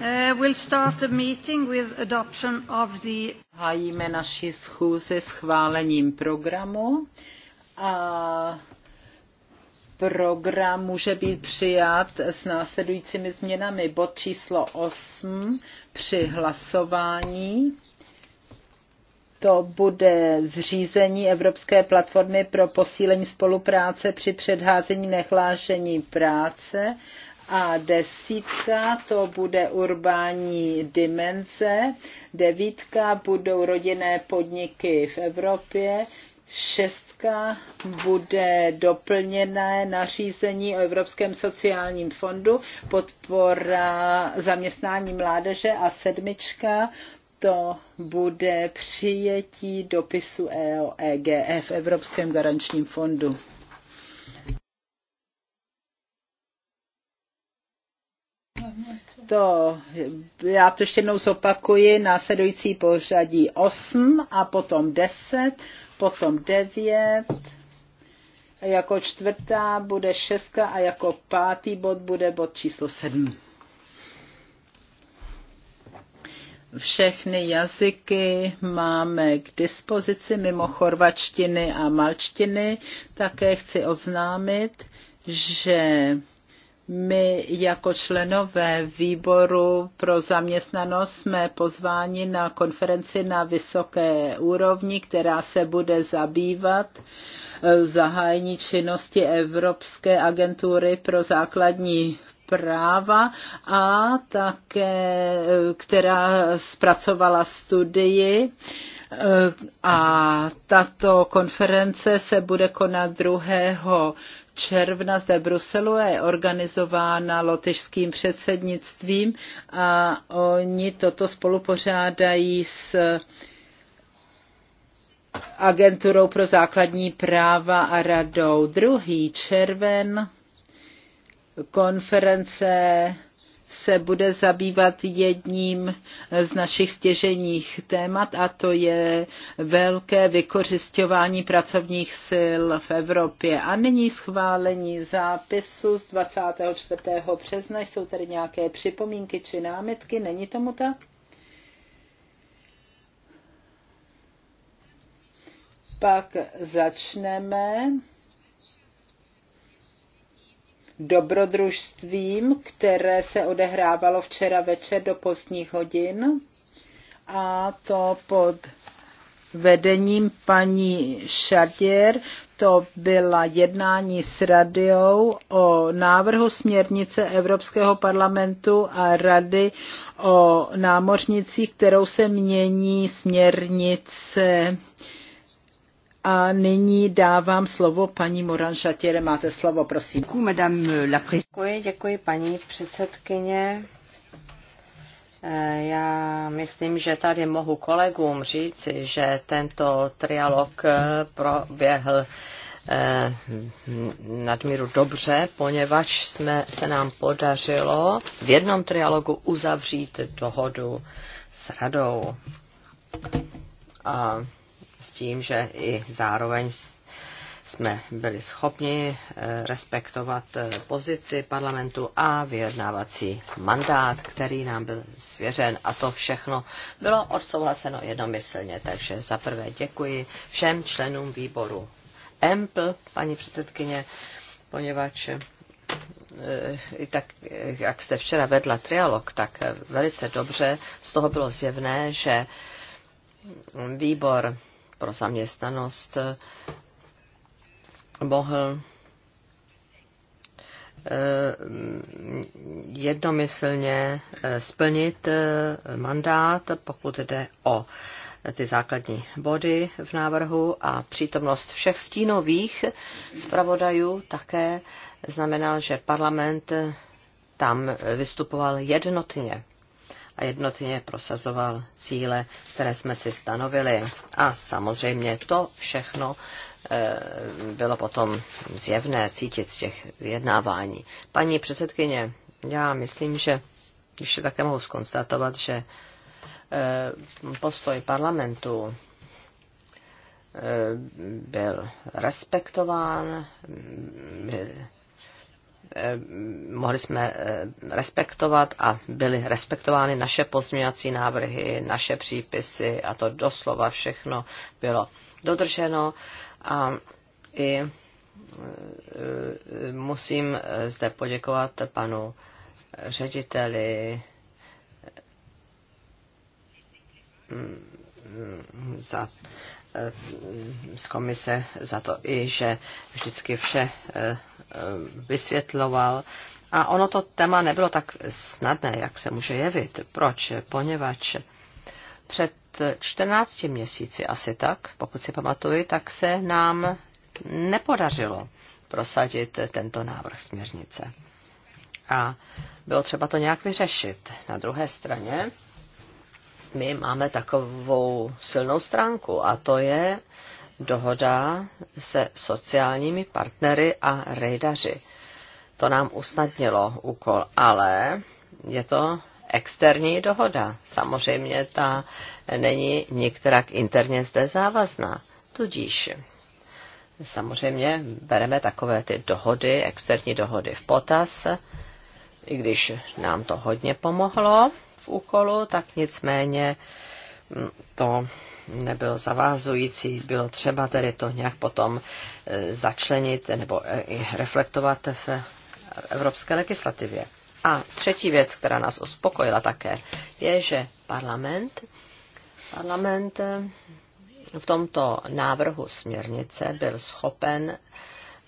Uh, Hájíme naši schůzi schválením programu a program může být přijat s následujícími změnami. Bod číslo 8 při hlasování to bude zřízení Evropské platformy pro posílení spolupráce při předházení nehlášení práce a desítka to bude urbání dimenze, devítka budou rodinné podniky v Evropě, šestka bude doplněné nařízení o Evropském sociálním fondu, podpora zaměstnání mládeže a sedmička to bude přijetí dopisu EOEGF e Evropském garančním fondu. to, já to ještě jednou zopakuji, následující pořadí 8 a potom 10, potom 9, jako čtvrtá bude šestka a jako pátý bod bude bod číslo 7. Všechny jazyky máme k dispozici mimo chorvačtiny a malčtiny. Také chci oznámit, že my jako členové výboru pro zaměstnanost jsme pozváni na konferenci na vysoké úrovni, která se bude zabývat eh, zahájení činnosti Evropské agentury pro základní práva a také, eh, která zpracovala studii, eh, a tato konference se bude konat 2 června zde v Bruselu je organizována lotyšským předsednictvím a oni toto spolupořádají s agenturou pro základní práva a radou. 2. červen konference se bude zabývat jedním z našich stěženích témat a to je velké vykořišťování pracovních sil v Evropě. A nyní schválení zápisu z 24. března. Jsou tady nějaké připomínky či námitky? Není tomu tak? Pak začneme dobrodružstvím, které se odehrávalo včera večer do pozdních hodin a to pod vedením paní Šadier, To byla jednání s radiou o návrhu směrnice Evropského parlamentu a rady o námořnicích, kterou se mění směrnice a nyní dávám slovo paní Moran Šatěre. Máte slovo, prosím. Děkuji, děkuji paní předsedkyně. Eh, já myslím, že tady mohu kolegům říci, že tento trialog eh, proběhl eh, nadmíru dobře, poněvadž jsme, se nám podařilo v jednom trialogu uzavřít dohodu s radou. A s tím, že i zároveň jsme byli schopni eh, respektovat eh, pozici parlamentu a vyjednávací mandát, který nám byl svěřen a to všechno bylo odsouhlaseno jednomyslně. Takže za prvé děkuji všem členům výboru EMPL, paní předsedkyně, poněvadž eh, i tak, jak jste včera vedla trialog, tak velice dobře z toho bylo zjevné, že výbor pro zaměstnanost mohl eh, jednomyslně eh, splnit eh, mandát, pokud jde o ty základní body v návrhu a přítomnost všech stínových zpravodajů také znamenal, že parlament tam vystupoval jednotně a jednotně prosazoval cíle, které jsme si stanovili. A samozřejmě to všechno e, bylo potom zjevné cítit z těch vyjednávání. Paní předsedkyně, já myslím, že ještě také mohu skonstatovat, že e, postoj parlamentu e, byl respektován, byl Eh, mohli jsme eh, respektovat a byly respektovány naše pozměňovací návrhy, naše přípisy a to doslova všechno bylo dodrženo a i eh, musím zde poděkovat panu řediteli mm, mm, za z komise za to i, že vždycky vše eh, eh, vysvětloval. A ono to téma nebylo tak snadné, jak se může jevit. Proč? Poněvadž před 14 měsíci asi tak, pokud si pamatuju, tak se nám nepodařilo prosadit tento návrh směrnice. A bylo třeba to nějak vyřešit. Na druhé straně my máme takovou silnou stránku a to je dohoda se sociálními partnery a rejdaři. To nám usnadnilo úkol, ale je to externí dohoda. Samozřejmě ta není některak interně zde závazná. Tudíž samozřejmě bereme takové ty dohody, externí dohody v potaz, i když nám to hodně pomohlo v úkolu, tak nicméně mm, to nebyl zavázující, bylo třeba tedy to nějak potom e, začlenit nebo e, i reflektovat v evropské legislativě. A třetí věc, která nás uspokojila také, je, že parlament, parlament e, v tomto návrhu směrnice byl schopen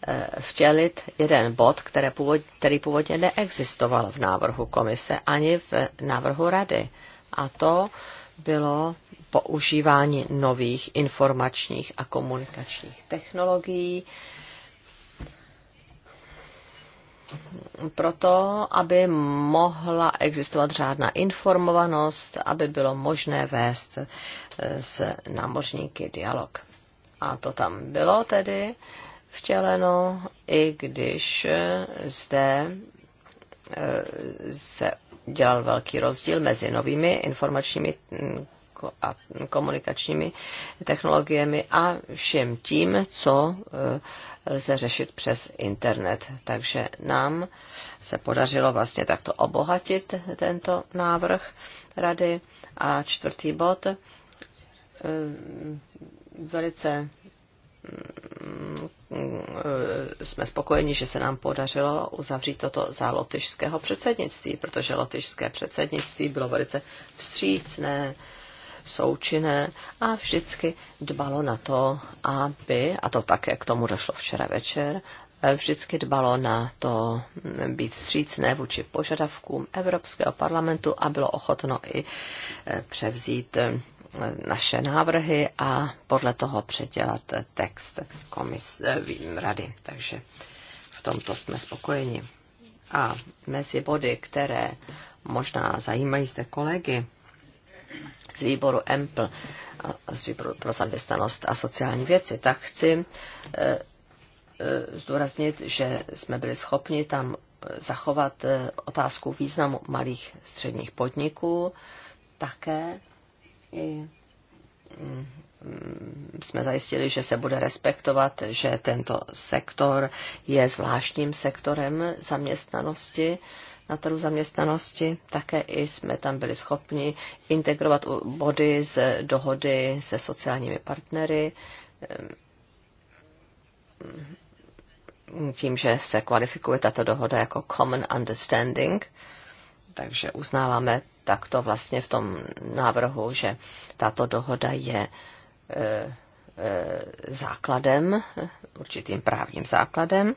Eh, vtělit jeden bod, které původ, který původně neexistoval v návrhu komise ani v návrhu rady. A to bylo používání nových informačních a komunikačních technologií proto, aby mohla existovat řádná informovanost, aby bylo možné vést eh, s námořníky dialog. A to tam bylo tedy vtěleno, i když zde eh, se dělal velký rozdíl mezi novými informačními a komunikačními technologiemi a všem tím, co eh, lze řešit přes internet. Takže nám se podařilo vlastně takto obohatit tento návrh rady. A čtvrtý bod, eh, velice Mm, jsme spokojeni, že se nám podařilo uzavřít toto za lotyšského předsednictví, protože lotyšské předsednictví bylo velice vstřícné, součinné a vždycky dbalo na to, aby, a to také k tomu došlo včera večer, vždycky dbalo na to být střícné vůči požadavkům Evropského parlamentu a bylo ochotno i převzít naše návrhy a podle toho předělat text komis, eh, rady. Takže v tomto jsme spokojeni. A mezi body, které možná zajímají zde kolegy z výboru EMPL, eh, z výboru pro zaměstnanost a sociální věci, tak chci eh, zdůraznit, že jsme byli schopni tam zachovat otázku významu malých středních podniků, také i mm, jsme zajistili, že se bude respektovat, že tento sektor je zvláštním sektorem zaměstnanosti, na trhu zaměstnanosti. Také i jsme tam byli schopni integrovat body z dohody se sociálními partnery, mm, tím, že se kvalifikuje tato dohoda jako Common Understanding takže uznáváme takto vlastně v tom návrhu, že tato dohoda je e, e, základem, určitým právním základem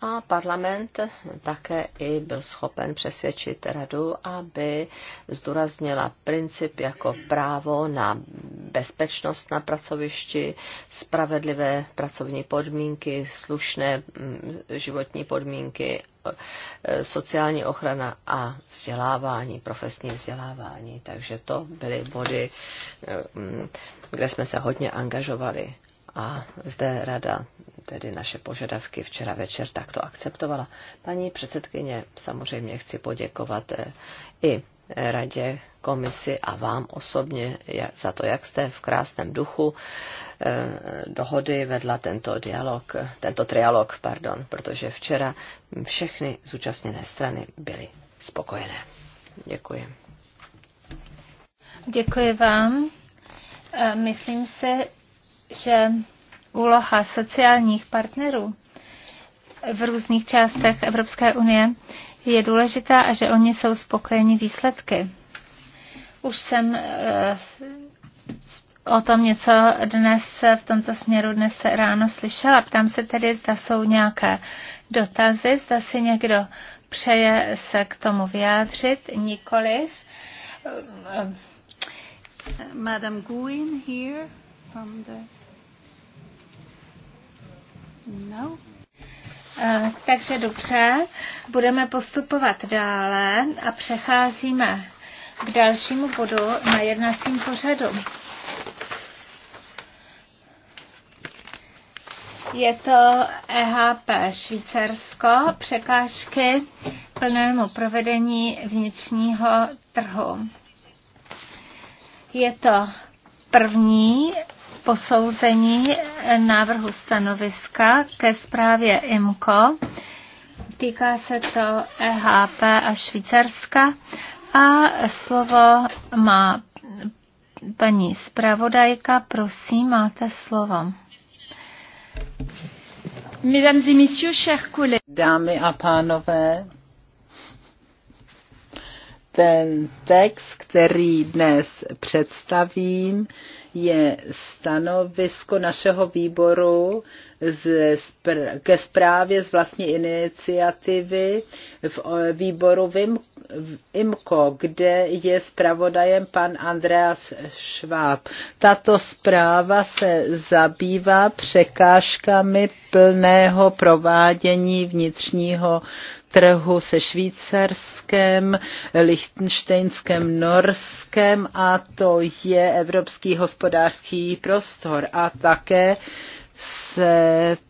a parlament také i byl schopen přesvědčit radu, aby zdůraznila princip jako právo na bezpečnost na pracovišti, spravedlivé pracovní podmínky, slušné mm, životní podmínky, e, sociální ochrana a vzdělávání, profesní vzdělávání. Takže to byly body, e, mm, kde jsme se hodně angažovali. A zde rada tedy naše požadavky včera večer takto akceptovala. Paní předsedkyně, samozřejmě chci poděkovat eh, i radě, komisi a vám osobně za to, jak jste v krásném duchu eh, dohody vedla tento dialog, tento trialog, pardon, protože včera všechny zúčastněné strany byly spokojené. Děkuji. Děkuji vám. Eh, myslím se, že úloha sociálních partnerů v různých částech Evropské unie je důležitá a že oni jsou spokojeni výsledky. Už jsem eh, o tom něco dnes eh, v tomto směru dnes ráno slyšela. Ptám se tedy, zda jsou nějaké dotazy, zda si někdo přeje se k tomu vyjádřit, nikoliv. Eh, Madame Guin here from the No. Eh, takže dobře, budeme postupovat dále a přecházíme k dalšímu bodu na jednacím pořadu. Je to EHP Švýcarsko, překážky plnému provedení vnitřního trhu. Je to první posouzení návrhu stanoviska ke zprávě IMCO. Týká se to EHP a Švýcarska. A slovo má paní zpravodajka. Prosím, máte slovo. Dámy a pánové, ten text, který dnes představím, je stanovisko našeho výboru z, ke zprávě z vlastní iniciativy v výboru v IMCO, kde je zpravodajem pan Andreas Schwab. Tato zpráva se zabývá překážkami plného provádění vnitřního trhu se Švýcarskem, Lichtensteinskem, Norskem a to je Evropský hospodářský prostor. A také se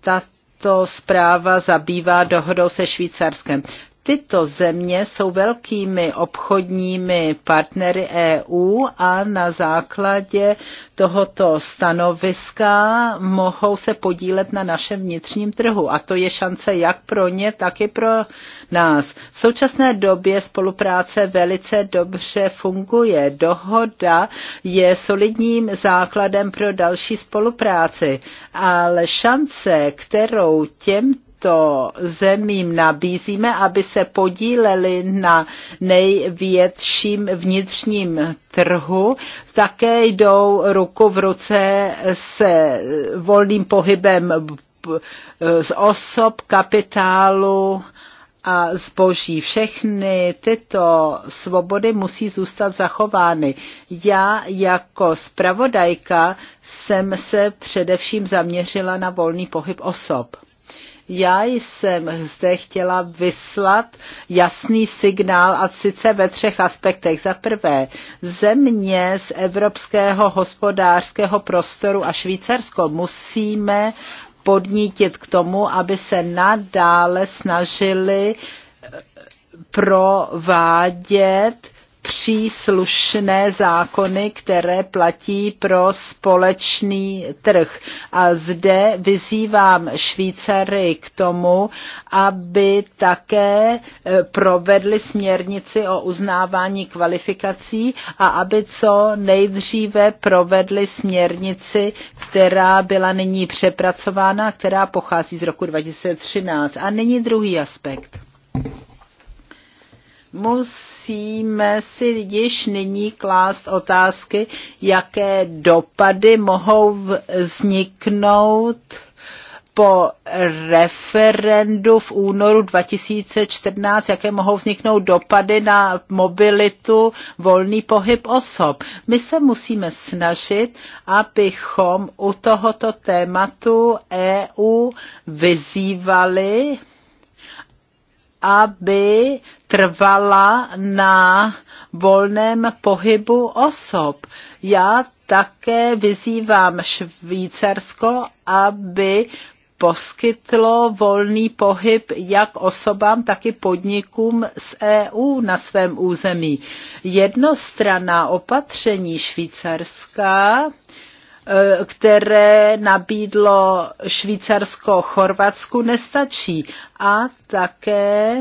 tato zpráva zabývá dohodou se Švýcarskem tyto země jsou velkými obchodními partnery EU a na základě tohoto stanoviska mohou se podílet na našem vnitřním trhu. A to je šance jak pro ně, tak i pro nás. V současné době spolupráce velice dobře funguje. Dohoda je solidním základem pro další spolupráci, ale šance, kterou těmto těmto zemím nabízíme, aby se podíleli na největším vnitřním trhu, také jdou ruku v ruce se volným pohybem z osob, kapitálu a zboží. Všechny tyto svobody musí zůstat zachovány. Já jako zpravodajka jsem se především zaměřila na volný pohyb osob. Já jsem zde chtěla vyslat jasný signál a sice ve třech aspektech. Za prvé, země z evropského hospodářského prostoru a Švýcarsko musíme podnítit k tomu, aby se nadále snažili provádět příslušné zákony, které platí pro společný trh. A zde vyzývám Švýcary k tomu, aby také e, provedli směrnici o uznávání kvalifikací a aby co nejdříve provedli směrnici, která byla nyní přepracována, která pochází z roku 2013. A nyní druhý aspekt musíme si již nyní klást otázky, jaké dopady mohou vzniknout po referendu v únoru 2014, jaké mohou vzniknout dopady na mobilitu, volný pohyb osob. My se musíme snažit, abychom u tohoto tématu EU vyzývali aby trvala na volném pohybu osob. Já také vyzývám Švýcarsko, aby poskytlo volný pohyb jak osobám, tak i podnikům z EU na svém území. Jednostranná opatření Švýcarska eh, které nabídlo Švýcarsko Chorvatsku, nestačí. A také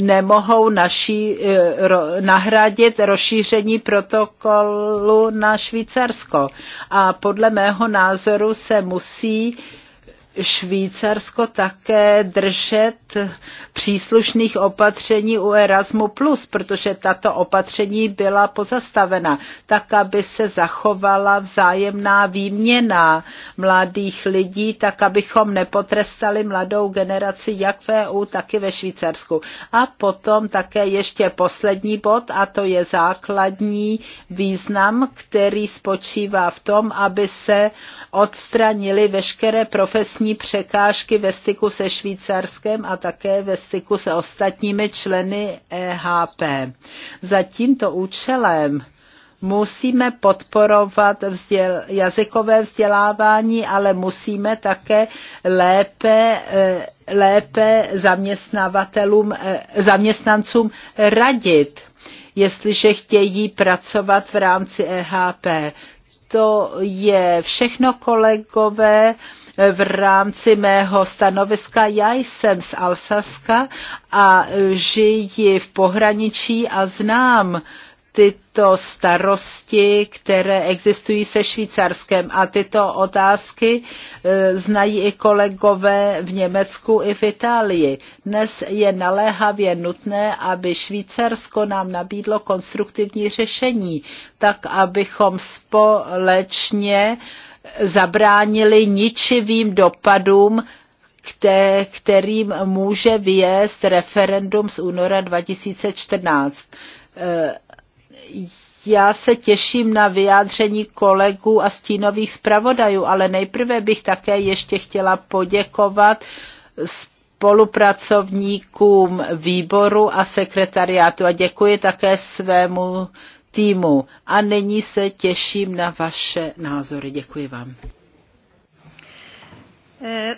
nemohou naší, eh, nahradit rozšíření protokolu na Švýcarsko. A podle mého názoru se musí Švýcarsko také držet příslušných opatření u Erasmu+, protože tato opatření byla pozastavena, tak aby se zachovala vzájemná výměna mladých lidí, tak abychom nepotrestali mladou generaci jak v EU, tak i ve Švýcarsku. A potom také ještě poslední bod, a to je základní význam, který spočívá v tom, aby se odstranili veškeré profesní vlastní překážky ve styku se Švýcarskem a také ve styku se ostatními členy EHP. Za tímto účelem musíme podporovat vzděl, jazykové vzdělávání, ale musíme také lépe, e, lépe zaměstnavatelům, e, zaměstnancům radit, jestliže chtějí pracovat v rámci EHP. To je všechno, kolegové v rámci mého stanoviska. Já jsem z Alsaska a žiji v pohraničí a znám tyto starosti, které existují se Švýcarskem. A tyto otázky e, znají i kolegové v Německu i v Itálii. Dnes je naléhavě nutné, aby Švýcarsko nám nabídlo konstruktivní řešení, tak abychom společně zabránili ničivým dopadům, kterým může vyjést referendum z února 2014. Eh, já se těším na vyjádření kolegů a stínových zpravodajů, ale nejprve bych také ještě chtěla poděkovat spolupracovníkům výboru a sekretariátu a děkuji také svému týmu. A nyní se těším na vaše názory. Děkuji vám. Eh,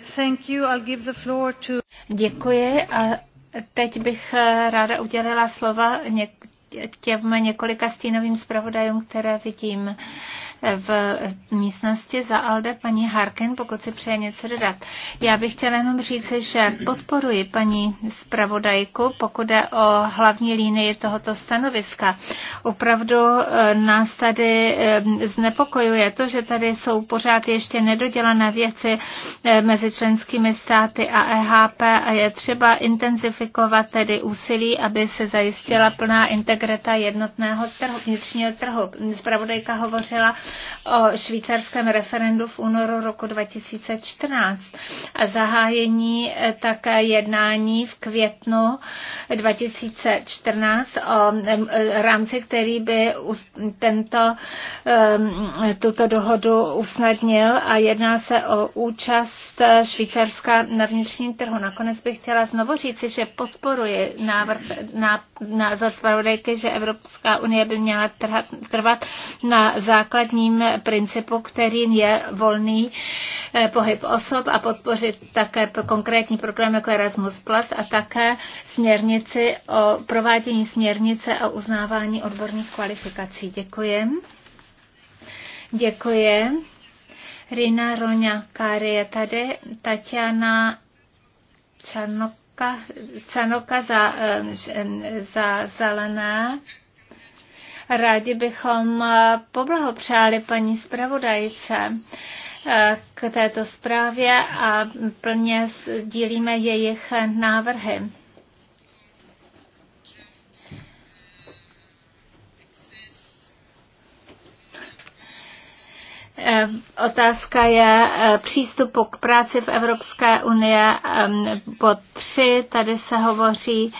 Děkuji a teď bych eh, ráda udělila slova těm několika stínovým zpravodajům, které vidím. Uh, v místnosti za Alde paní Harkin, pokud si přeje něco dodat. Já bych chtěla jenom říct, že podporuji paní zpravodajku, pokud jde o hlavní línii tohoto stanoviska. Opravdu eh, nás tady eh, znepokojuje to, že tady jsou pořád ještě nedodělané věci eh, mezi členskými státy a EHP a je třeba intenzifikovat tedy úsilí, aby se zajistila plná integrita jednotného trhu, vnitřního trhu. Zpravodajka hovořila o švýcarském referendu v únoru roku 2014 a zahájení e, také jednání v květnu 2014 o e, rámci, který by tento, tuto dohodu usnadnil a jedná se o účast e, Švýcarska na vnitřním trhu. Nakonec bych chtěla znovu říci, že podporuji návrh na, na zaspravodajky, že Evropská unie by měla trhat, trvat na základní základním principu, kterým je volný eh, pohyb osob a podpořit také konkrétní program jako Erasmus Plus a také směrnici o provádění směrnice a uznávání odborných kvalifikací. Děkuji. Děkuji. Rina Roňa Kary je tady, Tatiana Čanoka, Čanoka za, eh, za zelené. Rádi bychom eh, poblahopřáli paní zpravodajce eh, k této zprávě a plně sdílíme jejich návrhy. Eh, otázka je přístupu k práci v Evropské unie pod tři. Tady se hovoří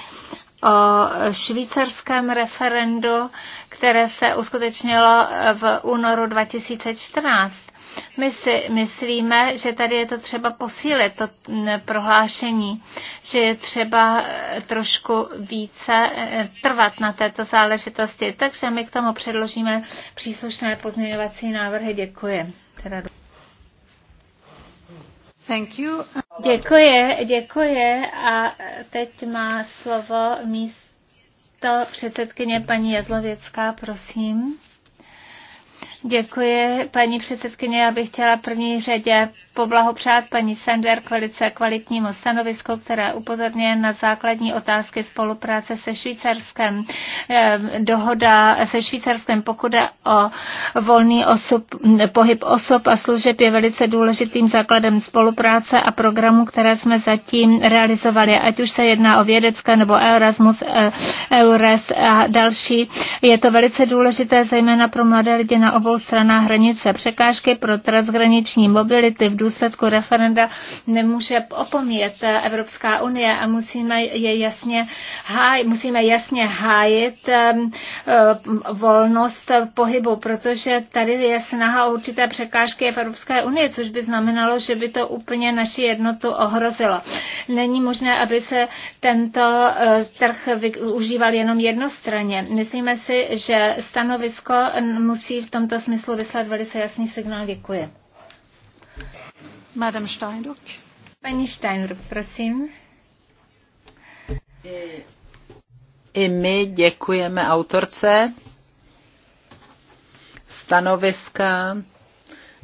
o švýcarském referendu které se uskutečnilo eh, v únoru 2014. My si myslíme, že tady je to třeba posílit, to mm, prohlášení, že je třeba eh, trošku více eh, trvat na této záležitosti. Takže my k tomu předložíme příslušné pozměňovací návrhy. Děkuji. Thank you. Děkuji, děkuji. A teď má slovo místo místo předsedkyně paní Jazlověcká, prosím. Děkuji, paní předsedkyně. Já bych chtěla v první řadě poblahopřát paní Sender velice kvalitnímu stanovisku, které upozorňuje na základní otázky spolupráce se Švýcarskem. Ehm, dohoda se Švýcarskem, pokud je o volný osob, pohyb osob a služeb, je velice důležitým základem spolupráce a programu, které jsme zatím realizovali, ať už se jedná o vědecké nebo Erasmus, eh, Eures a další. Je to velice důležité, zejména pro mladé lidi na obou obou stranách hranice. Překážky pro transgraniční mobility v důsledku referenda nemůže opomíjet Evropská unie a musíme je jasně hájit, musíme jasně hájit um, uh, volnost pohybu, protože tady je snaha o určité překážky v Evropské unie, což by znamenalo, že by to úplně naši jednotu ohrozilo. Není možné, aby se tento uh, trh využíval jenom jednostranně. Myslíme si, že stanovisko musí v tomto tomto smyslu vyslat velice jasný signál. Děkuji. Madame Steinruck. Paní Steinruck, prosím. I my děkujeme autorce stanoviska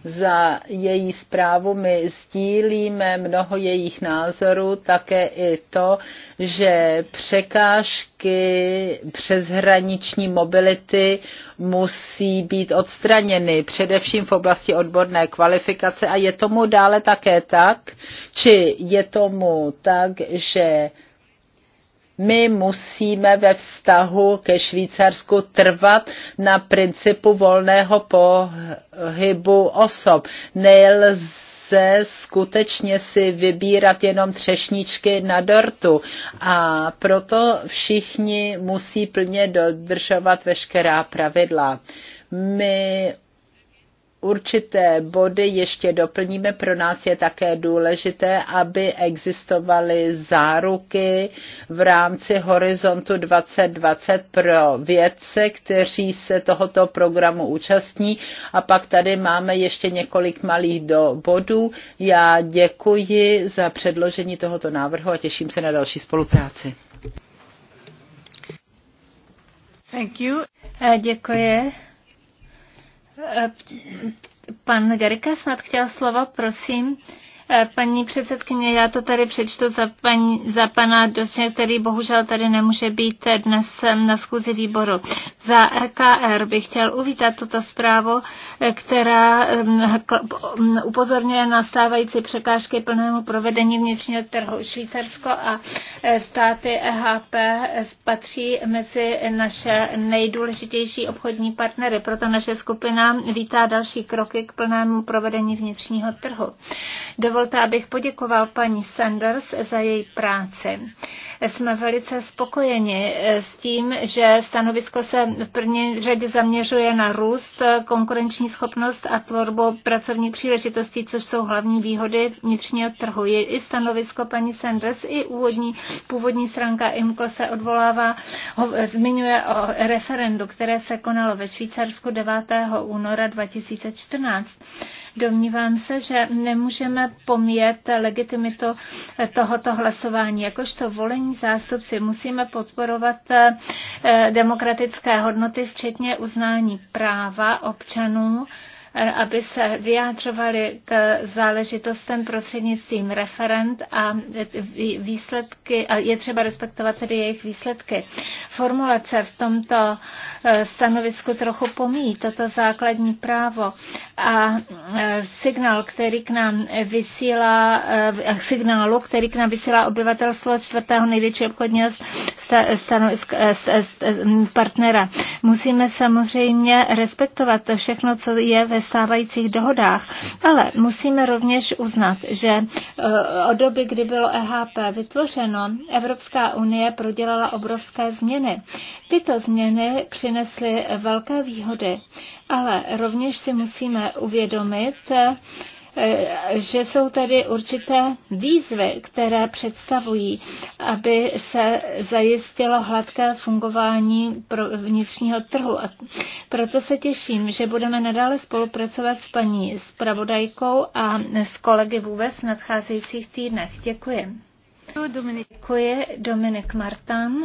za její zprávu. My sdílíme mnoho jejich názorů, také i to, že překážky přeshraniční mobility musí být odstraněny, především v oblasti odborné kvalifikace a je tomu dále také tak, či je tomu tak, že my musíme ve vztahu ke Švýcarsku trvat na principu volného pohybu osob. Nelze skutečně si vybírat jenom třešničky na dortu a proto všichni musí plně dodržovat veškerá pravidla. My určité body ještě doplníme. Pro nás je také důležité, aby existovaly záruky v rámci Horizontu 2020 pro vědce, kteří se tohoto programu účastní. A pak tady máme ještě několik malých do bodů. Já děkuji za předložení tohoto návrhu a těším se na další spolupráci. Thank you. Eh, děkuji. Eh, pan Gerika snad chtěl slovo, prosím. Eh, paní předsedkyně, já to tady přečtu za, paní, za pana Dosně, který bohužel tady nemůže být dnes eh, na schůzi výboru. Za EKR bych chtěl uvítat tuto zprávu, eh, která mm, upozorňuje na stávající překážky plnému provedení vnitřního trhu. Švýcarsko a státy e EHP patří mezi naše nejdůležitější obchodní partnery, proto naše skupina vítá další kroky k plnému provedení vnitřního trhu. Dovolte dovolte, abych poděkoval paní Sanders za její práci jsme velice spokojeni s tím, že stanovisko se v první řadě zaměřuje na růst, konkurenční schopnost a tvorbu pracovních příležitostí, což jsou hlavní výhody vnitřního trhu. Je i stanovisko paní Sanders, i úvodní, původní stránka IMCO se odvolává, ho, zmiňuje o referendu, které se konalo ve Švýcarsku 9. února 2014. Domnívám se, že nemůžeme pomět legitimitu tohoto hlasování. Jakožto volení volení zástupci. Musíme podporovat eh, demokratické hodnoty, včetně uznání práva občanů aby se vyjádřovali k záležitostem prostřednictvím referent a výsledky, a je třeba respektovat tedy jejich výsledky. Formulace v tomto eh, stanovisku trochu pomíjí toto základní právo a eh, signál, který k nám vysílá, eh, signálu, který k nám vysílá obyvatelstvo čtvrtého největšího obchodního partnera. Musíme samozřejmě respektovat všechno, co je ve stávajících dohodách, ale musíme rovněž uznat, že eh, od doby, kdy bylo EHP vytvořeno, Evropská unie prodělala obrovské změny. Tyto změny přinesly velké výhody, ale rovněž si musíme uvědomit, Eh, že jsou tady určité výzvy, které představují, aby se zajistilo hladké fungování pro vnitřního trhu. A proto se těším, že budeme nadále spolupracovat s paní spravodajkou a s kolegy vůbec v nadcházejících týdnech. Děkuji. Děkuji, Dominik Martan.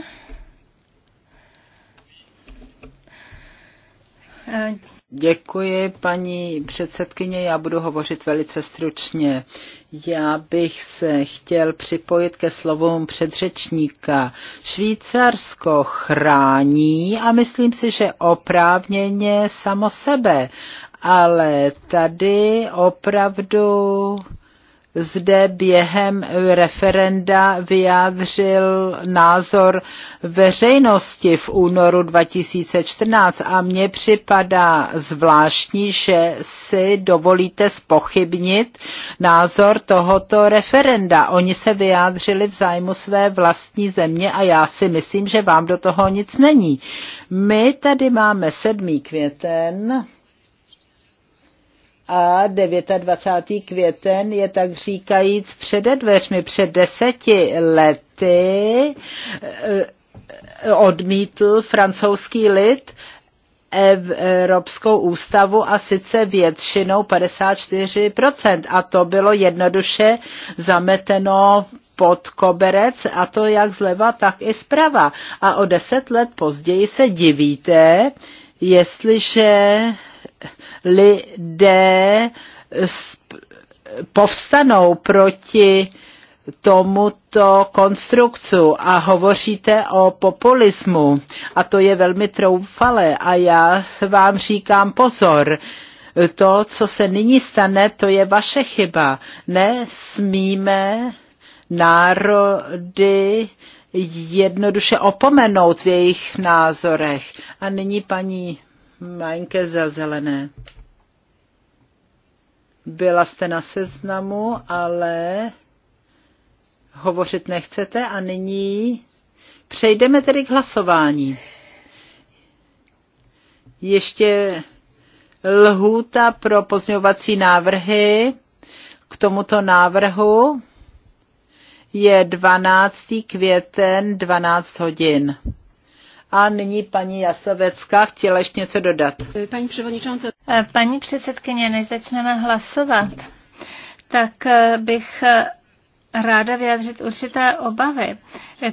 Uh, eh, Děkuji, paní předsedkyně. Já budu hovořit velice stručně. Já bych se chtěl připojit ke slovům předřečníka. Švýcarsko chrání a myslím si, že oprávněně samo sebe, ale tady opravdu zde během referenda vyjádřil názor veřejnosti v únoru 2014 a mně připadá zvláštní, že si dovolíte spochybnit názor tohoto referenda. Oni se vyjádřili v zájmu své vlastní země a já si myslím, že vám do toho nic není. My tady máme 7. květen a 29. květen je tak říkajíc před dveřmi před deseti lety eh, odmítl francouzský lid Evropskou ústavu a sice většinou 54%. A to bylo jednoduše zameteno pod koberec a to jak zleva, tak i zprava. A o deset let později se divíte, jestliže lidé povstanou proti tomuto konstrukcu a hovoříte o populismu a to je velmi troufalé a já vám říkám pozor, to, co se nyní stane, to je vaše chyba. Nesmíme národy jednoduše opomenout v jejich názorech. A nyní paní Majnke za zelené. Byla jste na seznamu, ale hovořit nechcete a nyní přejdeme tedy k hlasování. Ještě lhůta pro pozňovací návrhy k tomuto návrhu je 12. květen 12 hodin. A nyní paní Jasovecká chtěla ještě něco dodat. Paní předsedkyně. Eh, paní předsedkyně, než začneme hlasovat, tak eh, bych eh, ráda vyjádřit určité obavy,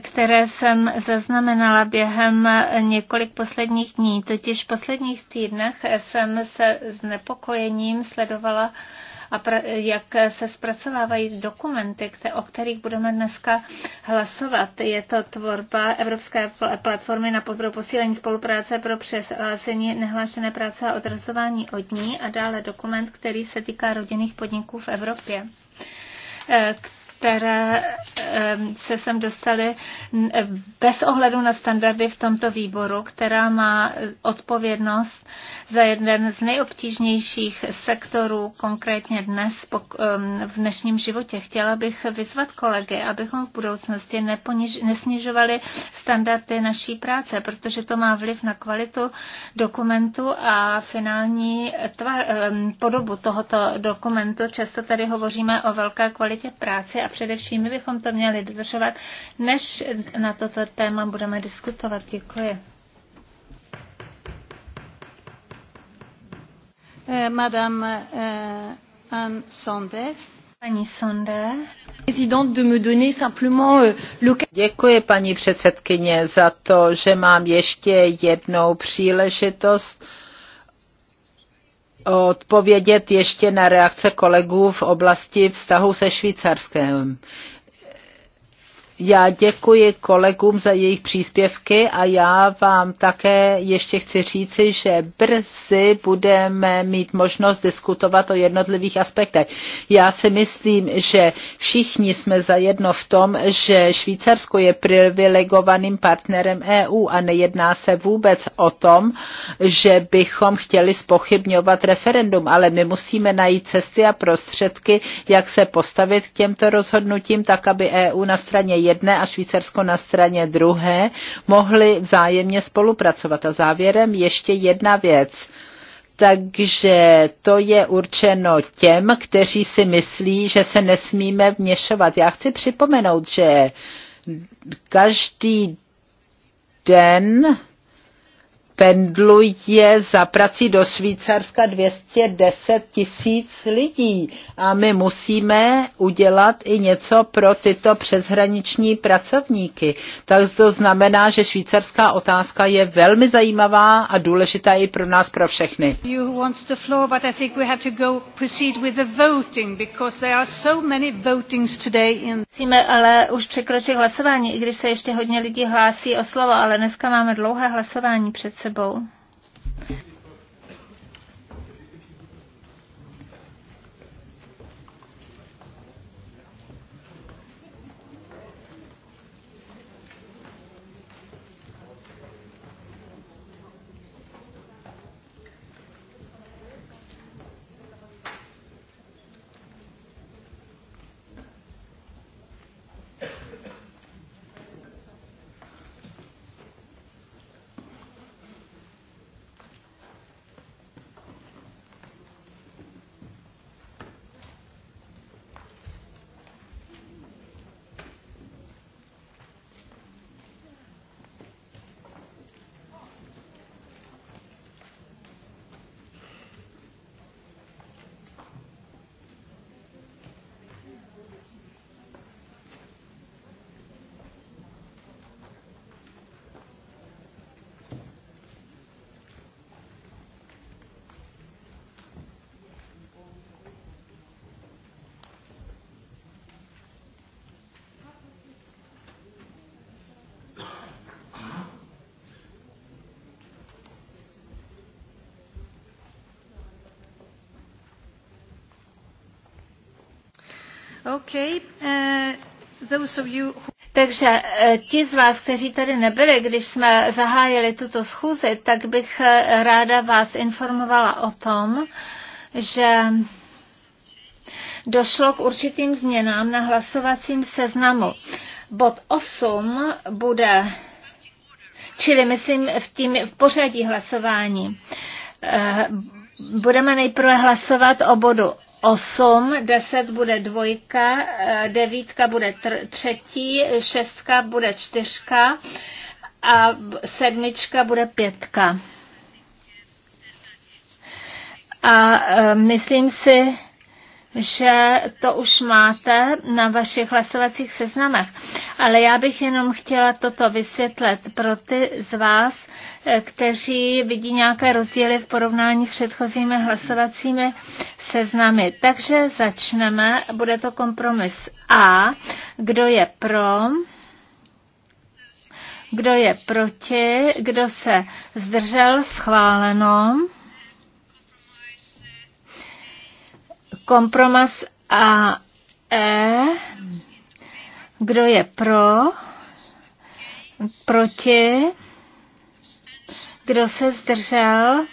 které jsem zaznamenala během několik posledních dní. Totiž v posledních týdnech jsem se znepokojením sledovala a jak se zpracovávají dokumenty, o kterých budeme dneska hlasovat. Je to tvorba Evropské platformy na podporu posílení spolupráce pro přeslácení nehlášené práce a odrazování od ní a dále dokument, který se týká rodinných podniků v Evropě eh, které ehm, se sem dostaly bez ohledu na standardy v tomto výboru, která má odpovědnost za jeden z nejobtížnějších sektorů, konkrétně dnes ehm, v dnešním životě. Chtěla bych vyzvat kolegy, abychom v budoucnosti neponiž, nesnižovali standardy naší práce, protože to má vliv na kvalitu dokumentu a finální tvar, ehm, podobu tohoto dokumentu. Často tady hovoříme o velké kvalitě práce a především my bychom to měli dodržovat, než na toto téma budeme diskutovat. Děkuji. Eh, madame eh, Anne Sonder. Paní Sonde. Euh, Děkuji paní předsedkyně za to, že mám ještě jednou příležitost odpovědět ještě na reakce kolegů v oblasti vztahu se Švýcarskem. Já děkuji kolegům za jejich příspěvky a já vám také ještě chci říci, že brzy budeme mít možnost diskutovat o jednotlivých aspektech. Já si myslím, že všichni jsme zajedno v tom, že Švýcarsko je privilegovaným partnerem EU a nejedná se vůbec o tom, že bychom chtěli spochybňovat referendum, ale my musíme najít cesty a prostředky, jak se postavit k těmto rozhodnutím, tak aby EU na straně jedné a Švýcarsko na straně druhé mohly vzájemně spolupracovat. A závěrem ještě jedna věc takže to je určeno těm, kteří si myslí, že se nesmíme vněšovat. Já chci připomenout, že každý den pendluje za prací do Švýcarska 210 tisíc lidí a my musíme udělat i něco pro tyto přeshraniční pracovníky. Tak to znamená, že švýcarská otázka je velmi zajímavá a důležitá i pro nás, pro všechny. Musíme ale už překročit hlasování, i když se ještě hodně lidí hlásí o slovo, ale dneska máme dlouhé hlasování před sebou sebou. Okay. Uh, those of you who... Takže eh, ti z vás, kteří tady nebyli, když jsme zahájili tuto schůzi, tak bych eh, ráda vás informovala o tom, že došlo k určitým změnám na hlasovacím seznamu. Bod 8 bude, čili myslím v, tím, v pořadí hlasování, eh, budeme nejprve hlasovat o bodu 8, 10 bude dvojka, 9 eh, bude tr- třetí, 6 bude čtyřka a 7 bude pětka. A e, myslím si, že to už máte na vašich hlasovacích seznamech. Ale já bych jenom chtěla toto vysvětlit pro ty z vás, kteří vidí nějaké rozdíly v porovnání s předchozími hlasovacími seznamy. Takže začneme, bude to kompromis A. Kdo je pro? Kdo je proti? Kdo se zdržel? Schváleno. Kompromis A. E. Kdo je pro? Proti? Kdo se zdržel?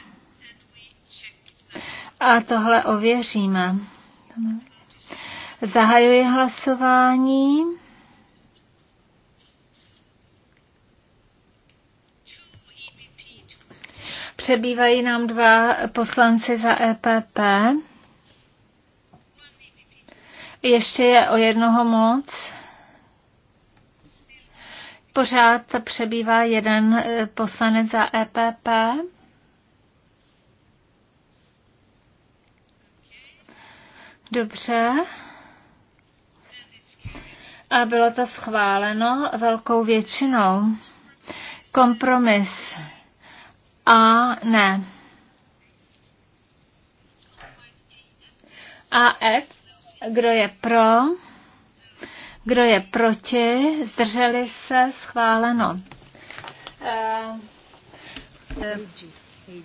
A tohle ověříme. Zahajuji hlasování. Přebývají nám dva poslanci za EPP. Ještě je o jednoho moc. Pořád přebývá jeden eh, poslanec za EPP. Dobře. A bylo to schváleno velkou většinou. Kompromis. A ne. A F. Kdo je pro? Kdo je proti? Zdrželi se? Schváleno. Uh, uh,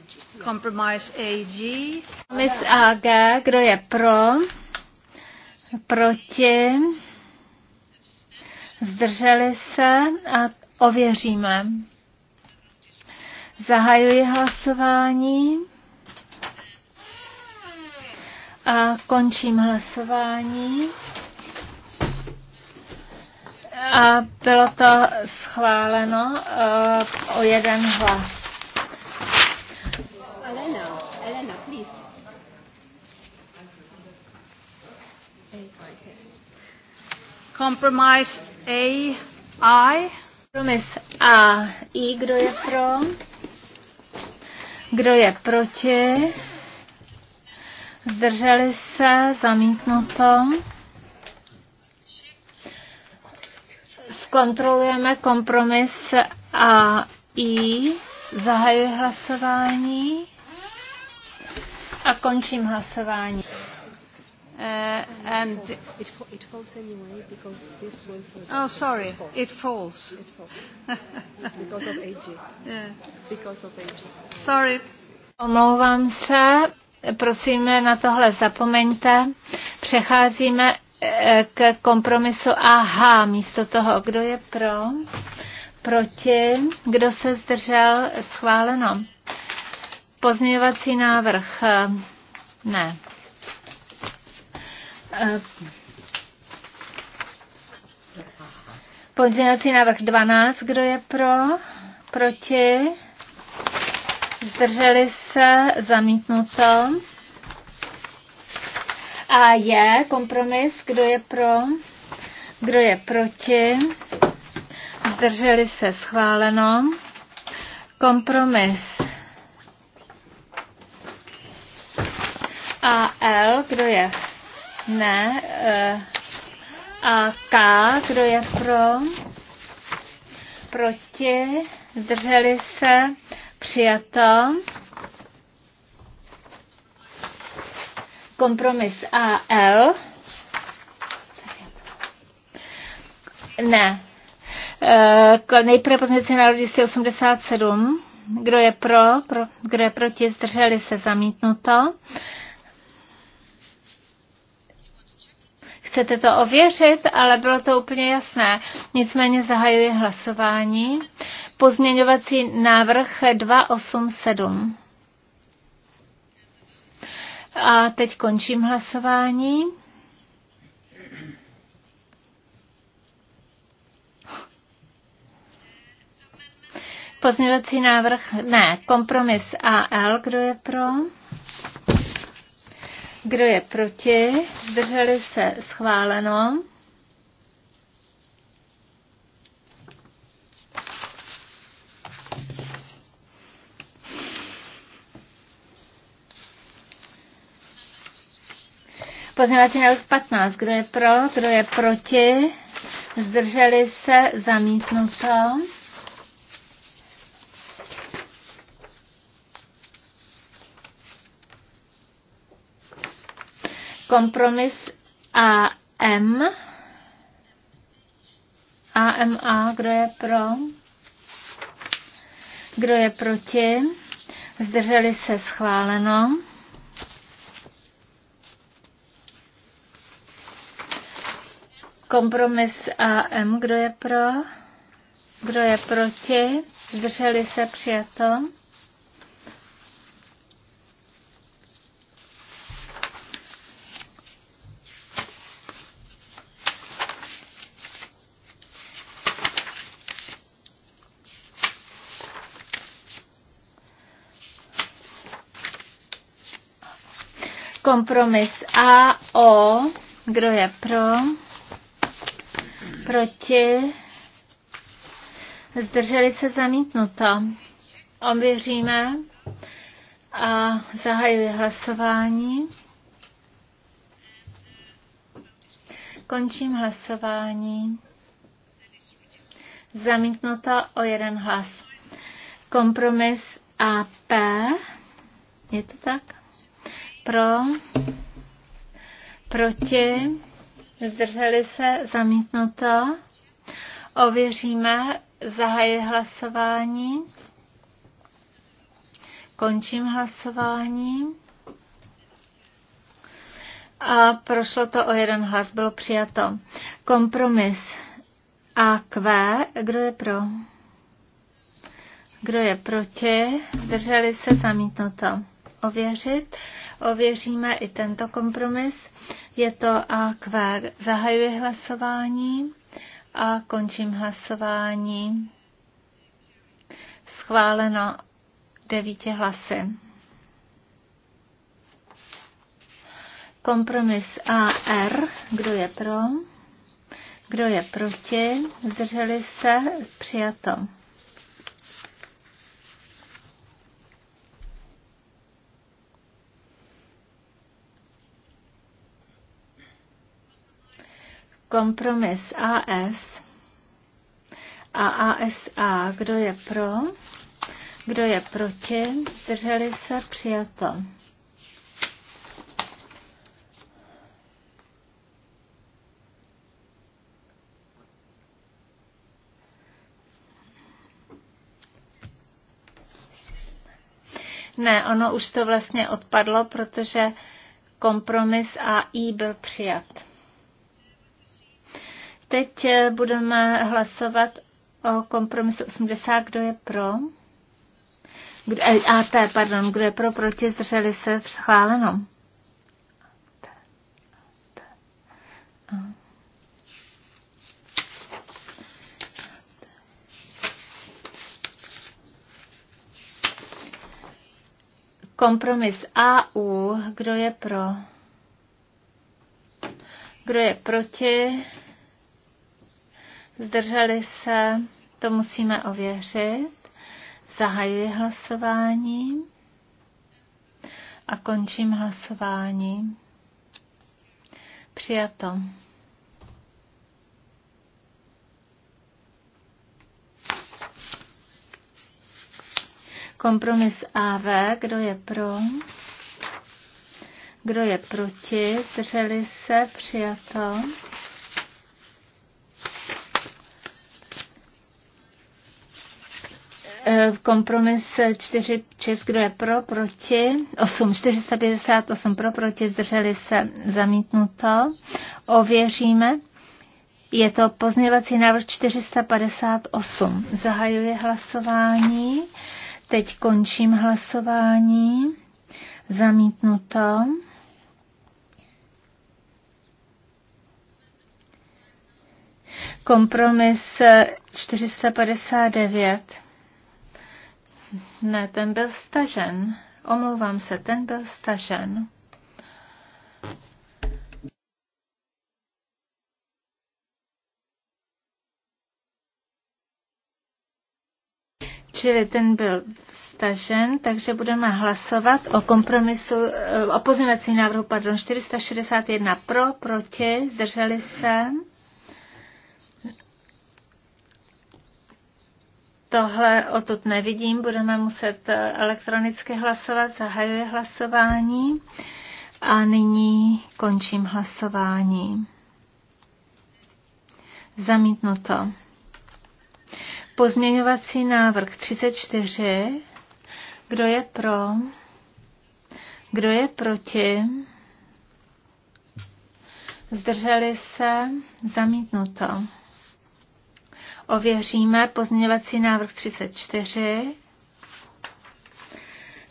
compromise AG. Miss AG, kdo je pro? Proti? Zdrželi se a ověříme. Zahajuji hlasování a končím hlasování. A bylo to schváleno uh, o jeden hlas. Elena, Elena, please. Compromise A, I. Promise A, I, kdo je pro? Kdo je proti? Zdrželi se, zamítnuto. zkontrolujeme kompromis A I. Zahajuji hlasování a končím hlasování. Uh, and it, fa- it falls anyway because this was. Oh, sorry, falls. it falls. It falls. because of AG. Yeah. Because of AG. Sorry. Omlouvám se, prosíme na tohle zapomeňte. Přecházíme k kompromisu aha místo toho, kdo je pro, proti, kdo se zdržel, schváleno. Pozměňovací návrh, eh, ne. Eh, pozměňovací návrh 12, kdo je pro, proti, zdrželi se, zamítnuto. A je kompromis, kdo je pro, kdo je proti. Zdrželi se schváleno. Kompromis A L, kdo je ne. Eh, A K, kdo je pro, proti. Zdrželi se přijato. Kompromis AL. Ne. E, nejprve pozměnit na 87. Kdo je pro, pro, kdo je proti, zdrželi se zamítnuto. Chcete to ověřit, ale bylo to úplně jasné. Nicméně zahajuji hlasování. Pozměňovací návrh 287. A teď končím hlasování. Pozměňovací návrh, ne, kompromis AL, kdo je pro? Kdo je proti? Zdrželi se schváleno. Pozměňovací návrh 15. Kdo je pro, kdo je proti? Zdrželi se zamítnuto. Kompromis AM. AMA, kdo je pro? Kdo je proti? Zdrželi se schváleno. Kompromis AM, kdo je pro? Kdo je proti? Zdrželi se přijato. Kompromis AO, kdo je pro? Proti? Zdrželi se zamítnuto. Ověříme a zahajuji hlasování. Končím hlasování. Zamítnuto o jeden hlas. Kompromis AP. Je to tak? Pro. Proti zdrželi se, zamítnuto. Ověříme, zahajuji hlasování. Končím hlasování. A prošlo to o jeden hlas, bylo přijato. Kompromis A Q, kdo je pro? Kdo je proti? Zdrželi se zamítnuto. Ověřit. Ověříme i tento kompromis. Je to AQ. Zahajuji hlasování a končím hlasování. Schváleno devíti hlasy. Kompromis AR. Kdo je pro? Kdo je proti? Zdrželi se? Přijato. kompromis AS a ASA. Kdo je pro? Kdo je proti? Zdrželi se? Přijato. Ne, ono už to vlastně odpadlo, protože kompromis AI byl přijat. Teď eh, budeme hlasovat o kompromisu 80, kdo je pro. Kdo, eh, AT, pardon, kdo je pro, proti, zdrželi se, schváleno. Kompromis AU, kdo je pro? Kdo je proti? zdrželi se, to musíme ověřit. Zahajuji hlasování a končím hlasování. Přijato. Kompromis AV, kdo je pro? Kdo je proti? Zdrželi se? Přijato. Eh, kompromis 4, 6, kdo je pro, proti. 8, 458 pro, proti, zdrželi se zamítnuto. Ověříme. Je to pozměvací návrh 458. Zahajuji hlasování. Teď končím hlasování. Zamítnuto. Kompromis 459. Ne, ten byl stažen. Omlouvám se, ten byl stažen. Čili ten byl stažen, takže budeme hlasovat o kompromisu, eh, o pozměňovací návrhu, pardon, 461 pro, proti, zdrželi se. Tohle odtud nevidím, budeme muset eh, elektronicky hlasovat, zahajuje hlasování a nyní končím hlasování. Zamítnuto. Pozměňovací návrh 34. Kdo je pro? Kdo je proti? Zdrželi se? Zamítnuto. Ověříme pozměňovací návrh 34.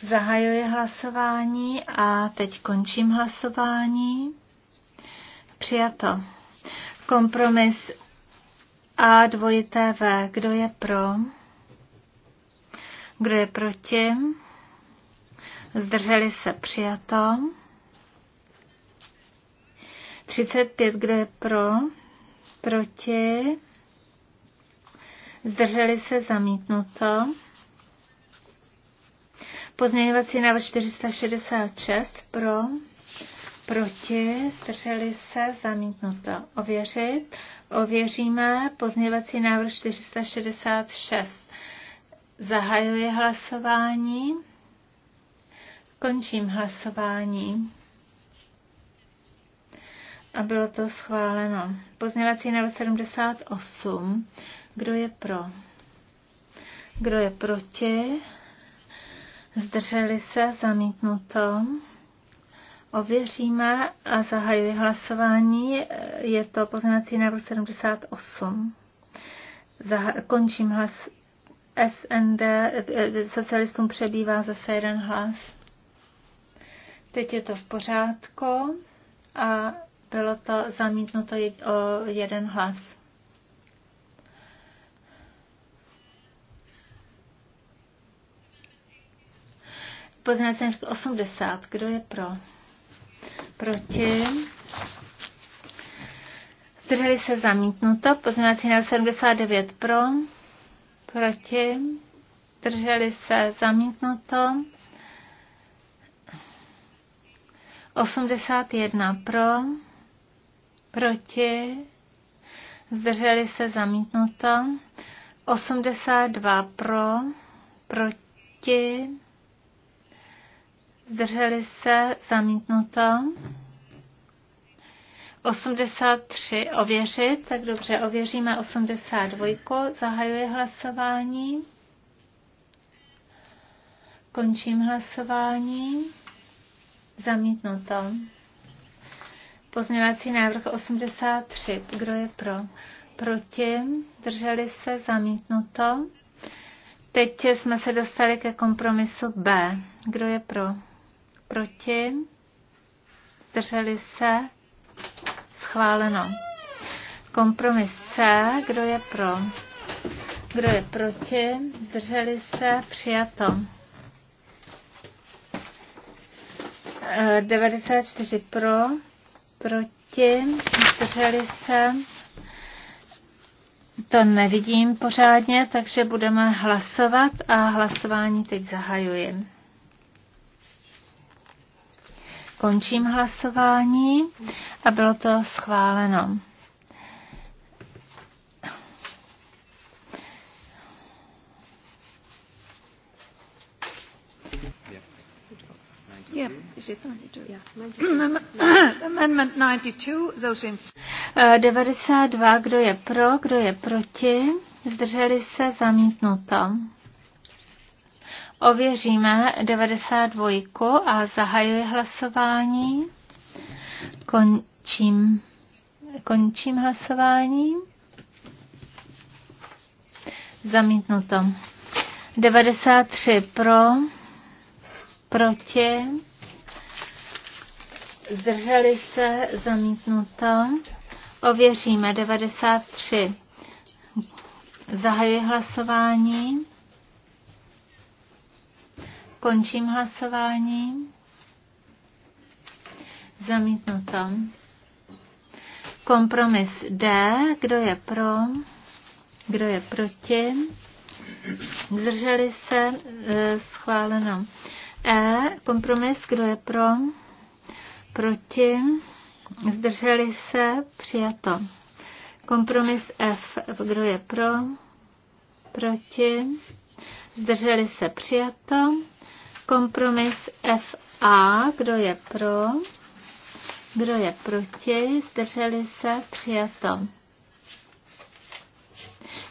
Zahajuji hlasování a teď končím hlasování. Přijato. Kompromis A dvojité V. Kdo je pro? Kdo je proti? Zdrželi se přijato. 35, kdo je pro? Proti? zdrželi se, zamítnuto. Pozměňovací návrh 466 pro, proti, zdrželi se, zamítnuto. Ověřit. Ověříme pozměňovací návrh 466. Zahajuji hlasování. Končím hlasování. A bylo to schváleno. Pozměňovací návrh 78 kdo je pro? Kdo je proti? Zdrželi se? Zamítnuto. Ověříme a zahajuji hlasování. Je to poznávací návrh 78. Zah- končím hlas. SND, eh, socialistům přebývá zase jeden hlas. Teď je to v pořádku a bylo to zamítnuto o jeden hlas. Pozměňovací návrh 80. Kdo je pro? Proti? Zdrželi se zamítnuto. Pozměňovací návrh 79 pro. Proti? Zdrželi se zamítnuto. 81 pro. Proti? Zdrželi se zamítnuto. 82 pro. Proti? zdrželi se, zamítnuto. 83 ověřit, tak dobře, ověříme 82, zahajuje hlasování, končím hlasování, zamítnuto. Pozměňovací návrh 83, kdo je pro? Proti, drželi se, zamítnuto. Teď jsme se dostali ke kompromisu B. Kdo je pro? proti, zdrželi se, schváleno. Kompromis C, kdo je pro, kdo je proti, zdrželi se, přijato. 94 eh, pro, proti, zdrželi se, to nevidím pořádně, takže budeme hlasovat a hlasování teď zahajujeme. Končím hlasování a bylo to schváleno. 92? Amendment 92, 92, eh, kdo je pro, kdo je proti, zdrželi se, zamítnuto. Ověříme 92 a zahajuji hlasování. Končím, končím hlasování. Zamítnuto. 93 pro, proti, zdrželi se, zamítnuto. Ověříme 93. Zahajuji hlasování. Končím hlasování. Zamítnuto. Kompromis D. Kdo je pro? Kdo je proti? Zdrželi se? E, schváleno. E. Kompromis. Kdo je pro? Proti? Zdrželi se? Přijato. Kompromis F. Kdo je pro? Proti? Zdrželi se? Přijato. Kompromis FA, kdo je pro, kdo je proti, zdrželi se, přijato.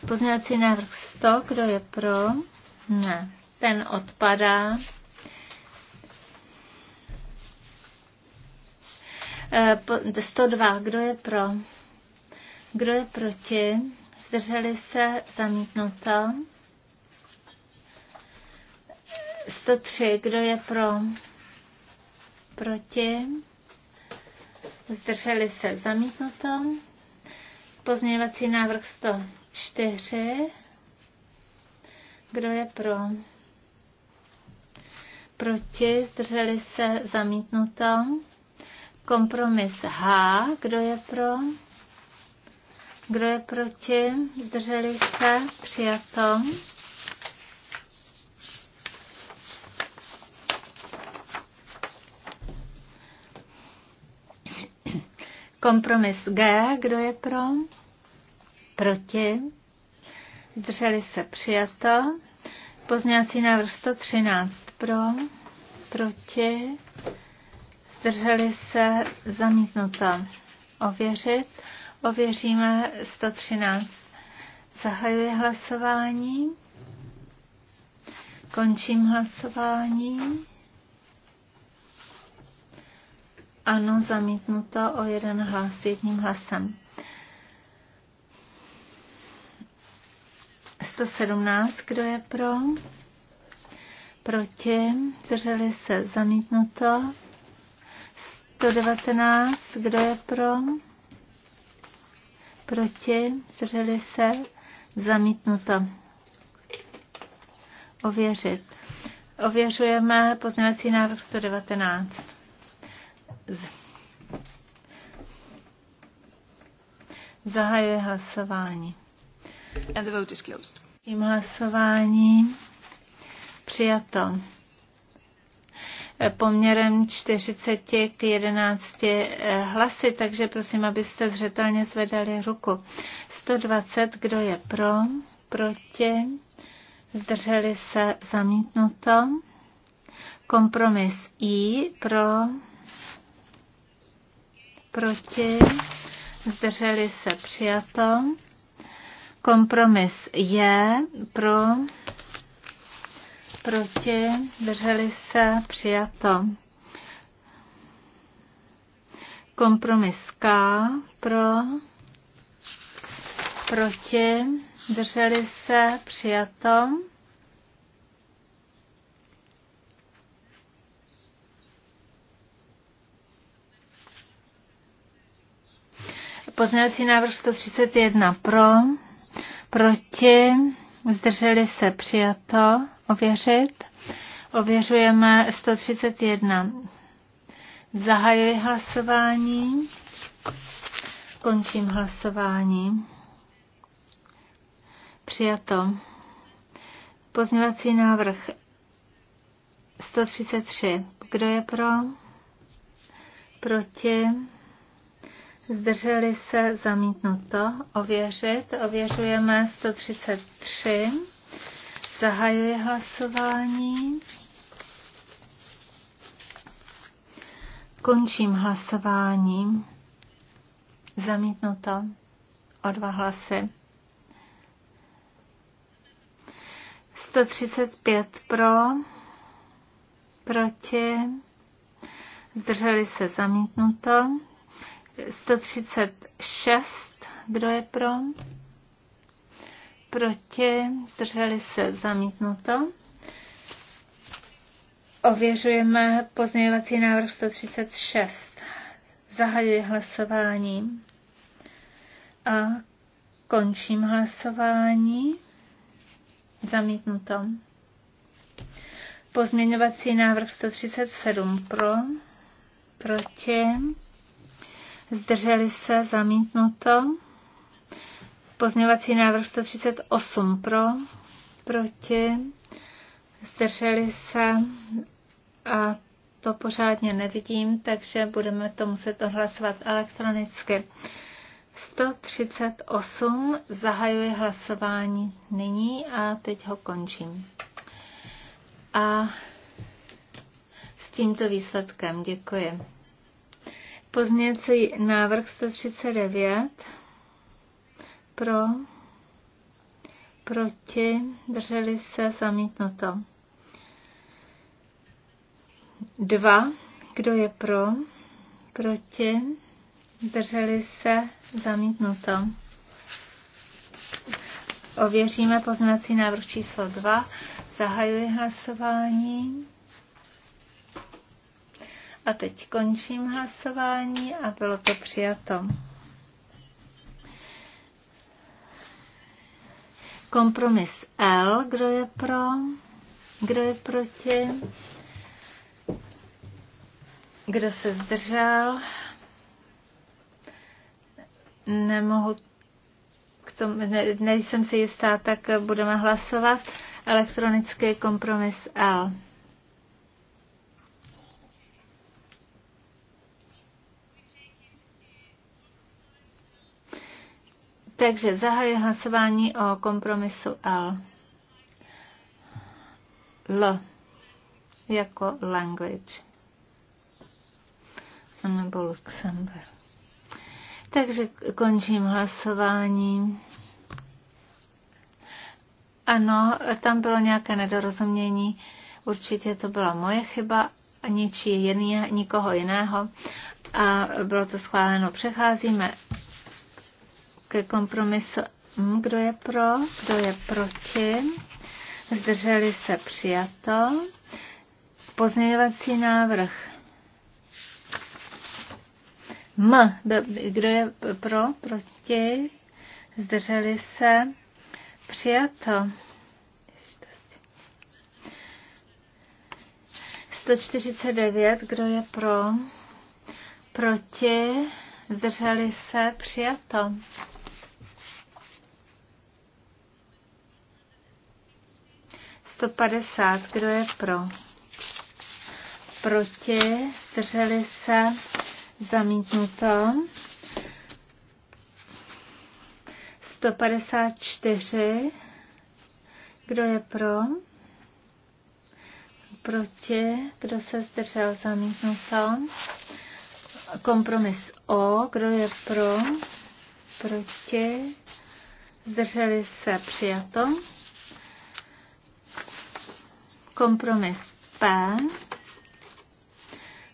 Pozměňovací návrh 100, kdo je pro, ne, ten odpadá. E, 102, kdo je pro? Kdo je proti? Zdrželi se zamítnuto. 103. Kdo je pro? Proti? Zdrželi se zamítnuto. Pozměňovací návrh 104. Kdo je pro? Proti? Zdrželi se zamítnuto. Kompromis H. Kdo je pro? Kdo je proti? Zdrželi se? přijatom. Kompromis G, kdo je pro? Proti? Drželi se přijato. Pozměňovací návrh 113 pro, proti, zdrželi se zamítnuto. Ověřit. Ověříme 113. Zahajuji hlasování. Končím hlasování. Ano, zamítnuto o jeden hlas, jedním hlasem. 117, kdo je pro? Proti, drželi se, zamítnuto. 119, kdo je pro? Proti, drželi se, zamítnuto. Ověřit. Ověřujeme pozměňovací návrh 119. Zahajuje hlasování. And the vote is closed. Tím hlasování přijato poměrem 40 k 11 eh, hlasy, takže prosím, abyste zřetelně zvedali ruku. 120, kdo je pro, proti, zdrželi se zamítnuto. Kompromis I pro, proti, zdrželi se přijato. Kompromis je pro, proti, zdrželi se přijato. Kompromis K pro, proti, zdrželi se přijato. Pozměňovací návrh 131 pro, proti, zdrželi se přijato, ověřit. Ověřujeme 131. Zahajuji hlasování. Končím hlasování. Přijato. Pozměňovací návrh 133. Kdo je pro? Proti? zdrželi se zamítnuto, ověřit, ověřujeme 133, zahajuji hlasování, končím hlasování, zamítnuto o dva hlasy. 135 pro, proti, zdrželi se zamítnuto. 136, kdo je pro? Proti, zdrželi se zamítnuto. Ověřujeme pozměňovací návrh 136. Zahajuji hlasování a končím hlasování. Zamítnuto. Pozměňovací návrh 137 pro, proti zdrželi se, zamítnuto. Pozměvací návrh 138 pro, proti, zdrželi se a to pořádně nevidím, takže budeme to muset odhlasovat elektronicky. 138 zahajuje hlasování nyní a teď ho končím. A s tímto výsledkem děkuji pozměnce návrh 139 pro, proti, drželi se, zamítnuto. Dva, kdo je pro, proti, drželi se, zamítnuto. Ověříme poznací návrh číslo 2. Zahajuji hlasování. A teď končím hlasování a bylo to přijato. Kompromis L, kdo je pro, kdo je proti, kdo se zdržel. Nemohu k tomu, ne, nejsem si jistá, tak budeme hlasovat. Elektronický kompromis L. Takže zahajuji hlasování o kompromisu L. L jako language. nebo Luxemburg. Takže končím hlasování. Ano, tam bylo nějaké nedorozumění. Určitě to byla moje chyba, ničí jiný, nikoho jiného. A bylo to schváleno. Přecházíme ke kompromisu. Mm, kdo je pro, kdo je proti? Zdrželi se přijato. Pozměňovací návrh. M. Kdo je pro, proti? Zdrželi se. Přijato. 149. Kdo je pro? Proti? Zdrželi se. Přijato. 150, kdo je pro? Proti, zdrželi se, zamítnuto. 154, kdo je pro? Proti, kdo se zdržel, zamítnuto. Kompromis O, kdo je pro? Proti, zdrželi se, přijato. Kompromis P.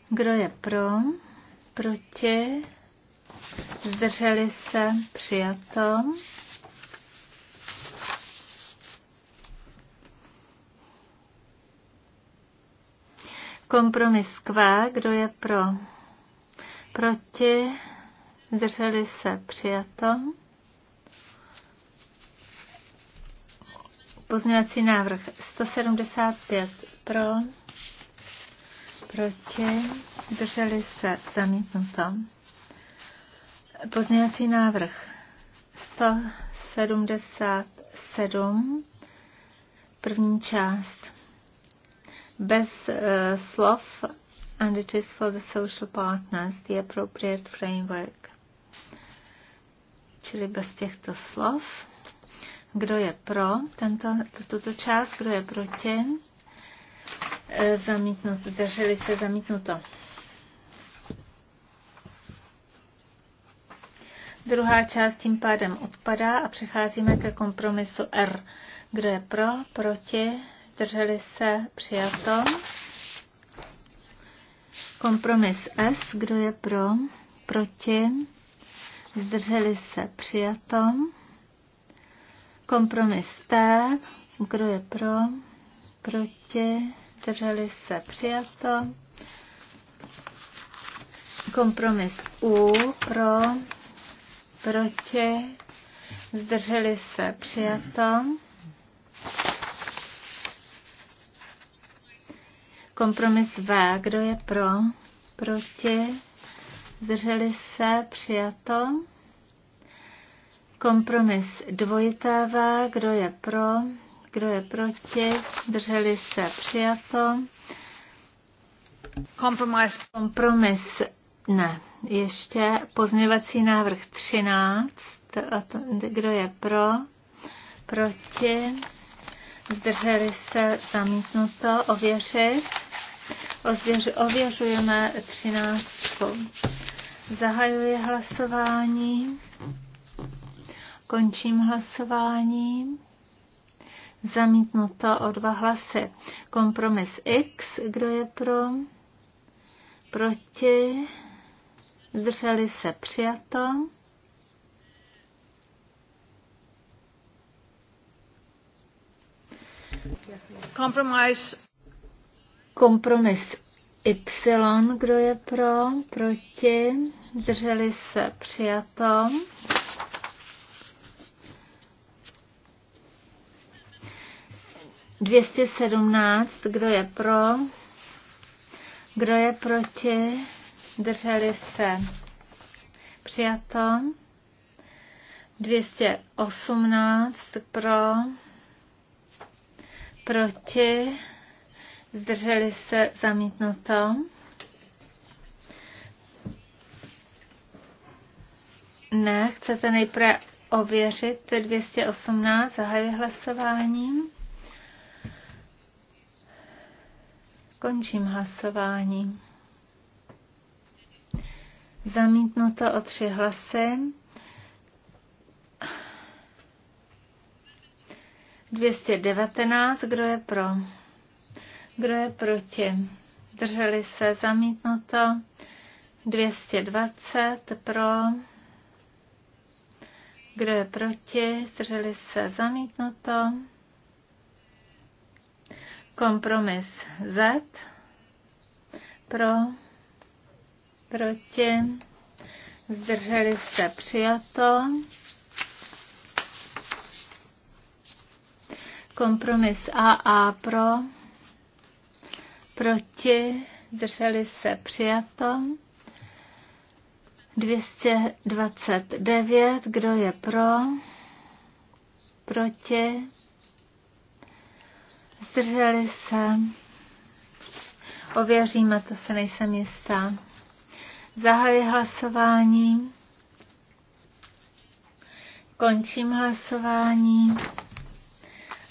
Kdo je pro? Proti? Zdrželi se? Přijato. Kompromis Q. Kdo je pro? Proti? Zdrželi se? Přijato. Pozměňovací návrh 175 pro, proti, drželi se, zamítnuto. Pozměňovací návrh 177, první část. Bez uh, slov and it is for the social partners the appropriate framework. Čili bez těchto slov kdo je pro tento, tuto část? Kdo je proti? E, zamítnuto. Drželi se zamítnuto. Druhá část tím pádem odpadá a přecházíme ke kompromisu R. Kdo je pro, proti, drželi se, přijato. Kompromis S, kdo je pro, proti, zdrželi se, přijato. Kompromis T. Kdo je pro? Proti? Drželi se přijato. Kompromis U. Pro? Proti? Zdrželi se přijato. Kompromis V. Kdo je pro? Proti? Zdrželi se přijato. Kompromis dvojitává, kdo je pro, kdo je proti, drželi se přijato. Kompromis. Kompromis ne. Ještě pozměvací návrh 13. Kdo je pro? Proti? Zdrželi se zamítnuto ověřit. Ozvěř, ověřujeme 13. Zahajuji hlasování. Končím hlasování. Zamítnuto o dva hlasy. Kompromis X. Kdo je pro? Proti? Zdrželi se přijato. Kompromis. Kompromis Y. Kdo je pro? Proti? Zdrželi se přijato. 217, kdo je pro, kdo je proti, drželi se. Přijato. 218 pro, proti, zdrželi se zamítnuto. Ne, chcete nejprve ověřit 218, zahajuji hlasováním? Končím hlasování. Zamítnuto o tři hlasy. 219, kdo je pro? Kdo je proti? Drželi se zamítnuto. 220 pro. Kdo je proti? Drželi se zamítnuto. Kompromis Z pro, proti, zdrželi se přijato. Kompromis a a pro, proti, zdrželi se přijato. 229, kdo je pro, proti, Zdrželi se. Ověříme, to se nejsem jistá. Zahajuji hlasování. Končím hlasování.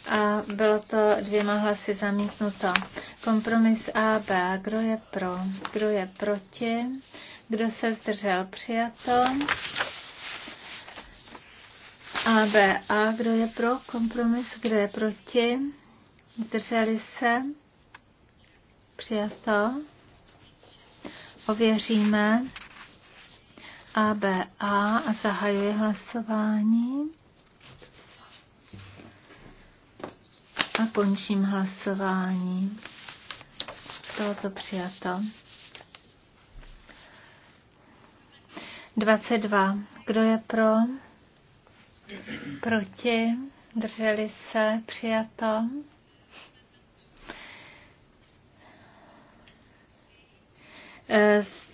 A bylo to dvěma hlasy zamítnuto. Kompromis A, B. Kdo je pro? Kdo je proti? Kdo se zdržel? Přijato. A, B, A. Kdo je pro? Kompromis. Kdo je proti? Drželi se? Přijato. Ověříme. ABA a zahajuje hlasování. A končím hlasování. Bylo to přijato. 22. Kdo je pro? Proti? Drželi se? Přijato?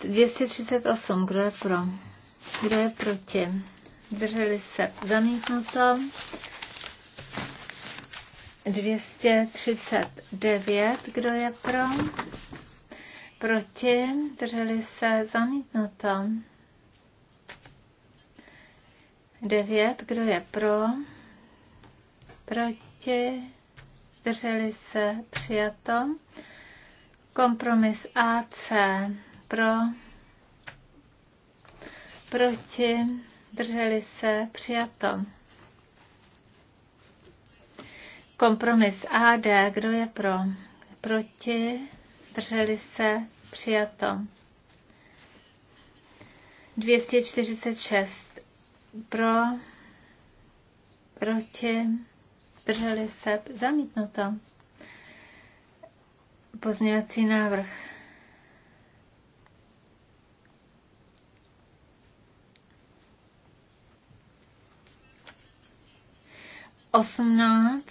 238, kdo je pro? Kdo je proti? Drželi se zamítnuto. 239, kdo je pro? Proti? Drželi se zamítnuto. 9, kdo je pro? Proti? Drželi se přijato. Kompromis AC pro, proti, drželi se, přijato. Kompromis AD, kdo je pro, proti, drželi se, přijato. 246 pro, proti, drželi se, zamítnuto. Pozměňovací návrh 18.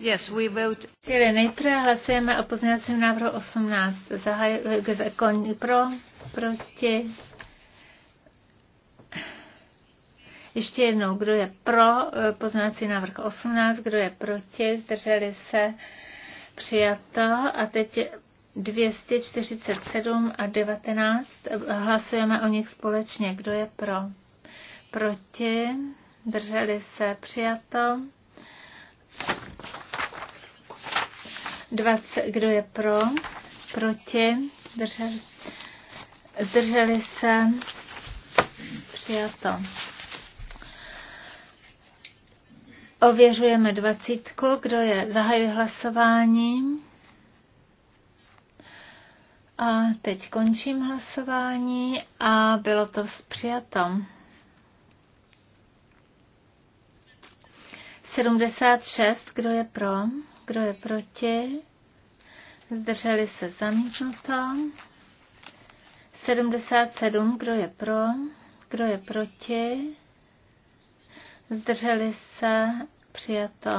Yes, we vote. Čili nejprve hlasujeme o pozměňovacím návrhu 18. Zahaj, eh, kon, pro, proti. Ještě jednou, kdo je pro eh, pozměňovací návrh 18, kdo je proti, zdrželi se přijato. A teď 247 a 19. Hlasujeme o nich společně. Kdo je pro? proti, drželi se, přijato. 20, kdo je pro, proti, drželi, zdrželi se, přijato. Ověřujeme dvacítku, kdo je zahajuje hlasování. A teď končím hlasování a bylo to přijatom. 76, kdo je pro, kdo je proti, zdrželi se zamítnuto. 77, kdo je pro, kdo je proti, zdrželi se přijato.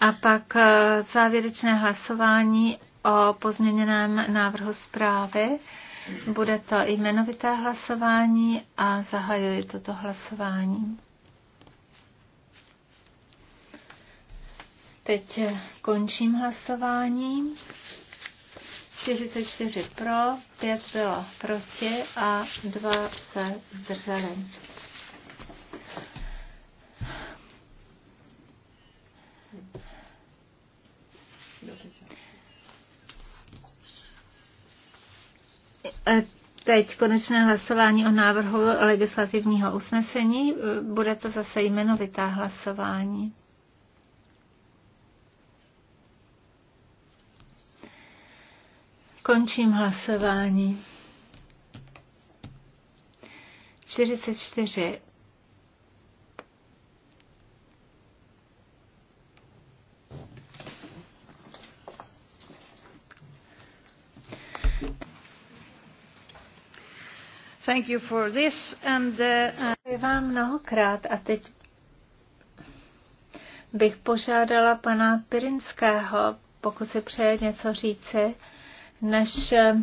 A pak eh, závěrečné hlasování o pozměněném návrhu zprávy. Bude to jmenovité hlasování a zahajuji toto hlasování. Teď končím hlasování. 44 pro, 5 bylo proti a 2 se zdrželi. E, teď konečné hlasování o návrhu legislativního usnesení. E, bude to zase jmenovitá hlasování. Končím hlasování. 44 Thank you for this and, uh, vám mnohokrát a teď bych požádala pana Pirinského, pokud se přeje něco říci než eh,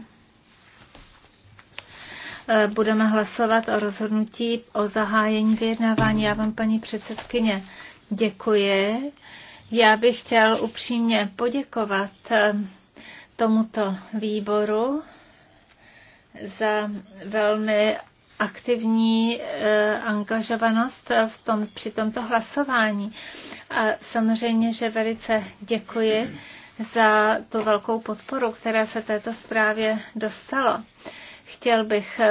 eh, budeme hlasovat o rozhodnutí o zahájení vyjednávání. Já vám, paní předsedkyně, děkuji. Já bych chtěl upřímně poděkovat eh, tomuto výboru za velmi aktivní e, angažovanost v tom, při tomto hlasování. A samozřejmě, že velice děkuji za tu velkou podporu, která se této zprávě dostalo. Chtěl bych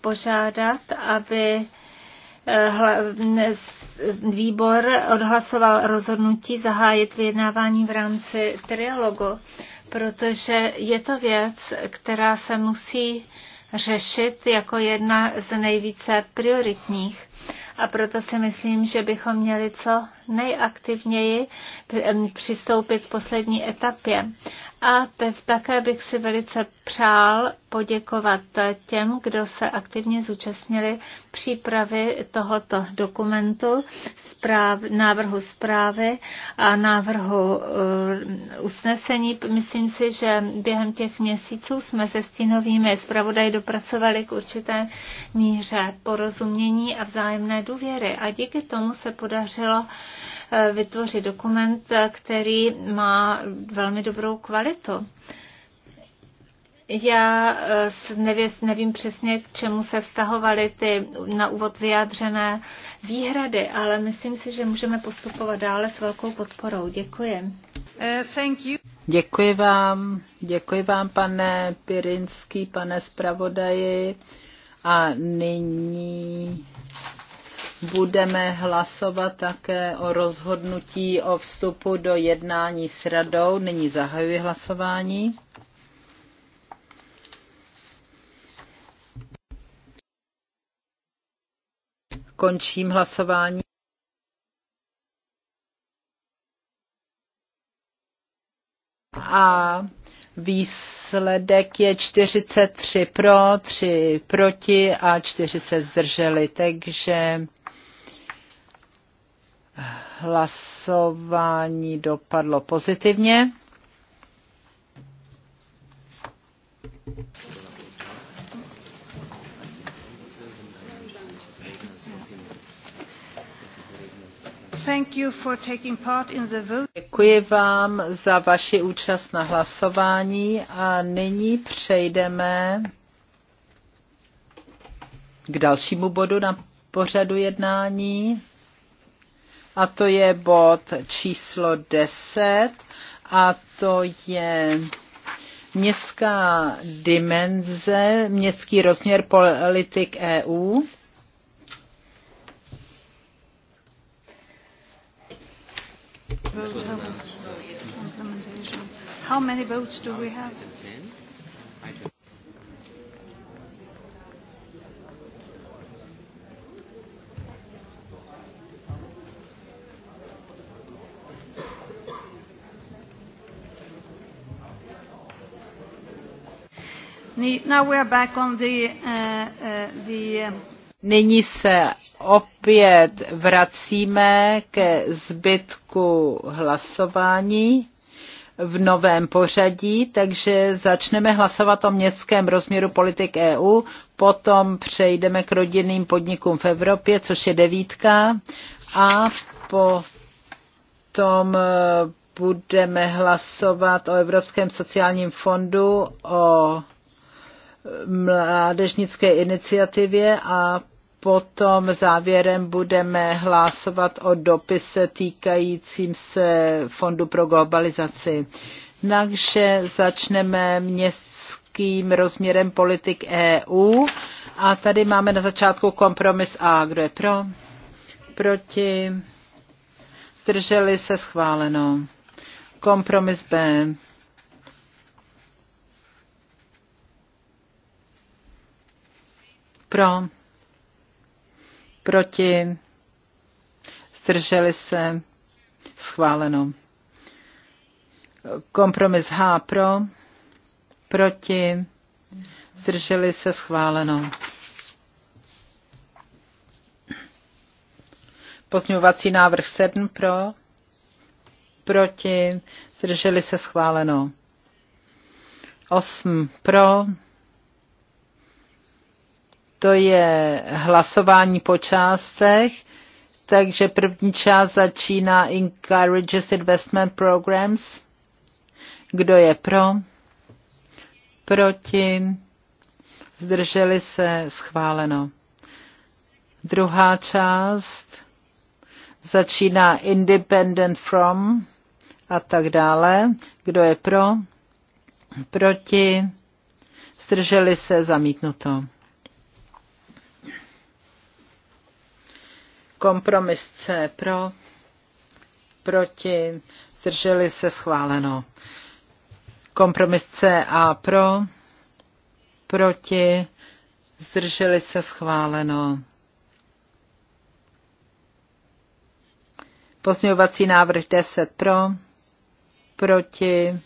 požádat, aby eh, výbor odhlasoval rozhodnutí zahájit vyjednávání v rámci trialogu, protože je to věc, která se musí řešit jako jedna z nejvíce prioritních a proto si myslím, že bychom měli co nejaktivněji přistoupit k poslední etapě. A tev také bych si velice přál poděkovat těm, kdo se aktivně zúčastnili přípravy tohoto dokumentu, zpráv, návrhu zprávy a návrhu uh, usnesení. Myslím si, že během těch měsíců jsme se stínovými zpravodaji dopracovali k určité míře porozumění a vzájemné důvěry. A díky tomu se podařilo eh, vytvořit dokument, eh, který má velmi dobrou kvalitu. Já eh, nevím přesně, k čemu se vztahovaly ty na úvod vyjádřené výhrady, ale myslím si, že můžeme postupovat dále s velkou podporou. Děkuji. Uh, thank you. Děkuji vám, děkuji vám, pane Pirinský, pane zpravodaji. A nyní budeme hlasovat také o rozhodnutí o vstupu do jednání s radou. Nyní zahajuji hlasování. Končím hlasování. A Výsledek je 43 pro, 3 proti a 4 se zdrželi, takže Hlasování dopadlo pozitivně. Děkuji vám za vaši účast na hlasování a nyní přejdeme k dalšímu bodu na pořadu jednání a to je bod číslo 10 a to je městská dimenze, městský rozměr politik EU. How many votes do we have? Uh, uh, um, Nyní se opět vracíme ke zbytku hlasování v novém pořadí, takže začneme hlasovat o městském rozměru politik EU, potom přejdeme k rodinným podnikům v Evropě, což je devítka, a potom eh, budeme hlasovat o Evropském sociálním fondu, o mládežnické iniciativě a potom závěrem budeme hlasovat o dopise týkajícím se Fondu pro globalizaci. Takže začneme městským rozměrem politik EU a tady máme na začátku kompromis A. Kdo je pro? Proti? Zdrželi se schváleno. Kompromis B. Pro. Proti. Zdrželi se. Schváleno. Kompromis H pro. Proti. Zdrželi se. Schváleno. Pozměňovací návrh 7 pro, proti, zdrželi se schváleno. 8 pro, to je hlasování po částech, takže první část začíná Encourages Investment Programs. Kdo je pro? Proti? Zdrželi se? Schváleno. Druhá část začíná Independent from a tak dále. Kdo je pro? Proti? Zdrželi se? Zamítnuto. Kompromis C pro, proti, zdrželi se schváleno. Kompromis C a pro, proti, zdrželi se schváleno. Pozměňovací návrh 10 pro, proti,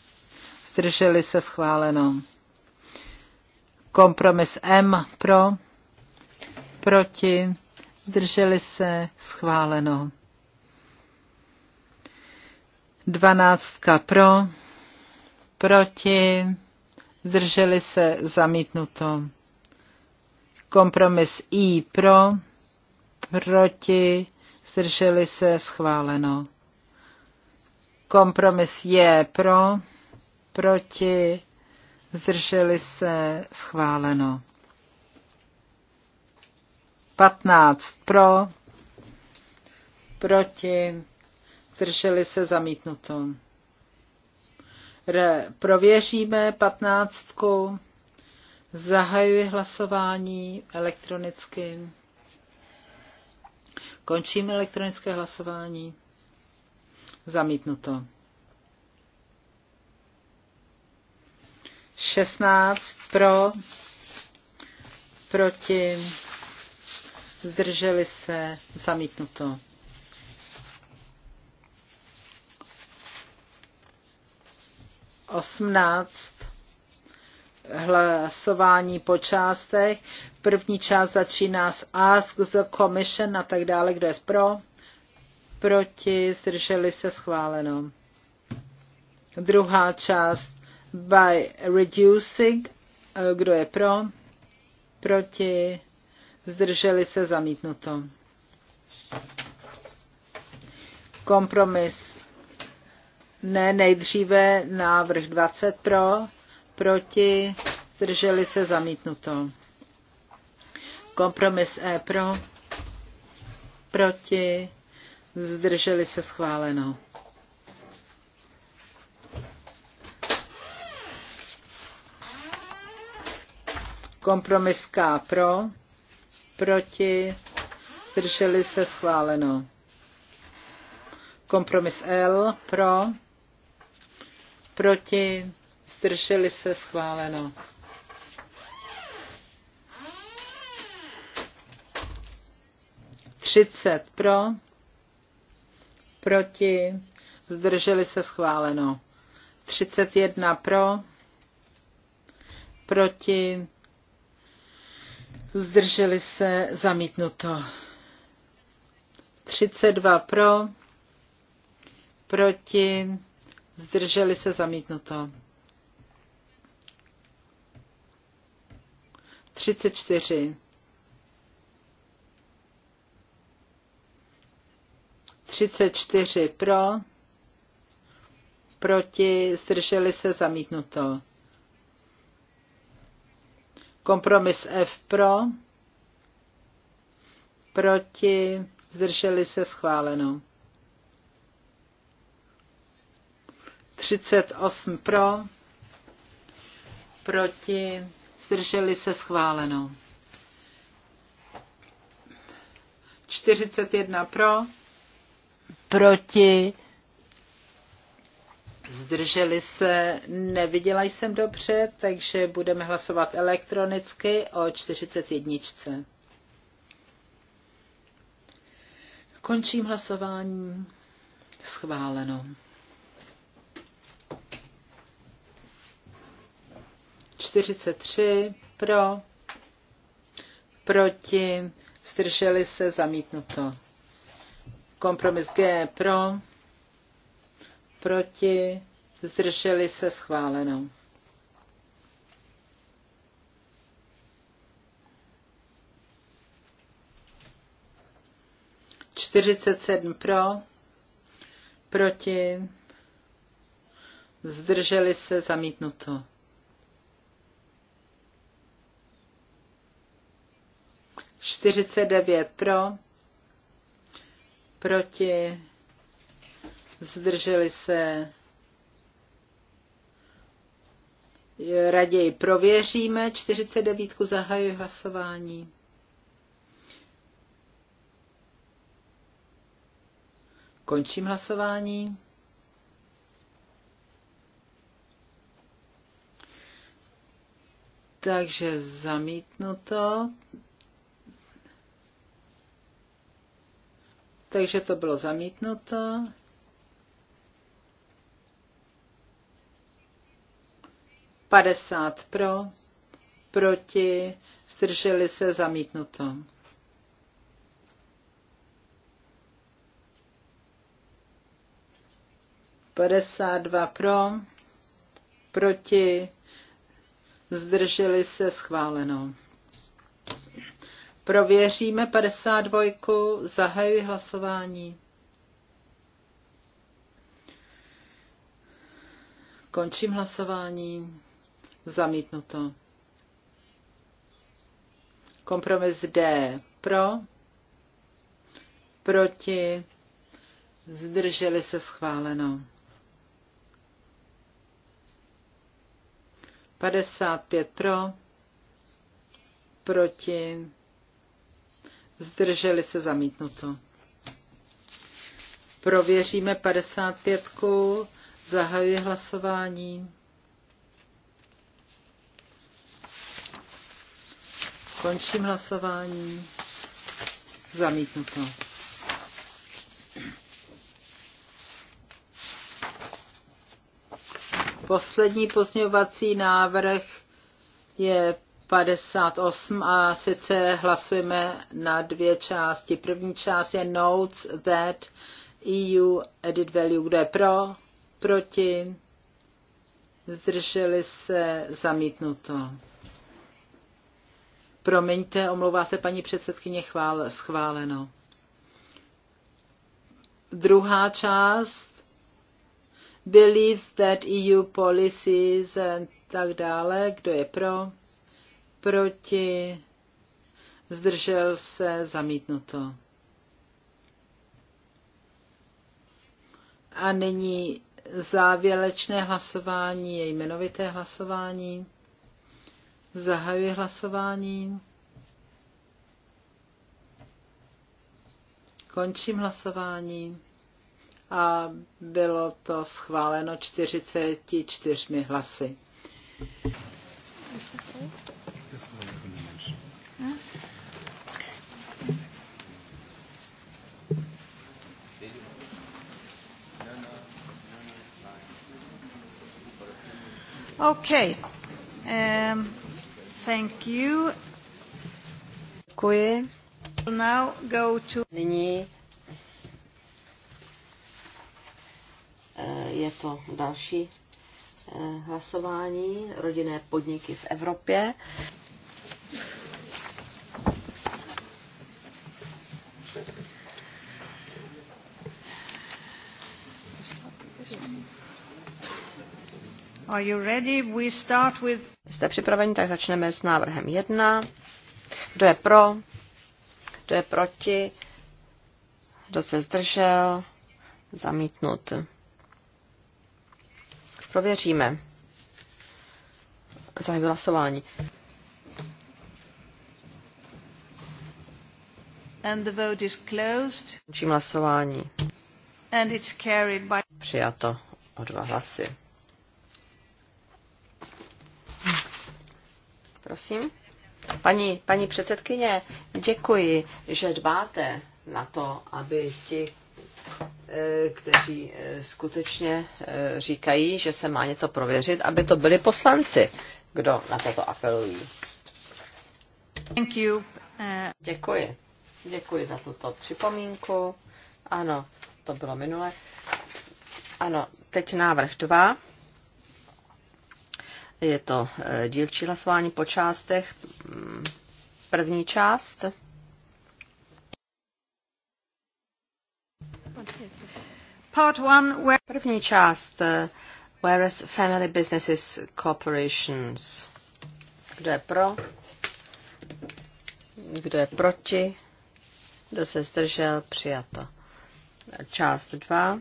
zdrželi se schváleno. Kompromis M pro, proti, zdrželi se, schváleno. Dvanáctka pro, proti, zdrželi se, zamítnuto. Kompromis I pro, proti, zdrželi se, schváleno. Kompromis J pro, proti, zdrželi se, schváleno. 15 pro, proti, zdrželi se zamítnuto. Re, prověříme patnáctku. Zahajuji hlasování elektronicky. Končím elektronické hlasování. Zamítnuto. 16 pro, proti zdrželi se, zamítnuto. Osmnáct hlasování po částech. První část začíná s Ask the Commission a tak dále, kdo je pro, proti, zdrželi se schváleno. Druhá část by reducing, kdo je pro, proti, zdrželi se zamítnuto. Kompromis. Ne, nejdříve návrh 20 pro, proti, zdrželi se zamítnuto. Kompromis E pro, proti, zdrželi se schváleno. Kompromis K pro, proti, zdrželi se schváleno. Kompromis L pro, proti, zdrželi se schváleno. Třicet pro, proti, zdrželi se schváleno. jedna pro, proti, zdrželi se, zamítnuto. 32 pro, proti, zdrželi se, zamítnuto. 34. 34 pro, proti, zdrželi se, zamítnuto. Kompromis F pro, proti, zdrželi se schváleno. 38 pro, proti, zdrželi se schváleno. 41 pro, proti, zdrželi se, neviděla jsem dobře, takže budeme hlasovat elektronicky o 41. Končím hlasování. Schváleno. 43 pro, proti, zdrželi se, zamítnuto. Kompromis G pro proti, zdrželi se schváleno. Čtyřicet sedm pro, proti, zdrželi se zamítnuto. Čtyřicet devět pro, proti, zdrželi se. Raději prověříme 49. Zahajuji hlasování. Končím hlasování. Takže zamítnuto. Takže to bylo zamítnuto. 50 pro, proti, zdrželi se zamítnuto. Padesát dva pro, proti, zdrželi se schváleno. Prověříme 52. Zahajuji hlasování. Končím hlasování. Zamítnuto. Kompromis D. Pro. Proti. Zdrželi se schváleno. 55 pro. Proti. Zdrželi se zamítnuto. Prověříme 55. Zahajuji hlasování. Končím hlasování. Zamítnuto. Poslední pozměňovací návrh je 58 a sice hlasujeme na dvě části. První část je Notes that EU Edit Value, kde pro, proti, zdrželi se, zamítnuto. Promiňte, omlouvá se paní předsedkyně chvál, schváleno. Druhá část believes that EU policies and tak dále. Kdo je pro? Proti? Zdržel se? Zamítnuto. A nyní závěrečné hlasování, je jmenovité hlasování. Zahajuji hlasování. Končím hlasování. A bylo to schváleno 44 hlasy. Okay. Um, Thank you. Děkuji. Now go to... Nyní eh, je to další eh, hlasování rodinné podniky v Evropě. Thank you. Jste připraveni, tak začneme s návrhem 1. Kdo je pro? Kdo je proti? Kdo se zdržel? Zamítnut. Prověříme. Zahajuji hlasování. And the vote is closed. Končím hlasování. And it's carried by... Přijato o dva hlasy. Prosím. Paní, paní předsedkyně, děkuji, že dbáte na to, aby ti, eh, kteří eh, skutečně eh, říkají, že se má něco prověřit, aby to byli poslanci, kdo na toto apelují. Thank you. Děkuji. Děkuji za tuto připomínku. Ano, to bylo minule. Ano, teď návrh 2. Je to eh, dílčí hlasování po částech. Hmm, první část. Part one, where... První část. Eh, whereas family businesses corporations. Kdo je pro? Kdo je proti? Kdo se zdržel? Přijato. Část 2.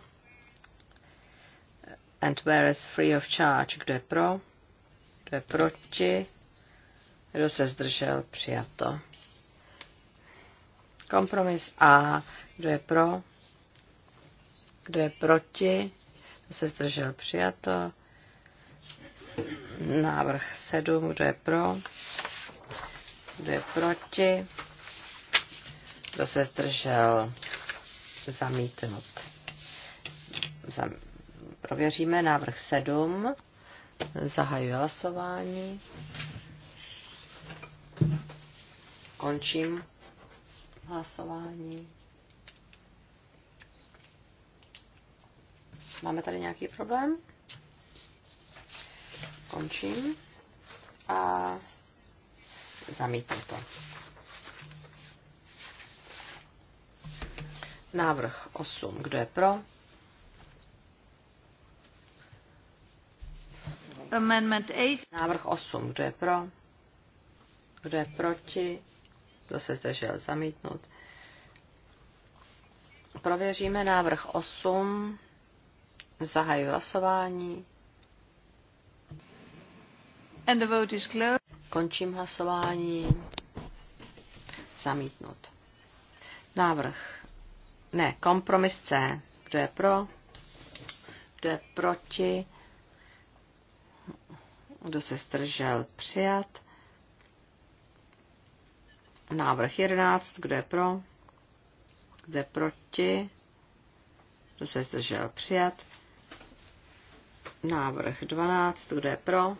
And whereas free of charge. Kdo je pro? Kdo je proti? Kdo se zdržel? Přijato. Kompromis A. Kdo je pro? Kdo je proti? Kdo se zdržel? Přijato. Návrh 7. Kdo je pro? Kdo je proti? Kdo se zdržel? Zamítnout. Zam... Prověříme návrh 7. Zahajuji hlasování. Končím hlasování. Máme tady nějaký problém? Končím. A zamítnu to. Návrh 8. Kdo je pro? Návrh 8. Kdo je pro? Kdo je proti? Kdo se zdržel zamítnout? Prověříme návrh 8. Zahajuji hlasování. And the vote is closed. Končím hlasování. Zamítnut. Návrh. Ne, kompromis C. Kdo je pro? Kdo je proti? Kdo se zdržel? Přijat. Návrh 11. Kdo je pro? Kdo je proti? Kdo se zdržel? Přijat. Návrh 12. Kdo je pro?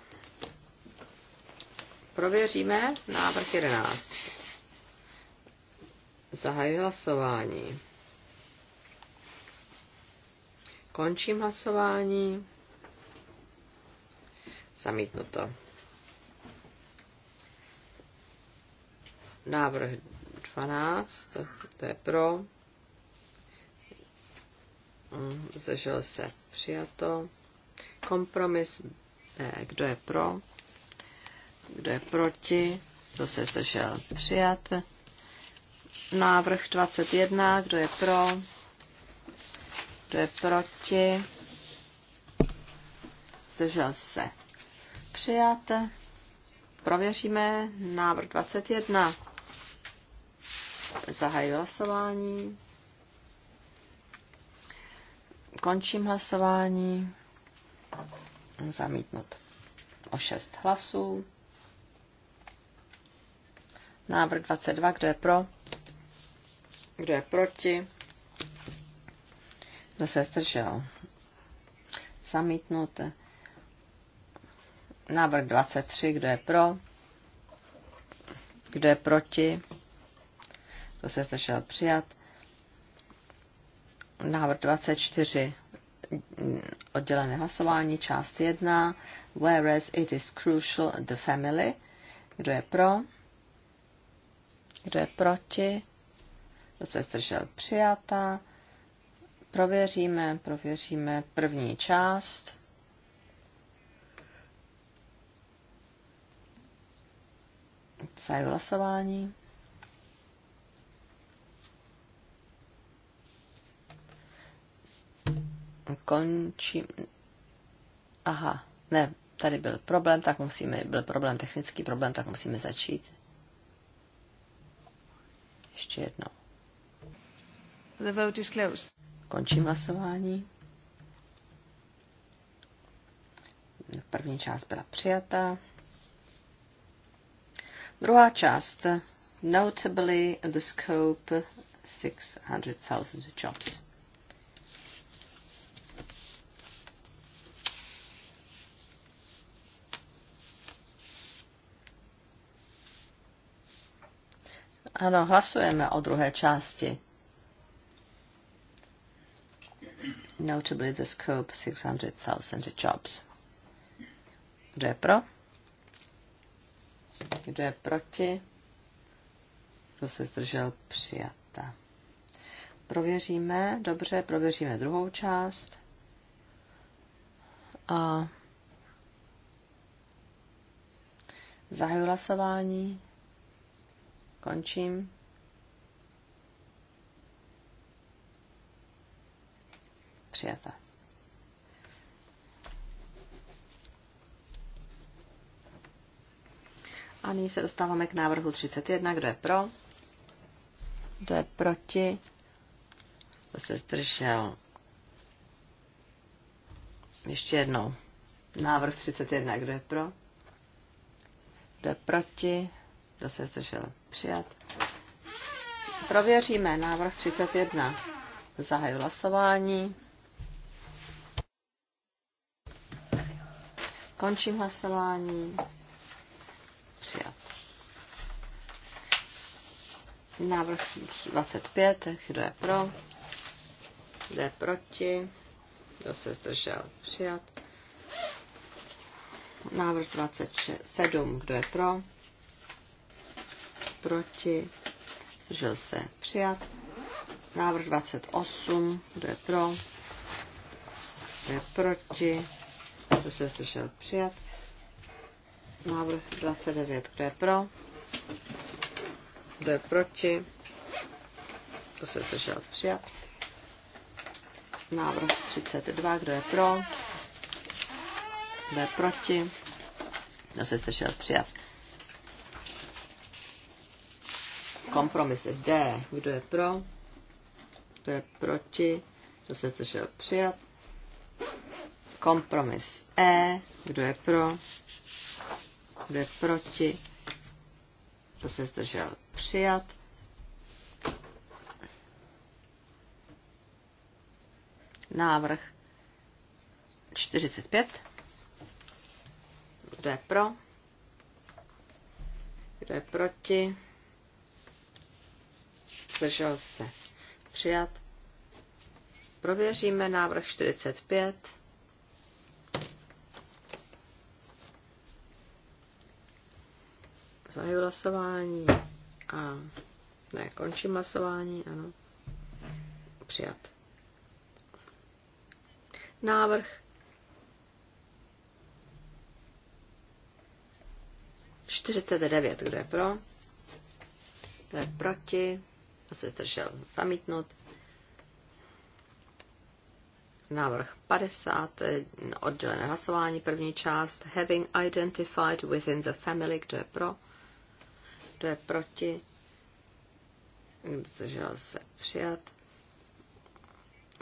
Prověříme návrh 11. Zahajuji hlasování. Končím hlasování. Zamítnuto. Návrh 12, to je pro. Zdržel se přijato. Kompromis B, kdo je pro? Kdo je proti? Kdo se zdržel přijat? Návrh 21, kdo je pro? Kdo je proti? Zdržel se Přijat. Prověříme návrh 21. Zahají hlasování. Končím hlasování. Zamítnut. O 6 hlasů. Návrh 22. Kdo je pro? Kdo je proti? Kdo se zdržel? Zamítnut. Návrh 23, kdo je pro? Kdo je proti? Kdo se zdržel přijat? Návrh 24, oddělené hlasování, část 1, whereas it is crucial the family. Kdo je pro? Kdo je proti? Kdo se zdržel přijata? Prověříme, prověříme první část. Zahajuji hlasování. Končím. Aha, ne, tady byl problém, tak musíme, byl problém, technický problém, tak musíme začít. Ještě jednou. The vote is closed. Končím hlasování. První část byla přijata. Druhá část. Notably the scope 600,000 jobs. Ano, hlasujeme o druhé části. Notably the scope 600,000 jobs. Kdo je pro? Kdo je proti? Kdo se zdržel? Přijata. Prověříme, dobře, prověříme druhou část. A zahajuji hlasování. Končím. Přijata. A nyní se dostáváme k návrhu 31. Kdo je pro? Kdo je proti? Kdo se zdržel? Ještě jednou. Návrh 31. Kdo je pro? Kdo je proti? Kdo se zdržel? Přijat. Prověříme návrh 31. Zahaju hlasování. Končím hlasování. Přijat. Návrh 25. Kdo je pro? Kdo je proti? Kdo se zdržel? Přijat. Návrh 27. Kdo je pro? Proti? Zdržel se? Přijat. Návrh 28. Kdo je pro? Kdo je proti? Kdo se zdržel? Přijat. Návrh 29. Kdo je pro? Kdo je proti? Kdo se zdržel? Přijat. Návrh 32. Kdo je pro? Kdo je proti? Kdo se zdržel? Přijat. Kompromis D. Kdo je pro? Kdo je proti? Kdo se zdržel? Přijat. Kompromis E. Kdo je pro? kdo je proti, kdo se zdržel přijat. Návrh 45. Kdo je pro? Kdo je proti? Zdržel se. Přijat. Prověříme návrh 45. zahaju hlasování a ne, končím hlasování, ano. Přijat. Návrh devět kdo je pro? Kdo je proti? A se zdržel zamítnut. Návrh 50, oddělené hlasování, první část, having identified within the family, kdo je pro? Kdo je proti? zdržel se? Přijat.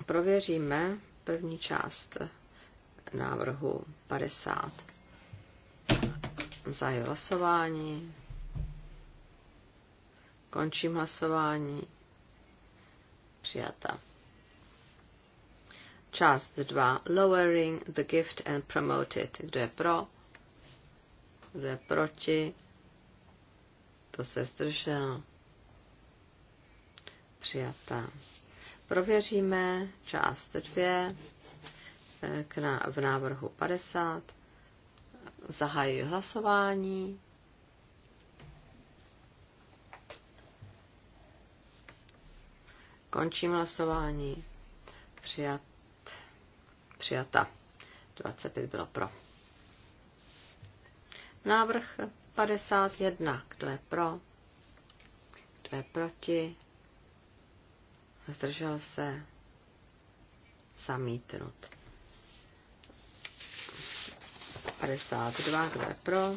Prověříme první část návrhu 50. Zahajuji hlasování. Končím hlasování. Přijata. Část 2. Lowering the gift and promote it. Kdo je pro? Kdo je proti? Kdo se zdržel? Přijatá. Prověříme část 2 eh, v návrhu 50. Zahajuji hlasování. Končím hlasování. Přijat, přijata. 25 bylo pro. Návrh 51. Kdo je pro? Kdo je proti? Zdržel se? Zamítnut. 52. Kdo je pro?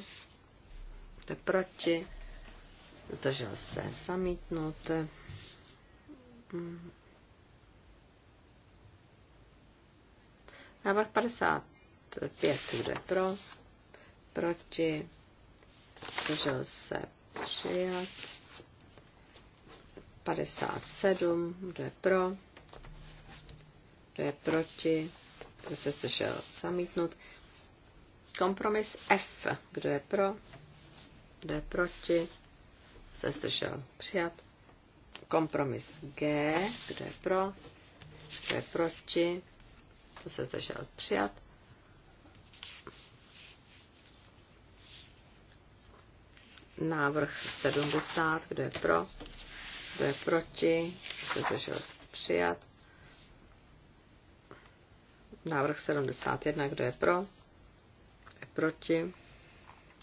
Kdo je proti? Zdržel se? Zamítnut. Návrh 55. Kdo je pro? Proti? zdržel se přijat. 57, kdo je pro, kdo je proti, kdo se zdržel zamítnut. Kompromis F, kdo je pro, kdo je proti, se zdržel přijat. Kompromis G, kdo je pro, kdo je proti, kdo se zdržel přijat. Návrh 70, kdo je pro, kdo je proti, kdo se zdržel přijat. Návrh 71, kdo je pro, kdo je proti,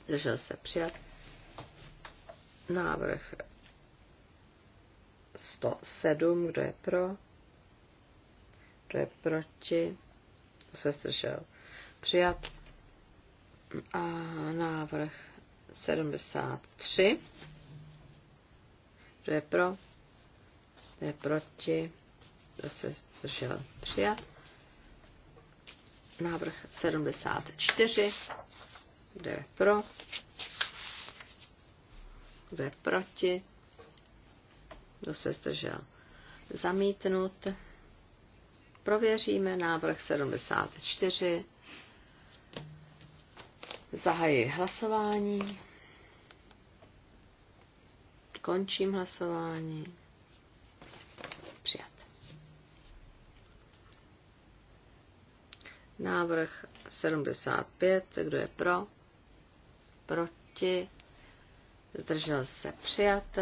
zdržel se přijat. Návrh 107, kdo je pro, kdo je proti, kdo se zdržel přijat. A návrh 73. Kdo je pro? Kdo je proti? Kdo se zdržel? Přijat. Návrh 74. Kdo je pro? Kdo je proti? Kdo se zdržel? Zamítnut. Prověříme návrh 74. Zahajuji hlasování. Končím hlasování. Přijat. Návrh 75. Kdo je pro? Proti? Zdržel se přijat.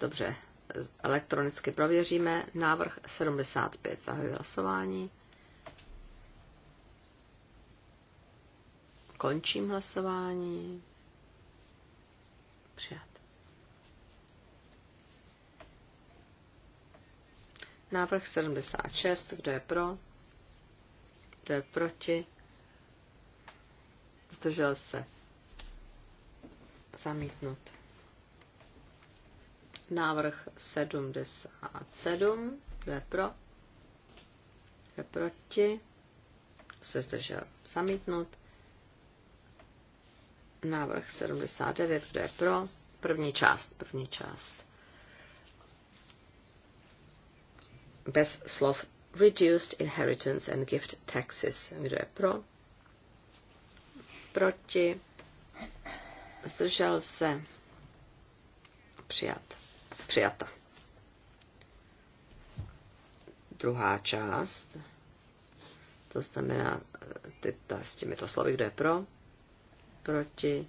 Dobře, elektronicky prověříme. Návrh 75. Zahajuji hlasování. Končím hlasování. Přijat. Návrh 76. Kdo je pro? Kdo je proti? Zdržel se. Zamítnut. Návrh 77. Kdo je pro? Kdo je proti? Se zdržel. Zamítnut. Návrh 79, kdo je pro? První část, první část. Bez slov Reduced Inheritance and Gift Taxes. Kdo je pro? Proti? Zdržel se? Přijat. Přijata. Druhá část. To znamená, eh, ty, ta, s těmito slovy, kdo je pro? proti,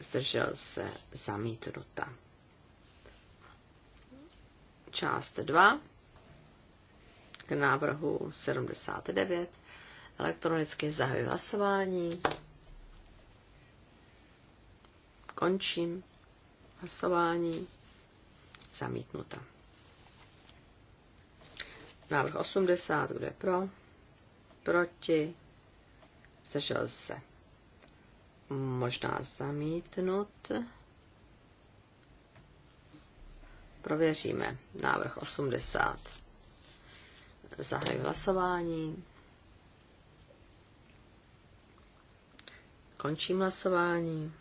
zdržel se zamítnuta. Část 2 k návrhu 79 elektronicky zahajuji hlasování. Končím hlasování. Zamítnuta. Návrh 80, kdo je pro? Proti? zdržel se. Možná zamítnut. Prověříme návrh 80. Zahajuji hlasování. Končím hlasování.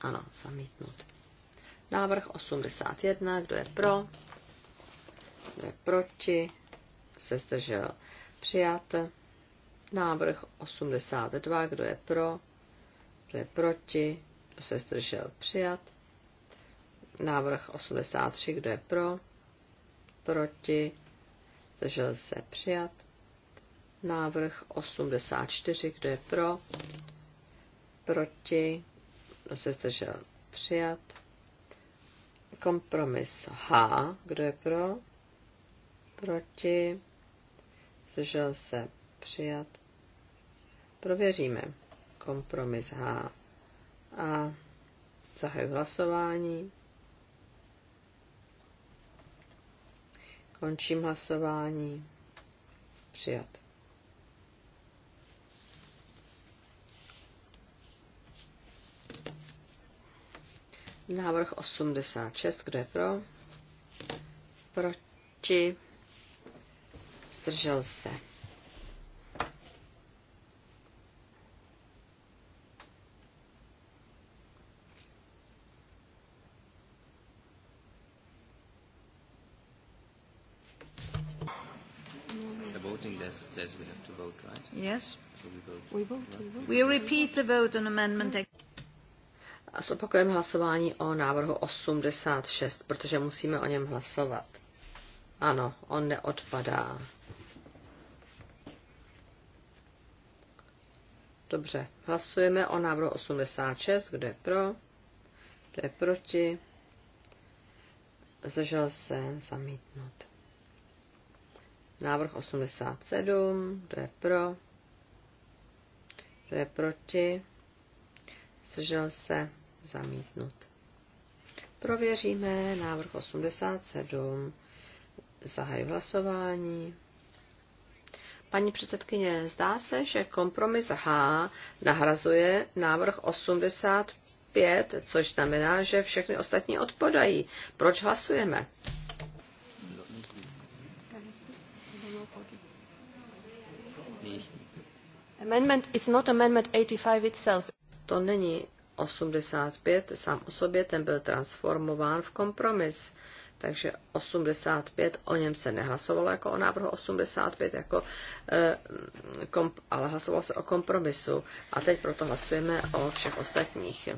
Ano, zamítnut. Návrh 81. Kdo je pro? Kdo je proti? Se zdržel. Přijat. Návrh 82, kdo je pro, kdo je proti, kdo se zdržel přijat. Návrh 83, kdo je pro, proti, zdržel se přijat. Návrh 84, kdo je pro, proti, kdo se zdržel přijat. Kompromis H, kdo je pro, proti, zdržel se přijat. Prověříme. Kompromis H. A zahaj hlasování. Končím hlasování. Přijat. Návrh 86, kdo je pro? Proti? Zdržel se We repeat the vote on amendment. A zopakujeme hlasování o návrhu 86, protože musíme o něm hlasovat. Ano, on neodpadá. Dobře, hlasujeme o návrhu 86, kdo je pro, kdo je proti, zdržel se zamítnout. Návrh 87, kdo je pro, kdo je proti? Zdržel se? Zamítnut. Prověříme návrh 87. Zahaju hlasování. Paní předsedkyně, zdá se, že kompromis H nahrazuje návrh 85, což znamená, že všechny ostatní odpadají. Proč hlasujeme? To není 85 sám o sobě, ten byl transformován v kompromis. Takže 85, o něm se nehlasovalo jako o návrhu 85, jako, eh, komp, ale hlasovalo se o kompromisu. A teď proto hlasujeme o všech ostatních,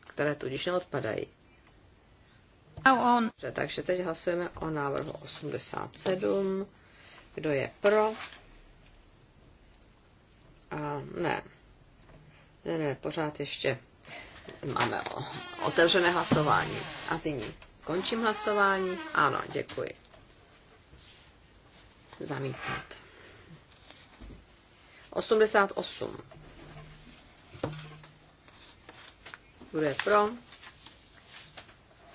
které tudíž neodpadají. takže teď hlasujeme o návrhu 87. Kdo je pro? A ne, ne, ne, pořád ještě máme otevřené hlasování. A nyní končím hlasování. Ano, děkuji. Zamítnout. 88. Kdo je pro?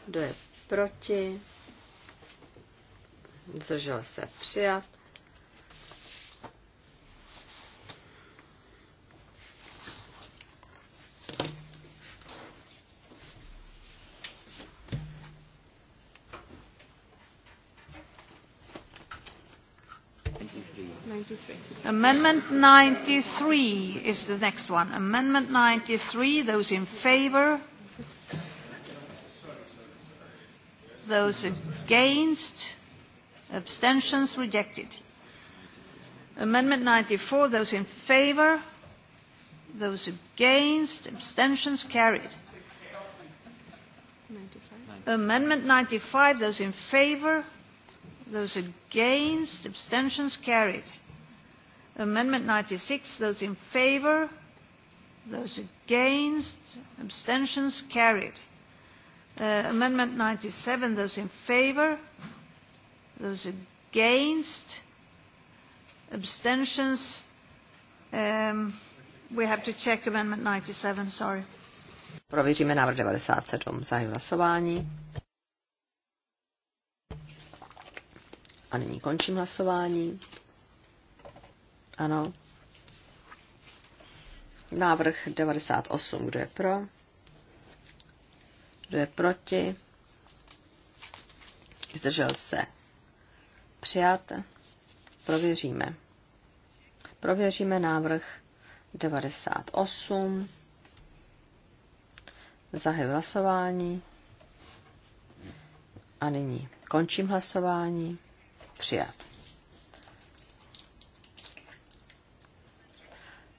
Kdo je proti? Zdržel se přijat. Amendment 93 is the next one. Amendment 93, those in favour? Those against? Abstentions rejected. Amendment 94, those in favour? Those against? Abstentions carried. Amendment 95, those in favour? Those against? Abstentions carried. Amendment 96, those in favour, those against, abstentions carried. Uh, amendment 97, those in favour, those against, abstentions. Um, we have to check amendment 97, sorry. Prověříme návrh 97. Zahajuji hlasování. A nyní končím hlasování. Ano. Návrh 98. Kdo je pro? Kdo je proti? Zdržel se. Přijat. Prověříme. Prověříme návrh 98. Zahajuji hlasování. A nyní končím hlasování. Přijat.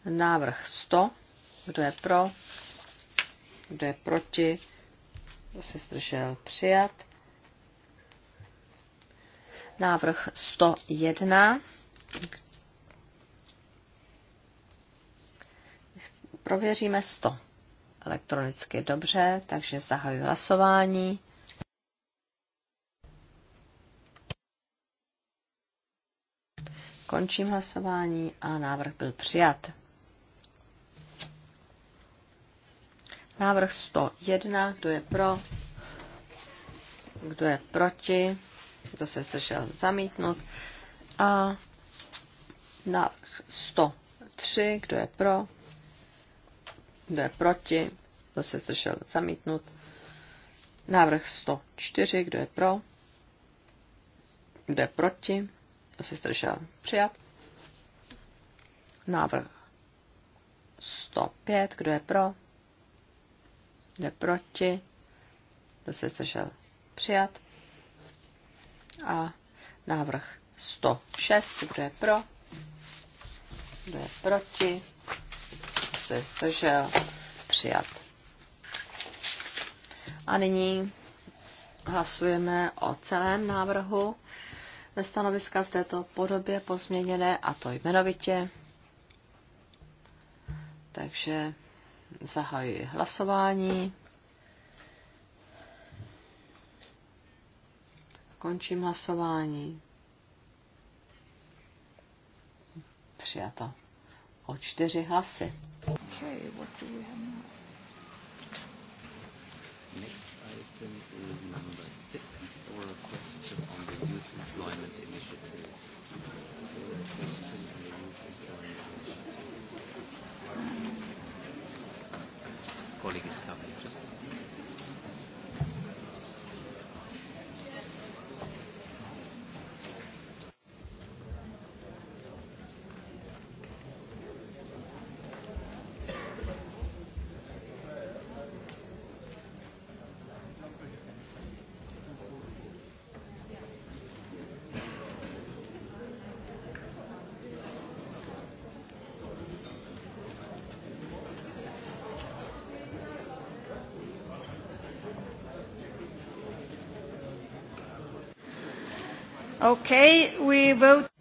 Návrh 100. Kdo je pro? Kdo je proti? Kdo se zdržel? Přijat. Návrh 101. Prověříme 100 elektronicky dobře, takže zahajuji hlasování. Končím hlasování a návrh byl přijat. Návrh 101, kdo je pro, kdo je proti, kdo se zdržel zamítnout. A návrh 103, kdo je pro, kdo je proti, kdo se zdržel zamítnout. Návrh 104, kdo je pro, kdo je proti, kdo se zdržel přijat. Návrh 105, kdo je pro, jde proti? Kdo se zdržel? Přijat. A návrh 106. Kdo je pro? Kdo je proti? Kdo se zdržel? Přijat. A nyní hlasujeme o celém návrhu ve stanoviska v této podobě pozměněné a to jmenovitě. Takže Zahajuji hlasování. Končím hlasování. Přijato. O čtyři hlasy. Okay, what do we have now? Next item is number six, for a question on the youth employment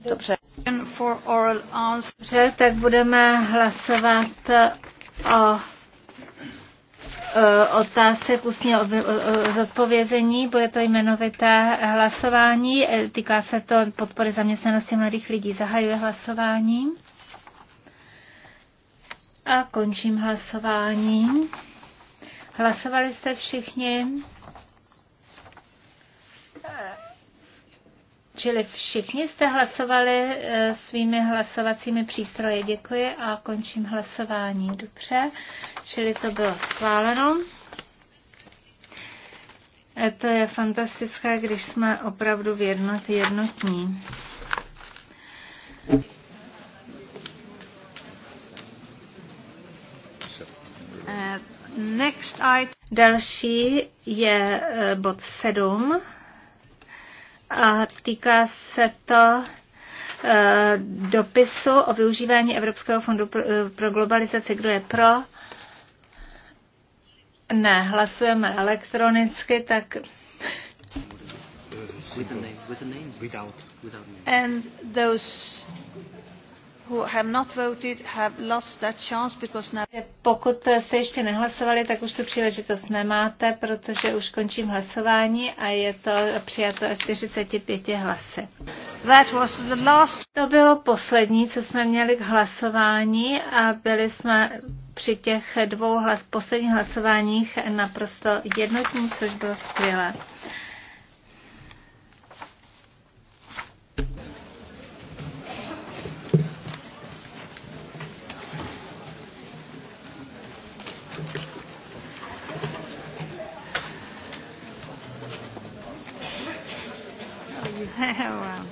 Dobře. Dobře, tak budeme hlasovat o otázek ústního zodpovězení. Bude to jmenovité hlasování. Týká se to podpory zaměstnanosti mladých lidí. Zahajuje hlasování. A končím hlasování. Hlasovali jste všichni? Čili všichni jste hlasovali eh, svými hlasovacími přístroji. Děkuji a končím hlasování. Dobře, čili to bylo schváleno. Eh, to je fantastické, když jsme opravdu v jednot, jednotní. Eh, next item. Další je bod 7 a týká se to eh, dopisu o využívání Evropského fondu eh, pro globalizaci. Kdo je pro? Ne, hlasujeme elektronicky, tak And those pokud jste ještě nehlasovali, tak už tu příležitost nemáte, protože už končím hlasování a je to přijato 45 hlasy. That was the last... To bylo poslední, co jsme měli k hlasování a byli jsme při těch dvou hlas, posledních hlasováních naprosto jednotní, což bylo skvělé. well,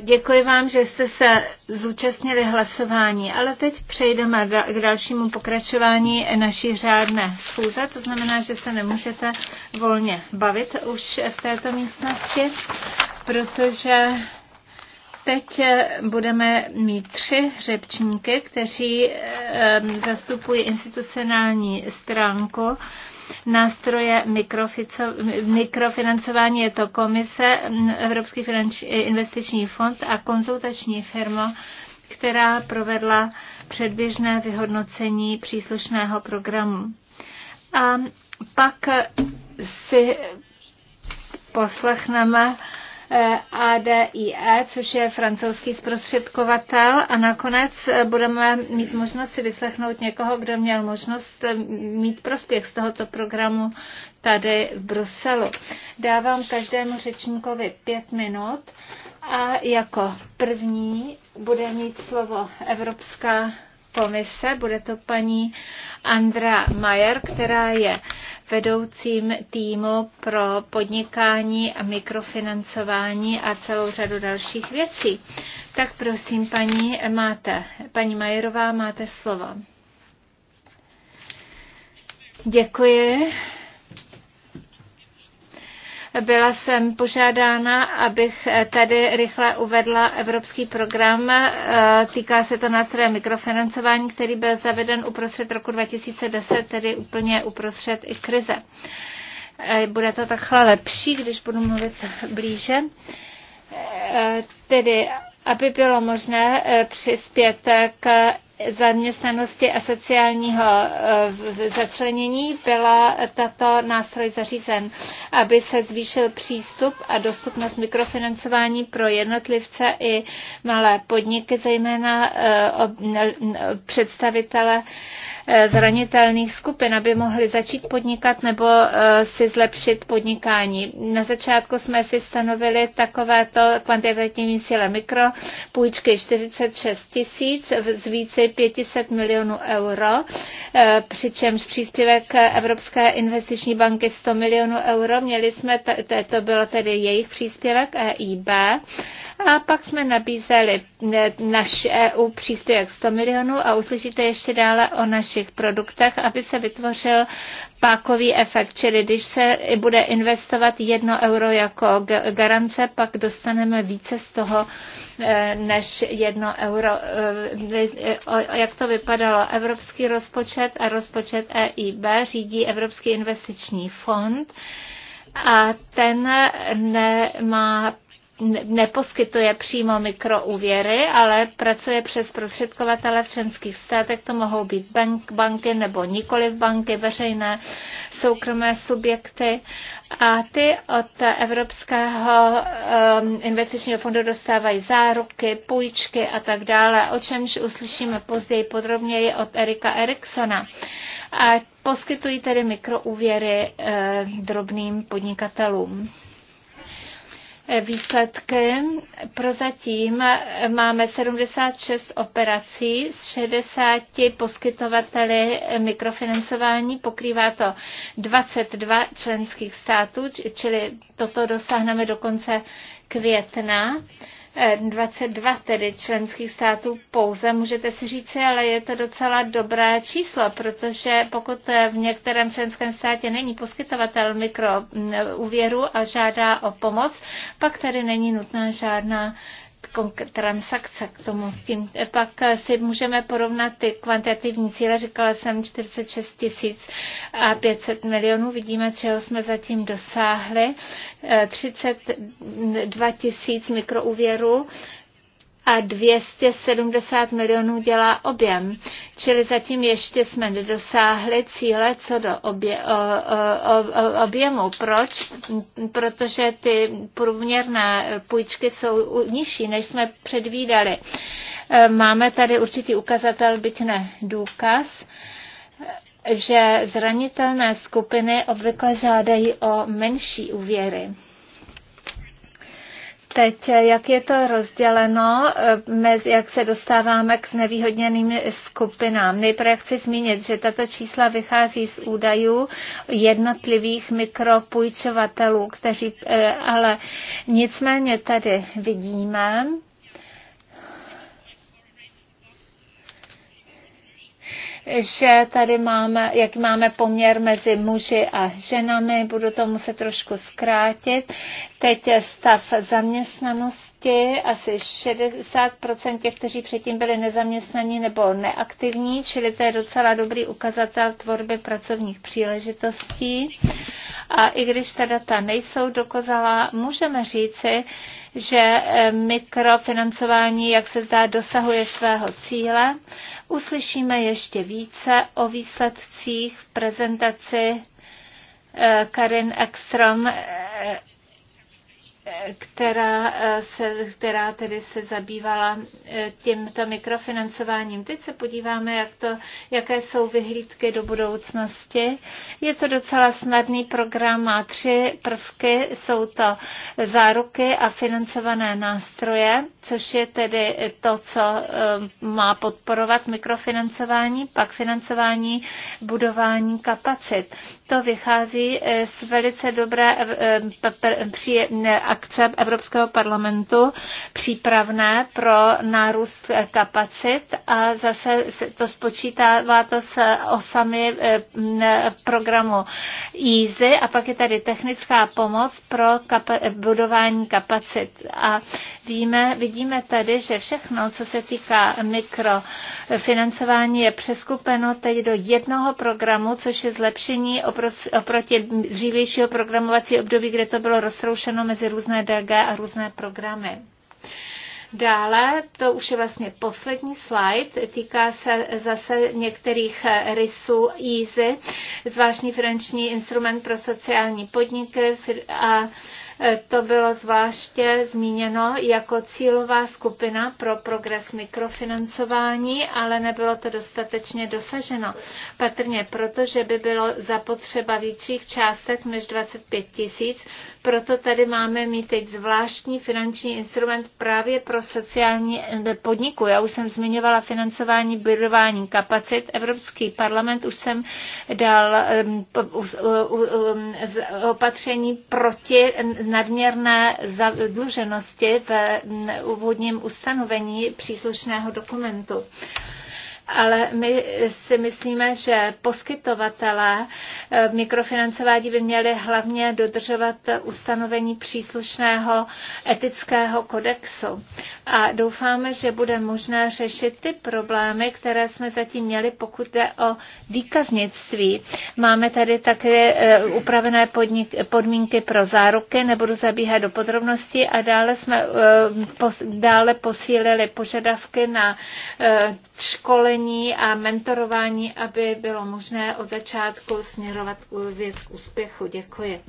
Děkuji vám, že jste se zúčastnili hlasování, ale teď přejdeme k dalšímu pokračování naší řádné schůze, to znamená, že se nemůžete volně bavit už v této místnosti, protože teď budeme mít tři řepčníky, kteří ehm, zastupují institucionální stránku nástroje mikrofinancování. Je to komise, Evropský investiční fond a konzultační firma, která provedla předběžné vyhodnocení příslušného programu. A pak si poslechneme Eh, ADIE, což je francouzský zprostředkovatel. A nakonec eh, budeme mít možnost si vyslechnout někoho, kdo měl možnost eh, mít prospěch z tohoto programu tady v Bruselu. Dávám každému řečníkovi pět minut a jako první bude mít slovo Evropská komise. Bude to paní Andra Majer, která je vedoucím týmu pro podnikání a mikrofinancování a celou řadu dalších věcí. Tak prosím, paní, máte, paní Majerová, máte slovo. Děkuji. Byla jsem požádána, abych tady rychle uvedla evropský program. Eh, týká se to nástroje mikrofinancování, který byl zaveden uprostřed roku 2010, tedy úplně uprostřed i krize. Eh, bude to takhle lepší, když budu mluvit blíže. Eh, tedy aby bylo možné přispět k zaměstnanosti a sociálního eh, začlenění byla tato nástroj zařízen, aby se zvýšil přístup a dostupnost mikrofinancování pro jednotlivce i malé podniky, zejména eh, představitele Eh, zranitelných skupin, aby mohli začít podnikat nebo eh, si zlepšit podnikání. Na začátku jsme si stanovili takovéto kvantitativní mikro, půjčky 46 tisíc z více 500 milionů euro, eh, přičemž příspěvek Evropské investiční banky 100 milionů euro. Měli jsme, to bylo tedy jejich příspěvek EIB. A pak jsme nabízeli naš EU příspěvek 100 milionů a uslyšíte ještě dále o naší našich produktech, aby se vytvořil pákový efekt, čili když se bude investovat jedno euro jako garance, pak dostaneme více z toho eh, než jedno euro. Eh, eh, jak to vypadalo? Evropský rozpočet a rozpočet EIB řídí Evropský investiční fond a ten nemá neposkytuje přímo mikroúvěry, ale pracuje přes prostředkovatele v členských státech. To mohou být bank, banky nebo nikoli banky, veřejné, soukromé subjekty. A ty od Evropského um, investičního fondu dostávají záruky, půjčky a tak dále, o čemž uslyšíme později podrobněji od Erika Eriksona. A poskytují tedy mikroúvěry e, drobným podnikatelům výsledky. Prozatím máme 76 operací s 60 poskytovateli mikrofinancování. Pokrývá to 22 členských států, čili toto dosáhneme do konce května. 22 e, tedy členských států pouze, můžete si říct, ale je to docela dobré číslo, protože pokud e, v některém členském státě není poskytovatel mikroúvěru a žádá o pomoc, pak tady není nutná žádná transakce k tomu. S tím. E, pak e, si můžeme porovnat ty kvantitativní cíle, říkala jsem 46 tisíc a 500 milionů, vidíme, čeho jsme zatím dosáhli. 32 e, tisíc mikrouvěrů a 270 milionů dělá objem. Čili zatím ještě jsme nedosáhli cíle co do obje, o, o, o, objemu. Proč? Protože ty průměrné půjčky jsou nižší, než jsme předvídali. E, máme tady určitý ukazatel, byť ne důkaz že zranitelné skupiny obvykle žádají o menší úvěry teď, jak je to rozděleno, eh, jak se dostáváme k znevýhodněným skupinám. Nejprve chci zmínit, že tato čísla vychází z údajů jednotlivých mikropůjčovatelů, kteří, eh, ale nicméně tady vidíme, že tady máme, jak máme poměr mezi muži a ženami, budu to muset trošku zkrátit. Teď je stav zaměstnanosti ti asi 60% těch, kteří předtím byli nezaměstnaní nebo neaktivní, čili to je docela dobrý ukazatel tvorby pracovních příležitostí. A i když ta data nejsou dokozala, můžeme říci, že eh, mikrofinancování, jak se zdá, dosahuje svého cíle. Uslyšíme ještě více o výsledcích v prezentaci eh, Karin Ekstrom eh, která, eh, se, která tedy se zabývala eh, tímto mikrofinancováním. Teď se podíváme, jak to, jaké jsou vyhlídky do budoucnosti. Je to docela snadný program, má tři prvky, jsou to záruky a financované nástroje, což je tedy to, co eh, má podporovat mikrofinancování, pak financování budování kapacit. To vychází z velice dobré při, akce Evropského parlamentu přípravné pro nárůst kapacit a zase to spočítává to s osami eh, programu EASY a pak je tady technická pomoc pro kap- budování kapacit. A víme, vidíme tady, že všechno, co se týká mikrofinancování, je přeskupeno teď do jednoho programu, což je zlepšení oproti dřívějšího programovací období, kde to bylo roztroušeno mezi různými různé DG a různé programy. Dále, to už je vlastně poslední slide, týká se zase některých rysů EASY, zvláštní finanční instrument pro sociální podniky a Eh, to bylo zvláště zmíněno jako cílová skupina pro progres mikrofinancování, ale nebylo to dostatečně dosaženo. Patrně proto, že by bylo zapotřeba větších částek než 25 tisíc, proto tady máme mít teď zvláštní finanční instrument právě pro sociální eh, podniku. Já už jsem zmiňovala financování budování kapacit. Evropský parlament už jsem dal eh, opatření proti nadměrné zadluženosti v úvodním ustanovení příslušného dokumentu ale my si myslíme, že poskytovatelé eh, mikrofinancování by měli hlavně dodržovat ustanovení příslušného etického kodexu. A doufáme, že bude možné řešit ty problémy, které jsme zatím měli, pokud jde o výkaznictví. Máme tady také eh, upravené podnik, podmínky pro záruky, nebudu zabíhat do podrobností, a dále jsme eh, dále posílili požadavky na školy vedení a mentorování, aby bylo možné od začátku směrovat věc k úspěchu. Děkuji.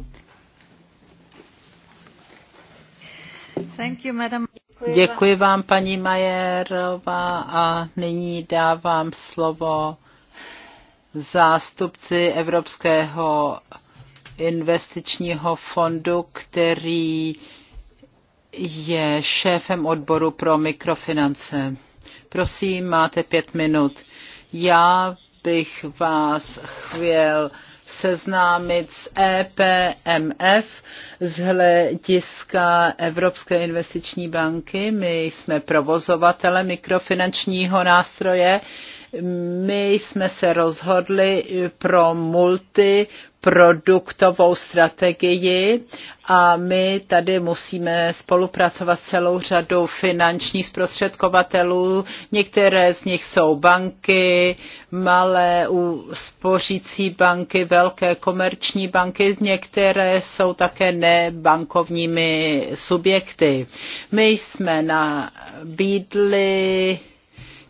Thank you, madam. Děkuji, vám, paní Majerová, a nyní dávám slovo zástupci Evropského investičního fondu, který je šéfem odboru pro mikrofinance. Prosím, máte pět minut. Já bych vás chvěl seznámit s EPMF z hlediska Evropské investiční banky. My jsme provozovatele mikrofinančního nástroje. My jsme se rozhodli pro multi produktovou strategii a my tady musíme spolupracovat s celou řadou finančních zprostředkovatelů. Některé z nich jsou banky, malé spořící banky, velké komerční banky, některé jsou také nebankovními subjekty. My jsme nabídli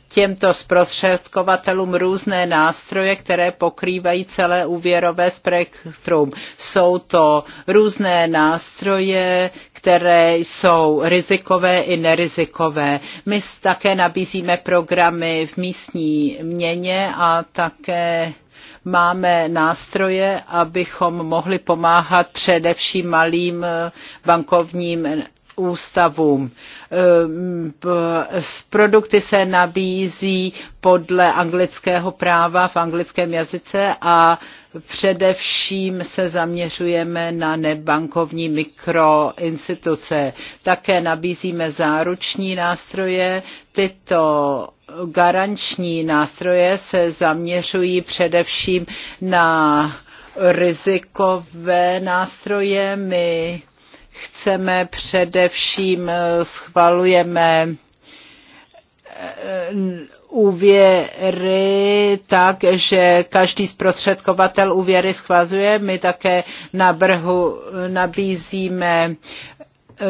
těmto zprostředkovatelům různé nástroje, které pokrývají celé úvěrové spektrum. Jsou to různé nástroje, které jsou rizikové i nerizikové. My také nabízíme programy v místní měně a také máme nástroje, abychom mohli pomáhat především malým bankovním ústavům. Ehm, produkty se nabízí podle anglického práva v anglickém jazyce a především se zaměřujeme na nebankovní mikroinstituce. Také nabízíme záruční nástroje. Tyto garanční nástroje se zaměřují především na rizikové nástroje. My chceme především, eh, schvalujeme eh, úvěry tak, že každý zprostředkovatel úvěry schvazuje. My také na brhu nabízíme eh,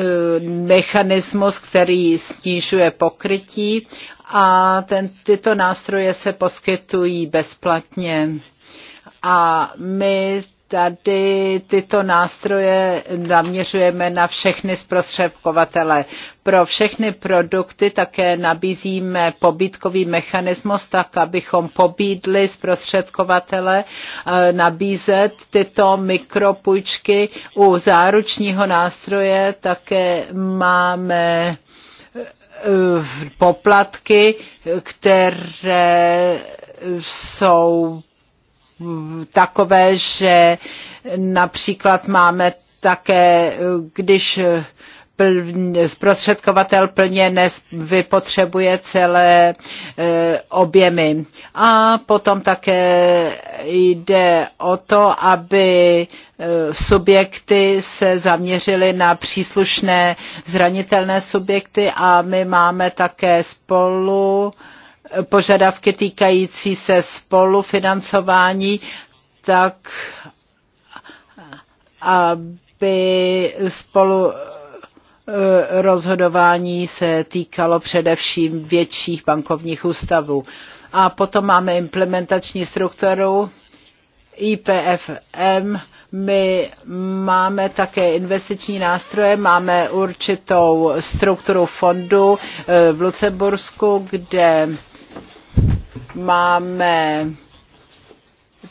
mechanismus, který snižuje pokrytí a ten, tyto nástroje se poskytují bezplatně. A my tady tyto nástroje zaměřujeme na všechny zprostředkovatele. Pro všechny produkty také nabízíme pobídkový mechanismus, tak abychom pobídli zprostředkovatele eh, nabízet tyto mikropůjčky. U záručního nástroje také máme eh, poplatky, které jsou takové, že například máme také, když zprostředkovatel plně vypotřebuje celé eh, objemy. A potom také jde o to, aby eh, subjekty se zaměřily na příslušné zranitelné subjekty a my máme také spolu uh, požadavky týkající se spolufinancování, tak aby spolu eh, rozhodování se týkalo především větších bankovních ústavů. A potom máme implementační strukturu IPFM. My máme také investiční nástroje, máme určitou strukturu fondu eh, v Lucembursku, kde Máme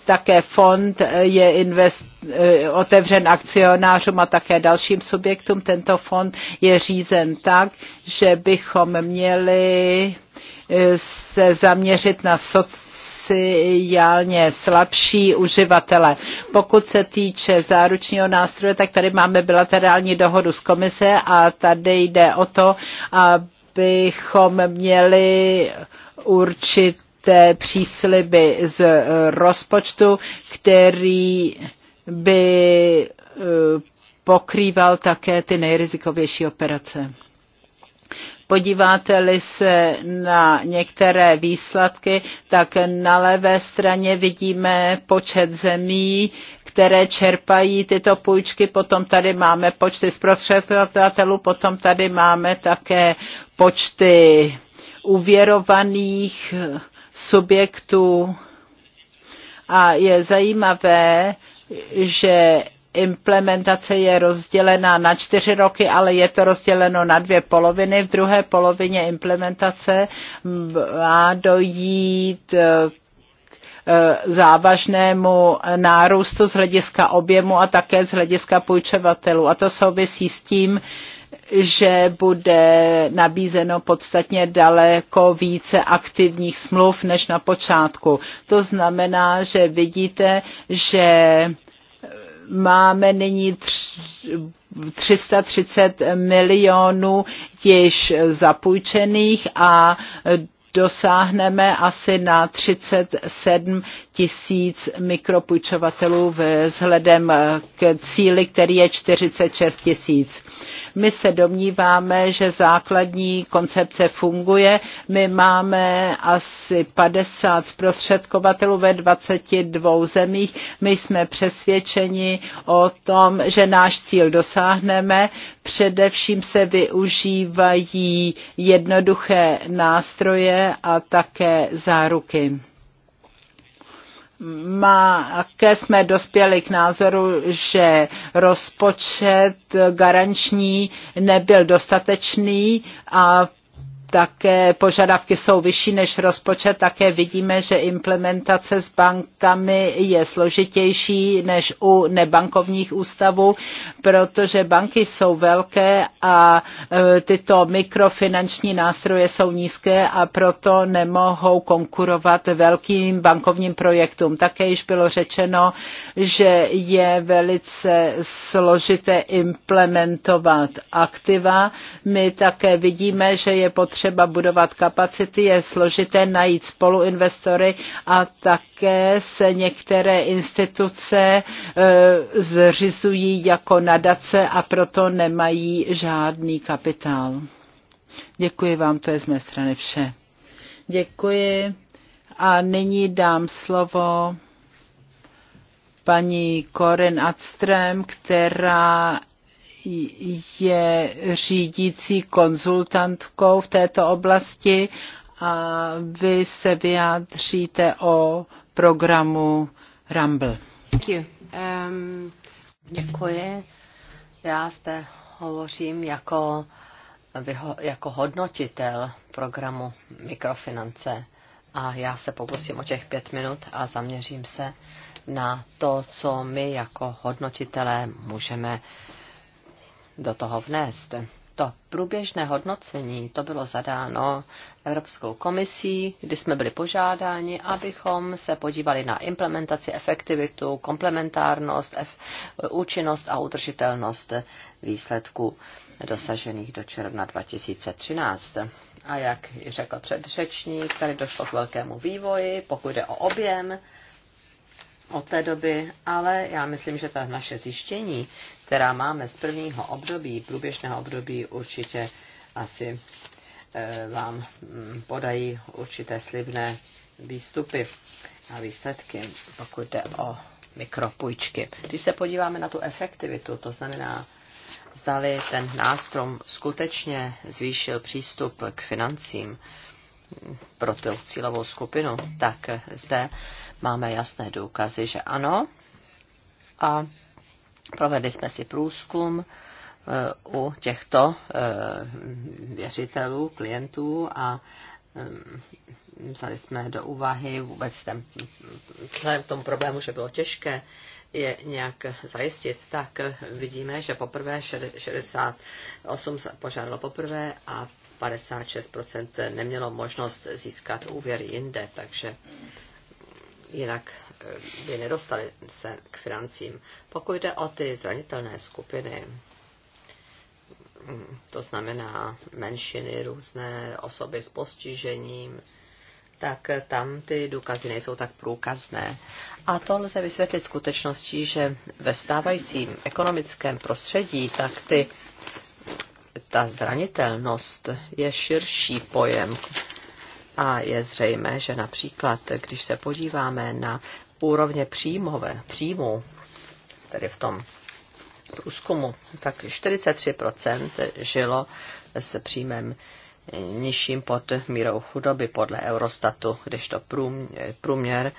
také fond je invest, eh, otevřen akcionářům a také dalším subjektům. Tento fond je řízen tak, že bychom měli eh, se zaměřit na sociálně slabší uživatele. Pokud se týče záručního nástroje, tak tady máme bilaterální dohodu s komise a tady jde o to, abychom měli určit určité přísliby z eh, rozpočtu, který by eh, pokrýval také ty nejrizikovější operace. Podíváte-li se na některé výsledky, tak na levé straně vidíme počet zemí, které čerpají tyto půjčky, potom tady máme počty zprostředkovatelů, potom tady máme také počty uvěrovaných subjektů. A je zajímavé, že implementace je rozdělena na čtyři roky, ale je to rozděleno na dvě poloviny. V druhé polovině implementace má dojít eh, eh, závažnému nárůstu z hlediska objemu a také z hlediska půjčovatelů. A to souvisí s tím, že bude nabízeno podstatně daleko více aktivních smluv než na počátku. To znamená, že vidíte, že máme nyní 330 milionů již zapůjčených a dosáhneme asi na 37 tisíc mikropůjčovatelů vzhledem k cíli, který je 46 tisíc. My se domníváme, že základní koncepce funguje. My máme asi 50 zprostředkovatelů ve 22 zemích. My jsme přesvědčeni o tom, že náš cíl dosáhneme. Především se využívají jednoduché nástroje a také záruky má, ke jsme dospěli k názoru, že rozpočet garanční nebyl dostatečný a také požadavky jsou vyšší než rozpočet, také vidíme, že implementace s bankami je složitější než u nebankovních ústavů, protože banky jsou velké a e, tyto mikrofinanční nástroje jsou nízké a proto nemohou konkurovat velkým bankovním projektům. Také již bylo řečeno, že je velice složité implementovat aktiva. My také vidíme, že je potřeba třeba budovat kapacity, je složité najít spoluinvestory a také se některé instituce e, zřizují jako nadace a proto nemají žádný kapitál. Děkuji vám, to je z mé strany vše. Děkuji a nyní dám slovo paní Korin Adström, která je řídící konzultantkou v této oblasti a vy se vyjádříte o programu Rumble. Um, děkuji. Já zde hovořím jako, jako hodnotitel programu mikrofinance a já se pokusím o těch pět minut a zaměřím se na to, co my jako hodnotitelé můžeme do toho vnést. To průběžné hodnocení, to bylo zadáno Evropskou komisí, kdy jsme byli požádáni, abychom se podívali na implementaci, efektivitu, komplementárnost, ef- účinnost a udržitelnost výsledků dosažených do června 2013. A jak řekl předřečník, tady došlo k velkému vývoji, pokud jde o objem od té doby, ale já myslím, že ta naše zjištění, která máme z prvního období, průběžného období, určitě asi e, vám mm, podají určité slibné výstupy a výsledky, pokud jde o mikropůjčky. Když se podíváme na tu efektivitu, to znamená, zdali ten nástrom skutečně zvýšil přístup k financím pro tu cílovou skupinu, tak zde Máme jasné důkazy, že ano. A provedli jsme si průzkum eh, u těchto eh, věřitelů, klientů a eh, vzali jsme do úvahy vůbec ten, vzhledem k tomu problému, že bylo těžké je nějak zajistit, tak vidíme, že poprvé 68 požádalo poprvé a 56% nemělo možnost získat úvěr jinde, takže jinak eh, by nedostali se k financím. Pokud jde o ty zranitelné skupiny, mm, to znamená menšiny, různé osoby s postižením, tak tam ty důkazy nejsou tak průkazné. A to lze vysvětlit skutečností, že ve stávajícím ekonomickém prostředí, tak ty, ta zranitelnost je širší pojem, a je zřejmé, že například, když se podíváme na úrovně příjmové, příjmu, tedy v tom průzkumu, tak 43% žilo s příjmem nižším pod mírou chudoby podle Eurostatu, když to průměr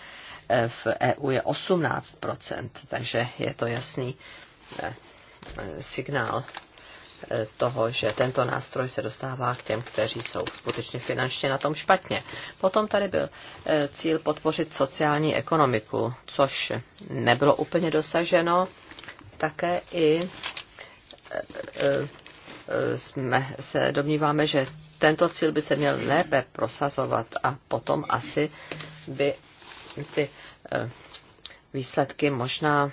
eh, v EU je 18%, takže je to jasný eh, signál Eh, toho, že tento nástroj se dostává k těm, kteří jsou skutečně finančně na tom špatně. Potom tady byl eh, cíl podpořit sociální ekonomiku, což nebylo úplně dosaženo. Také i eh, jsme, se domníváme, že tento cíl by se měl lépe prosazovat a potom asi by ty výsledky možná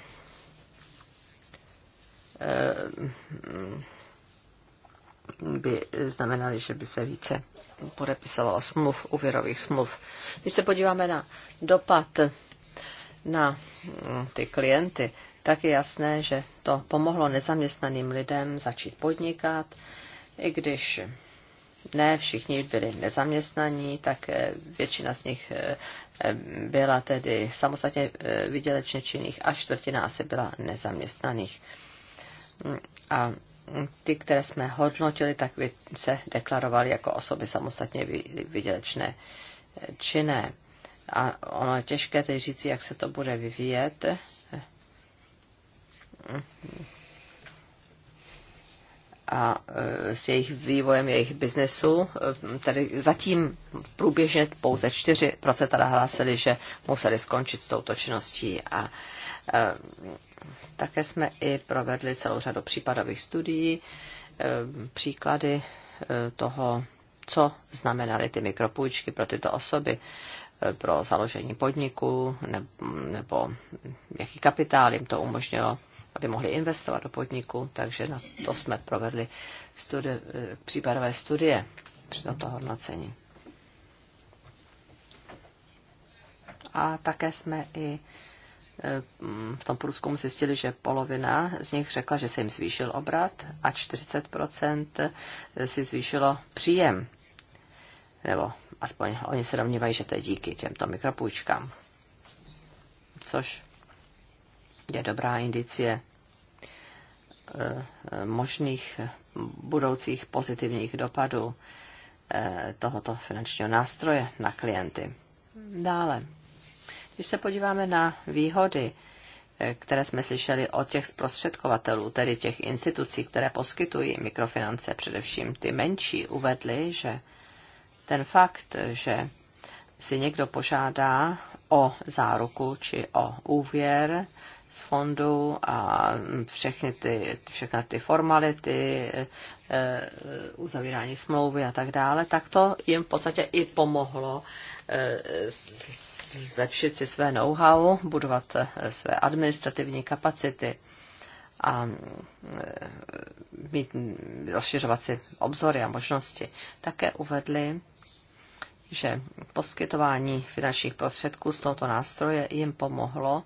by znamenaly, že by se více podepisovalo smluv, úvěrových smluv. Když se podíváme na dopad na mm, ty klienty, tak je jasné, že to pomohlo nezaměstnaným lidem začít podnikat, i když ne všichni byli nezaměstnaní, tak eh, většina z nich eh, eh, byla tedy samostatně vydělečně činných a čtvrtina asi byla nezaměstnaných. Mm, a ty, které jsme hodnotili, tak se deklarovali jako osoby samostatně vydělečné eh, činné. A ono je těžké teď říci, jak se to bude vyvíjet. A eh, s jejich vývojem jejich biznesu, eh, tady zatím průběžně pouze 4% nahlásili, že museli skončit s touto činností a Eh, také jsme i provedli celou řadu případových studií, eh, příklady eh, toho, co znamenaly ty mikropůjčky pro tyto osoby, pro založení podniku nebo jaký kapitál jim to umožnilo, aby mohli investovat do podniku. Takže na to jsme provedli studi- případové studie při tomto hodnocení. A také jsme i Eh, v tom průzkumu zjistili, že polovina z nich řekla, že se jim zvýšil obrat a 40% si zvýšilo příjem. Nebo aspoň oni se domnívají, že to je díky těmto mikropůjčkám. Což je dobrá indicie eh, možných budoucích pozitivních dopadů eh, tohoto finančního nástroje na klienty. Dále když se podíváme na výhody, eh, které jsme slyšeli od těch zprostředkovatelů, tedy těch institucí, které poskytují mikrofinance, především ty menší, uvedli, že ten fakt, že si někdo požádá o záruku či o úvěr, z fondu a všechny ty, všechny ty formality, eh, eh, uzavírání smlouvy a tak dále, tak to jim v podstatě i pomohlo eh, zlepšit si své know-how, budovat své administrativní kapacity a mít, rozšiřovat si obzory a možnosti. Také uvedli, že poskytování finančních prostředků z tohoto nástroje jim pomohlo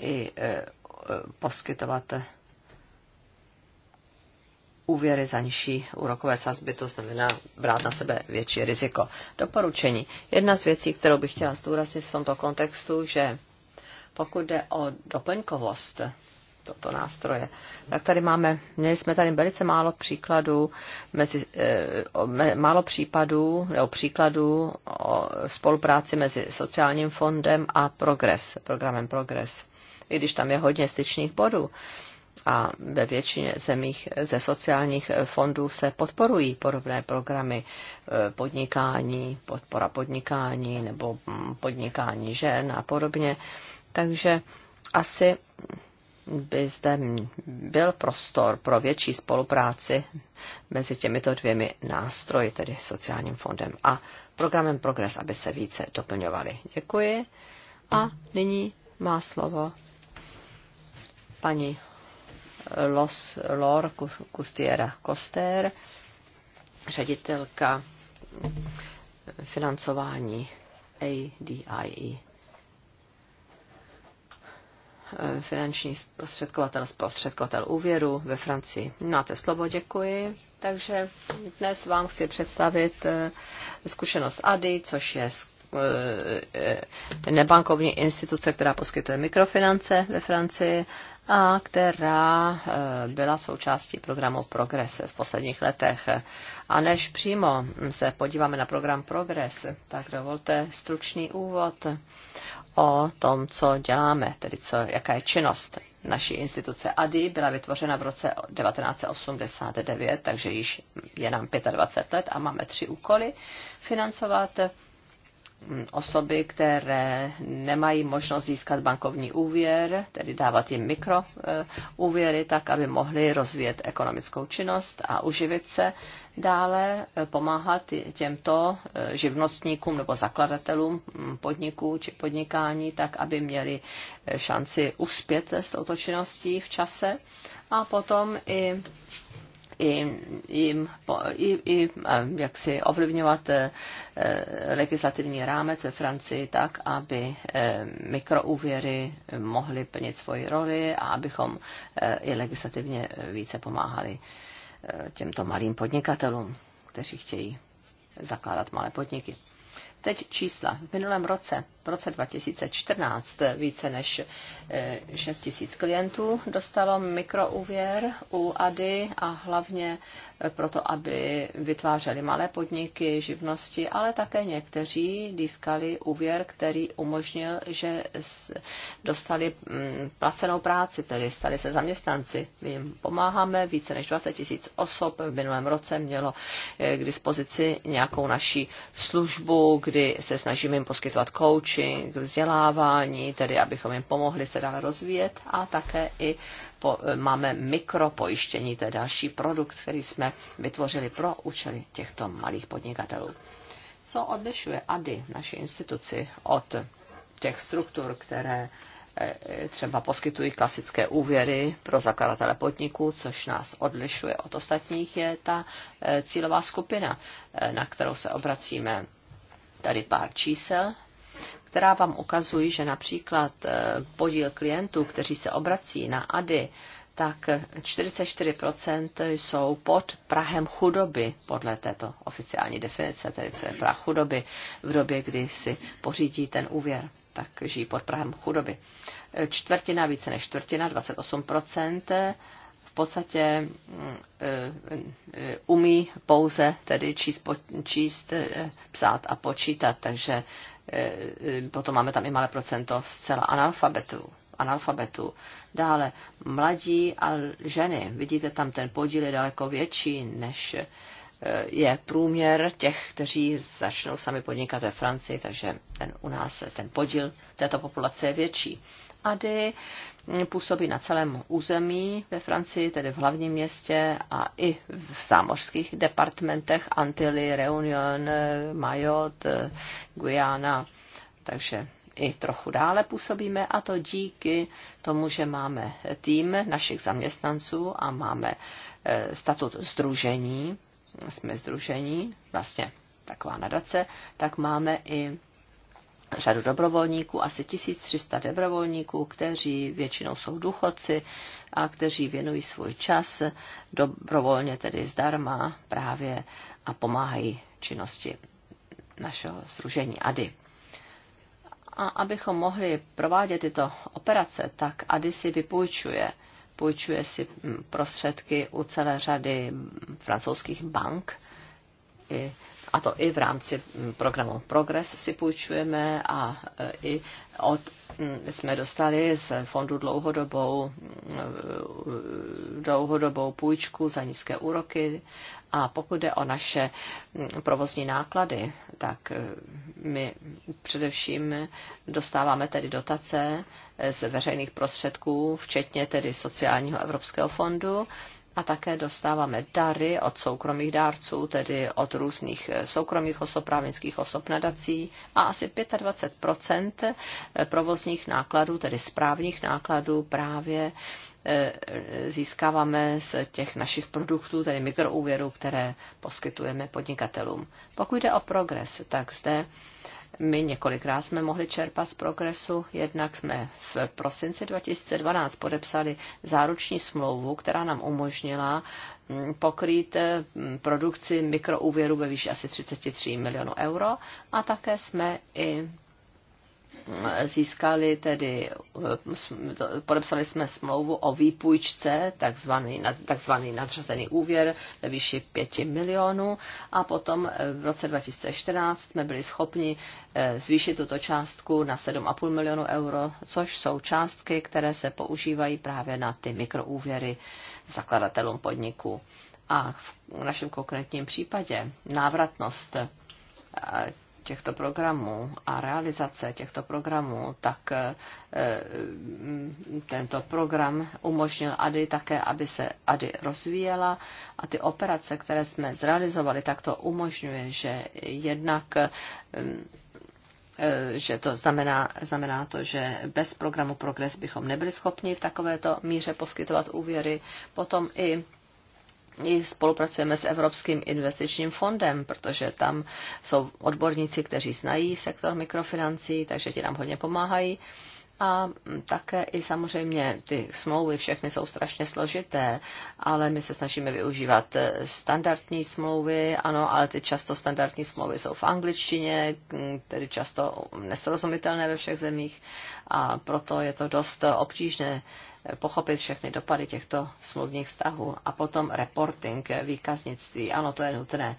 i e, e, poskytovat úvěry za nižší úrokové sazby, to znamená brát na sebe větší riziko. Doporučení. Jedna z věcí, kterou bych chtěla zdůraznit v tomto kontextu, že pokud jde o doplňkovost tohoto nástroje, tak tady máme, měli jsme tady velice málo příkladů, mezi, e, málo případů nebo příkladů o spolupráci mezi sociálním fondem a Progress, programem Progress i když tam je hodně styčných bodů. A ve většině zemích ze sociálních fondů se podporují podobné programy e, podnikání, podpora podnikání nebo mm, podnikání žen a podobně. Takže asi by zde byl prostor pro větší spolupráci mezi těmito dvěmi nástroji, tedy sociálním fondem a programem Progress, aby se více doplňovaly. Děkuji. A nyní má slovo paní Los Lor Custiera Koster, ředitelka financování ADIE, finanční zprostředkovatel, zprostředkovatel úvěru ve Francii. Máte slovo, děkuji. Takže dnes vám chci představit eh, zkušenost ADI, e, což je eh, nebankovní instituce, která poskytuje mikrofinance ve Francii a která eh, byla součástí programu Progress v posledních letech. A než přímo se podíváme na program Progress, tak dovolte stručný úvod o tom, co děláme, tedy co, jaká je činnost naší instituce ADI. Byla vytvořena v roce 1989, takže již je nám 25 let a máme tři úkoly. Financovat osoby, které nemají možnost získat bankovní úvěr, tedy dávat jim mikroúvěry, e, tak aby mohli rozvíjet ekonomickou činnost a uživit se. Dále e, pomáhat těmto e, živnostníkům nebo zakladatelům podniků či podnikání, tak aby měli šanci uspět s touto činností v čase. A potom i i, i, i, i jak si ovlivňovat eh, eh, legislativní rámec ve Francii tak, aby eh, mikroúvěry mohly plnit svoji roli a abychom i legislativně více pomáhali těmto malým podnikatelům, kteří chtějí zakládat malé podniky. Teď čísla. V minulém roce v roce 2014 více než 6 eh, tisíc klientů dostalo mikroúvěr u ADY a hlavně eh, proto, aby vytvářeli malé podniky, živnosti, ale také někteří získali úvěr, který umožnil, že dostali mm, placenou práci, tedy stali se zaměstnanci. My jim pomáháme, více než 20 tisíc osob v minulém roce mělo eh, k dispozici nějakou naší službu, kdy se snažíme jim poskytovat coach, péči, k vzdělávání, tedy abychom jim pomohli se dál rozvíjet a také i po, máme mikropojištění, to je další produkt, který jsme vytvořili pro účely těchto malých podnikatelů. Co odlišuje ADI, naši instituci, od těch struktur, které e, třeba poskytují klasické úvěry pro zakladatele podniků, což nás odlišuje od ostatních, je ta e, cílová skupina, e, na kterou se obracíme. Tady pár čísel která vám ukazují, že například eh, podíl klientů, kteří se obrací na ADY, tak 44% jsou pod Prahem chudoby, podle této oficiální definice, tedy co je Prah chudoby, v době, kdy si pořídí ten úvěr, tak žijí pod Prahem chudoby. Eh, čtvrtina, více než čtvrtina, 28%, v podstatě mm, eh, umí pouze tedy číst, číst, psát a počítat, takže Eh, potom máme tam i malé procento zcela analfabetů. analfabetů. Dále mladí a ženy. Vidíte, tam ten podíl je daleko větší, než eh, je průměr těch, kteří začnou sami podnikat ve Francii, takže ten u nás ten podíl této populace je větší. Ady, působí na celém území ve Francii, tedy v hlavním městě a i v zámořských departmentech Antily, Reunion, Mayotte, Guyana, takže i trochu dále působíme a to díky tomu, že máme tým našich zaměstnanců a máme e, statut združení, jsme združení, vlastně taková nadace, tak máme i řadu dobrovolníků, asi 1300 dobrovolníků, kteří většinou jsou důchodci a kteří věnují svůj čas dobrovolně, tedy zdarma právě a pomáhají činnosti našeho sružení ADY. A abychom mohli provádět tyto operace, tak ADY si vypůjčuje. Půjčuje si mm, prostředky u celé řady francouzských bank i a to i v rámci mm, programu Progress si půjčujeme a e, i od, mm, jsme dostali z fondu dlouhodobou, mm, e, dlouhodobou půjčku za nízké úroky a pokud jde o naše provozní náklady, tak e, my především dostáváme tedy dotace z veřejných prostředků, včetně tedy sociálního evropského fondu a také dostáváme dary od soukromých dárců, tedy od různých eh, soukromých osob, právnických osob, nadací a asi 25 eh, provozních nákladů, tedy správních nákladů právě eh, získáváme z těch našich produktů, tedy mikroúvěrů, které poskytujeme podnikatelům. Pokud jde o progres, tak zde my několikrát jsme mohli čerpat z progresu, jednak jsme v prosinci 2012 podepsali záruční smlouvu, která nám umožnila mm, pokrýt eh, mm, produkci mikroúvěru ve výši asi 33 milionů euro a také jsme i získali tedy, eh, podepsali jsme smlouvu o výpůjčce, takzvaný, takzvaný nadřazený úvěr ve výši 5 milionů a potom eh, v roce 2014 jsme byli schopni eh, zvýšit tuto částku na 7,5 milionů euro, což jsou částky, které se používají právě na ty mikroúvěry zakladatelům podniků. A v našem konkrétním případě návratnost těchto programů a realizace těchto programů, tak eh, mm, tento program umožnil ADI také, aby se ADI rozvíjela a ty operace, které jsme zrealizovali, tak to umožňuje, že jednak mm, eh, že to znamená, znamená to, že bez programu Progress bychom nebyli schopni v takovéto míře poskytovat úvěry. Potom i i spolupracujeme s Evropským investičním fondem, protože tam jsou odborníci, kteří znají sektor mikrofinancí, takže ti nám hodně pomáhají. A také i samozřejmě ty smlouvy všechny jsou strašně složité, ale my se snažíme využívat eh, standardní smlouvy, ano, ale ty často standardní smlouvy jsou v angličtině, mm, tedy často nesrozumitelné ve všech zemích a proto je to dost obtížné eh, pochopit všechny dopady těchto smluvních vztahů. A potom reporting, eh, výkaznictví, ano, to je nutné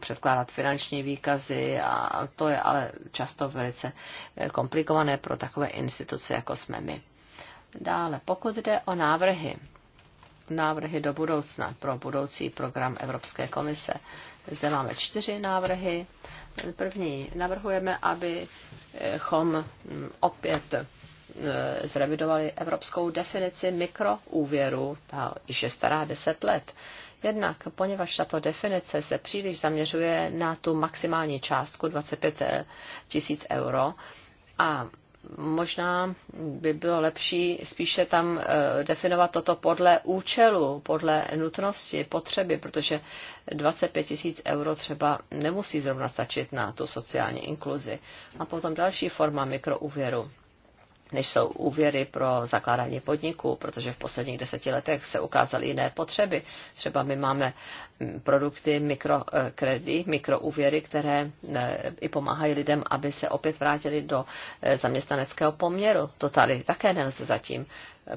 předkládat finanční výkazy a to je ale často velice eh, komplikované pro takové instituce, jako jsme my. Dále, pokud jde o návrhy, návrhy do budoucna pro budoucí program Evropské komise. Zde máme čtyři návrhy. První, navrhujeme, abychom hm, opět eh, zrevidovali evropskou definici mikroúvěru, ta již je stará deset let. Jednak, poněvadž tato definice se příliš zaměřuje na tu maximální částku 25 eh, tisíc euro a možná by bylo lepší spíše tam eh, definovat toto podle účelu, podle nutnosti, potřeby, protože 25 tisíc euro třeba nemusí zrovna stačit na tu sociální inkluzi. A potom další forma mikroúvěru než jsou úvěry pro zakládání podniků, protože v posledních deseti letech se ukázaly jiné potřeby. Třeba my máme mm, produkty mikrokredy, eh, mikroúvěry, které eh, i pomáhají lidem, aby se opět vrátili do eh, zaměstnaneckého poměru. To tady také nelze zatím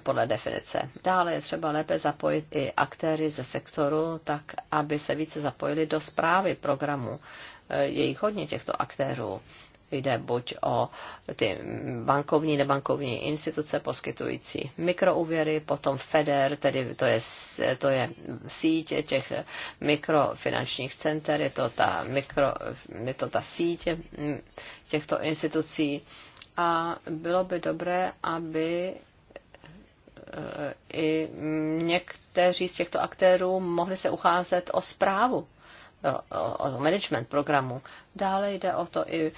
podle definice. Dále je třeba lépe zapojit i aktéry ze sektoru, tak aby se více zapojili do zprávy programu. Je jich hodně těchto aktérů. Jde buď o ty bankovní, nebankovní instituce poskytující mikroúvěry, potom FEDER, tedy to je, to je síť těch mikrofinančních center, je to ta, mikro, je to ta síť těchto institucí. A bylo by dobré, aby eh, i někteří z těchto aktérů mohli se ucházet o zprávu, o, o management programu. Dále jde o to i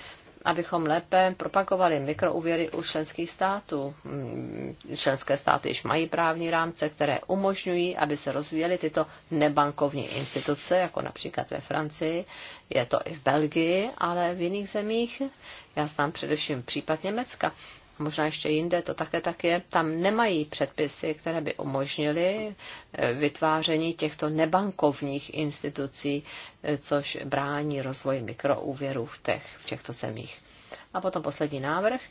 abychom lépe propagovali mikrouvěry u členských států. Mm, členské státy již mají právní rámce, které umožňují, aby se rozvíjely tyto nebankovní instituce, jako například ve Francii, je to i v Belgii, ale v jiných zemích, já znám především případ Německa, možná ještě jinde to také tak je, tam nemají předpisy, které by umožnily eh, vytváření těchto nebankovních institucí, eh, což brání rozvoji mikroúvěrů v, těch, v těchto zemích. A potom poslední návrh,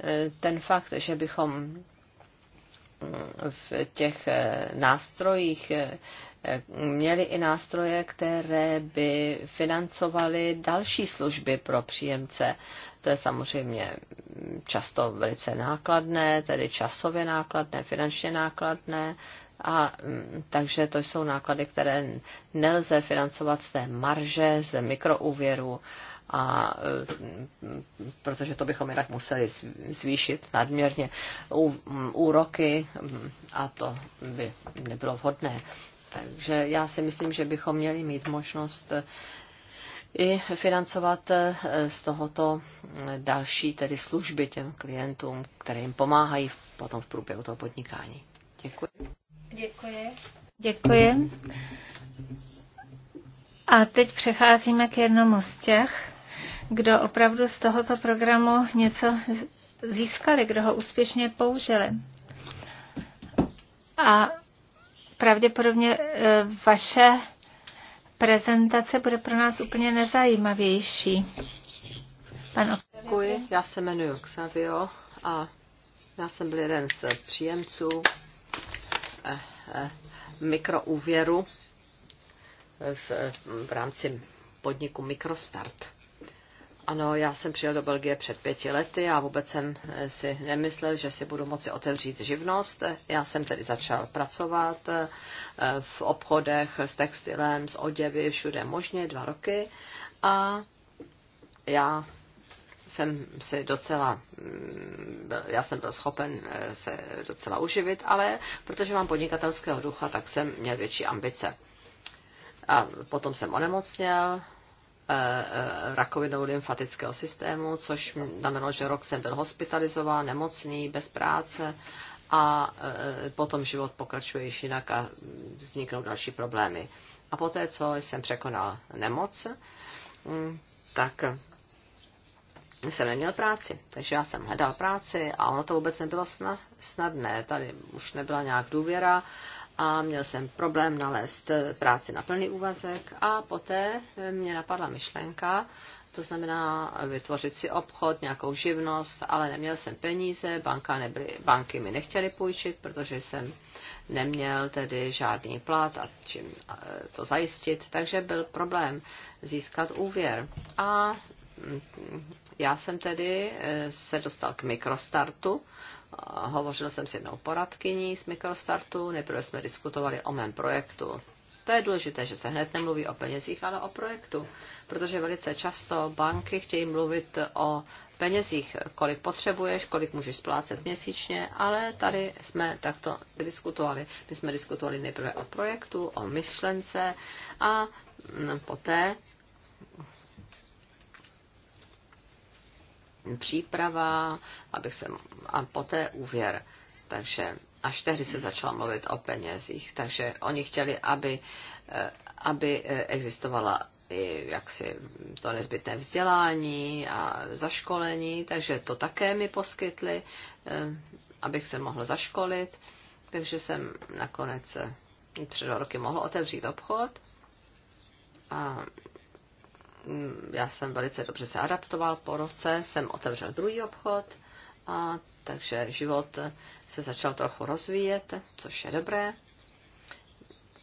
eh, ten fakt, že bychom mm, v těch nástrojích měli i nástroje, které by financovaly další služby pro příjemce to je samozřejmě často velice nákladné, tedy časově nákladné, finančně nákladné. A mm, takže to jsou náklady, které nelze financovat z té marže, z mikroúvěru, a, mm, protože to bychom jinak museli zvýšit nadměrně mm, úroky a to by nebylo vhodné. Takže já si myslím, že bychom měli mít možnost i financovat eh, z tohoto eh, další tedy služby těm klientům, které jim pomáhají potom v průběhu toho podnikání. Děkuji. Děkuji. Děkuji. A teď přecházíme k jednomu z těch, kdo opravdu z tohoto programu něco získali, kdo ho úspěšně použili. A pravděpodobně eh, vaše prezentace bude pro nás úplně nezajímavější. Pan Děkuji, já se jmenuji Xavio a já jsem byl jeden z příjemců eh, eh, mikroúvěru v, v rámci podniku Mikrostart. Ano, já jsem přijel do Belgie před pěti lety a vůbec jsem eh, si nemyslel, že si budu moci otevřít živnost. Já jsem tedy začal pracovat eh, v obchodech s textilem, s oděvy, všude možně, dva roky. A já jsem si docela, mm, já jsem byl schopen eh, se docela uživit, ale protože mám podnikatelského ducha, tak jsem měl větší ambice. A potom jsem onemocněl Eh, eh, rakovinou lymfatického systému, což znamenalo, že rok jsem byl hospitalizován, nemocný, bez práce a eh, potom život pokračuje již jinak a vzniknou další problémy. A poté, co jsem překonal nemoc, mm, tak jsem neměl práci, takže já jsem hledal práci a ono to vůbec nebylo snadné. Tady už nebyla nějak důvěra a měl jsem problém nalézt eh, práci na plný úvazek a poté eh, mě napadla myšlenka, to znamená vytvořit si obchod, nějakou živnost, ale neměl jsem peníze, banka nebyly, banky mi nechtěly půjčit, protože jsem neměl tedy žádný plat a čím eh, to zajistit, takže byl problém získat úvěr. A mm, já jsem tedy se dostal k mikrostartu, hovořil jsem s jednou poradkyní z Mikrostartu, nejprve jsme diskutovali o mém projektu. To je důležité, že se hned nemluví o penězích, ale o projektu, protože velice často banky chtějí mluvit o penězích, kolik potřebuješ, kolik můžeš splácet měsíčně, ale tady jsme takto diskutovali. My jsme diskutovali nejprve o projektu, o myšlence a mm, poté příprava, abych se, a poté úvěr. Takže až tehdy se začala mluvit o penězích. Takže oni chtěli, aby, eh, aby eh, existovala i jaksi to nezbytné vzdělání a zaškolení, takže to také mi poskytli, eh, abych se mohl zaškolit. Takže jsem nakonec před roky mohl otevřít obchod a já jsem velice dobře se adaptoval po roce, jsem otevřel druhý obchod, a takže život se začal trochu rozvíjet, což je dobré.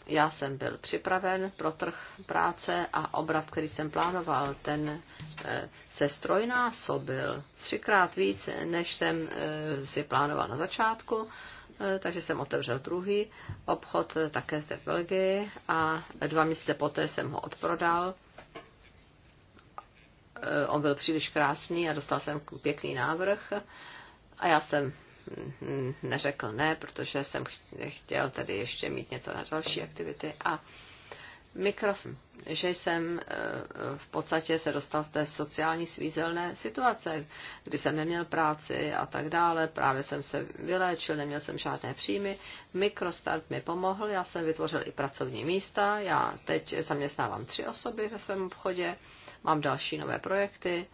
Já jsem byl připraven pro trh práce a obrat, který jsem plánoval, ten eh, se strojnásobil třikrát víc, než jsem eh, si plánoval na začátku, eh, takže jsem otevřel druhý obchod také zde v Belgii a dva měsíce poté jsem ho odprodal Eh, on byl příliš krásný a dostal jsem pěkný návrh a já jsem mm, neřekl ne, protože jsem chtěl tady ještě mít něco na další aktivity a mikros, že jsem eh, v podstatě se dostal z té sociální svízelné situace, kdy jsem neměl práci a tak dále, právě jsem se vyléčil, neměl jsem žádné příjmy. Mikrostart mi pomohl, já jsem vytvořil i pracovní místa, já teď zaměstnávám tři osoby ve svém obchodě, mám další nové projekty,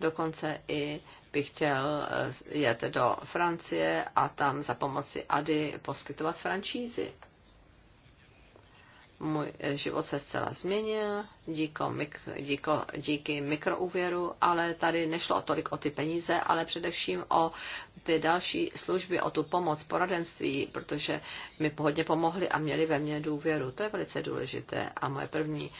dokonce i bych chtěl eh, jet do Francie a tam za pomoci ADY poskytovat francízy můj život se zcela změnil díko, díko, díky mikroúvěru, ale tady nešlo tolik o ty peníze, ale především o ty další služby, o tu pomoc, poradenství, protože mi hodně pomohli a měli ve mně důvěru. To je velice důležité. A moje první,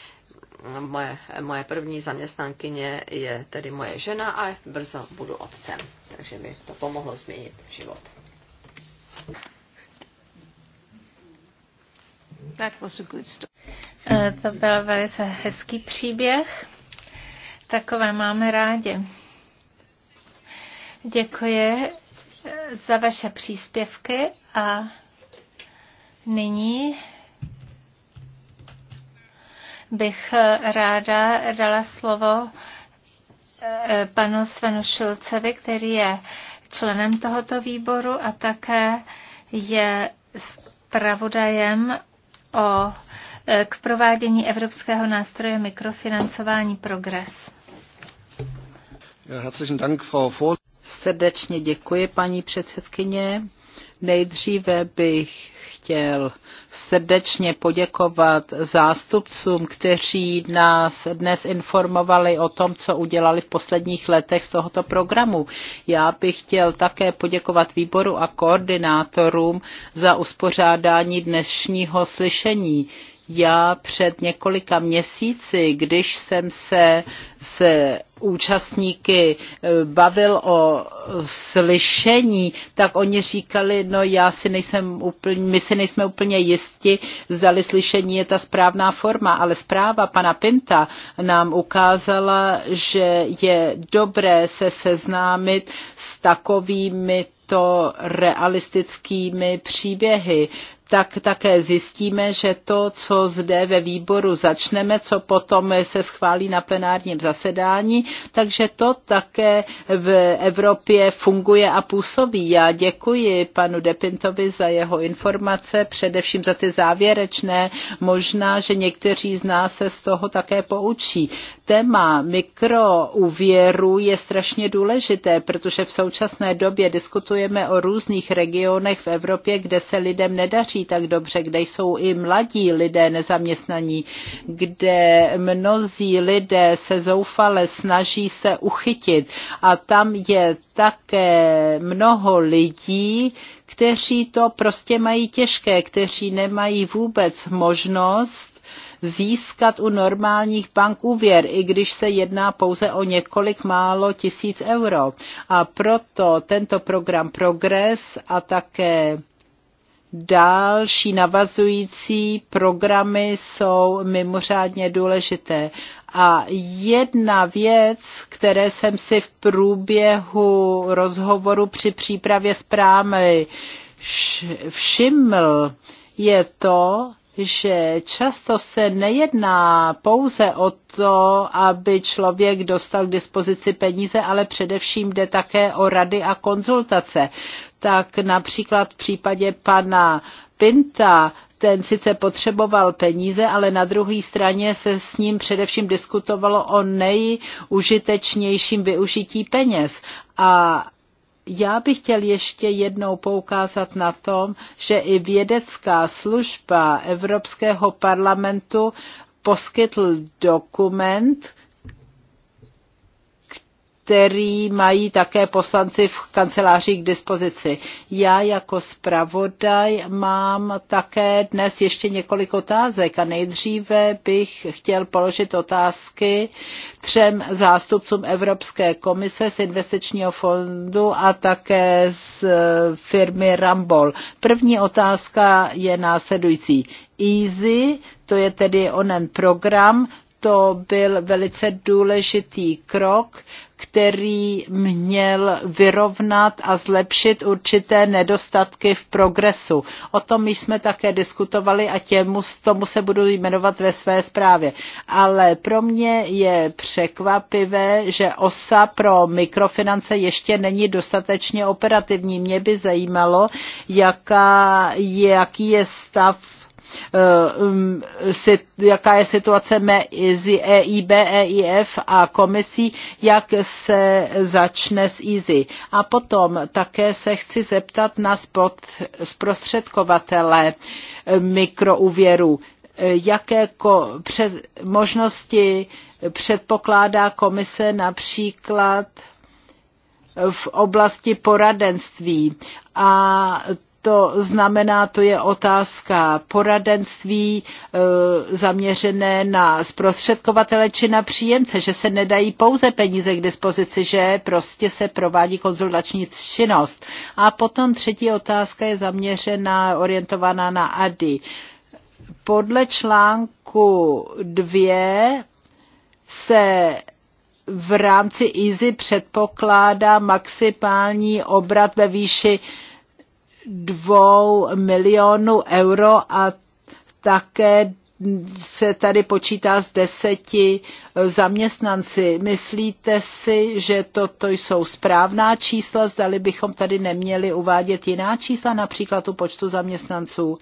moje, moje první zaměstnankyně je tedy moje žena a brzo budu otcem. Takže mi to pomohlo změnit život. That was a good story. Eh, to byl velice hezký příběh. Takové máme rádi. Děkuji eh, za vaše příspěvky a nyní bych eh, ráda dala slovo panu Svenu Šilcevi, který je členem tohoto výboru a také je zpravodajem o, e, k provádění Evropského nástroje mikrofinancování progres. Srdečně děkuji, paní předsedkyně. Nejdříve bych chtěl srdečně poděkovat zástupcům, kteří nás dnes informovali o tom, co udělali v posledních letech z tohoto programu. Já bych chtěl také poděkovat výboru a koordinátorům za uspořádání dnešního slyšení. Já před několika měsíci, když jsem se s účastníky eh, bavil o slyšení, tak oni říkali, no já si nejsem úplně, my si nejsme úplně jisti, zdali slyšení je ta správná forma, ale zpráva pana Pinta nám ukázala, že je dobré se seznámit s takovými to realistickými příběhy, tak také zjistíme, že to, co zde ve výboru začneme, co potom se schválí na plenárním zasedání, takže to také v Evropě funguje a působí. Já děkuji panu Depintovi za jeho informace, především za ty závěrečné. Možná, že někteří z nás se z toho také poučí. Téma mikrouvěru je strašně důležité, protože v současné době diskutujeme o různých regionech v Evropě, kde se lidem nedaří tak dobře, kde jsou i mladí lidé nezaměstnaní, kde mnozí lidé se zoufale snaží se uchytit. A tam je také mnoho lidí, kteří to prostě mají těžké, kteří nemají vůbec možnost získat u normálních bank úvěr, i když se jedná pouze o několik málo tisíc euro. A proto tento program Progress a také další navazující programy jsou mimořádně důležité. A jedna věc, které jsem si v průběhu rozhovoru při přípravě zprávy všiml, je to, že často se nejedná pouze o to, aby člověk dostal k dispozici peníze, ale především jde také o rady a konzultace tak například v případě pana Pinta ten sice potřeboval peníze, ale na druhé straně se s ním především diskutovalo o nejužitečnějším využití peněz. A já bych chtěl ještě jednou poukázat na tom, že i vědecká služba Evropského parlamentu poskytl dokument, který mají také poslanci v kanceláři k dispozici. Já jako zpravodaj mám také dnes ještě několik otázek a nejdříve bych chtěl položit otázky třem zástupcům Evropské komise z investičního fondu a také z firmy Rambol. První otázka je následující. EASY, to je tedy onen program, to byl velice důležitý krok, který měl vyrovnat a zlepšit určité nedostatky v progresu. O tom jsme také diskutovali a těmu, tomu se budu jmenovat ve své zprávě. Ale pro mě je překvapivé, že OSA pro mikrofinance ještě není dostatečně operativní. Mě by zajímalo, jaká, jaký je stav Eh, um, jaká je situace mezi EIB, EIF a komisí, jak se začne s EASY. A potom také se chci zeptat na zprostředkovatele eh, mikroúvěru. Eh, jaké před, možnosti předpokládá komise například v oblasti poradenství a to znamená, to je otázka poradenství e, zaměřené na zprostředkovatele či na příjemce, že se nedají pouze peníze k dispozici, že prostě se provádí konzultační činnost. A potom třetí otázka je zaměřená, orientovaná na ADI. Podle článku 2 se v rámci EASY předpokládá maximální obrat ve výši dvou milionů euro a také se tady počítá z deseti zaměstnanci. Myslíte si, že toto jsou správná čísla? Zdali bychom tady neměli uvádět jiná čísla, například u počtu zaměstnanců.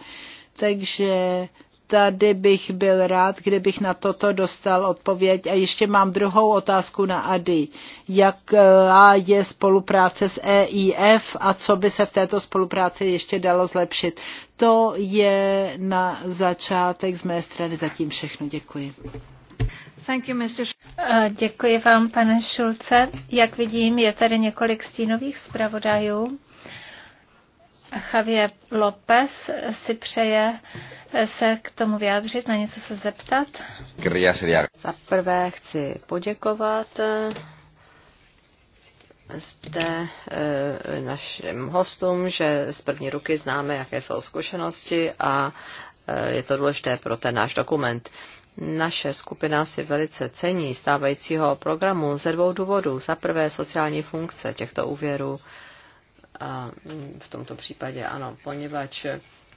Takže tady bych byl rád, kdybych na toto dostal odpověď. A ještě mám druhou otázku na Adi. Jaká eh, je spolupráce s EIF a co by se v této spolupráci ještě dalo zlepšit? To je na začátek z mé strany zatím všechno. Děkuji. Thank you, Mr. Eh, děkuji vám, pane Šulce. Jak vidím, je tady několik stínových zpravodajů. Javier López si přeje se k tomu vyjádřit, na něco se zeptat. Za prvé chci poděkovat eh, zde eh, našim hostům, že z první ruky známe, jaké jsou zkušenosti a eh, je to důležité pro ten náš dokument. Naše skupina si velice cení stávajícího programu ze dvou důvodů. Za prvé sociální funkce těchto úvěrů a v tomto případě ano, poněvadž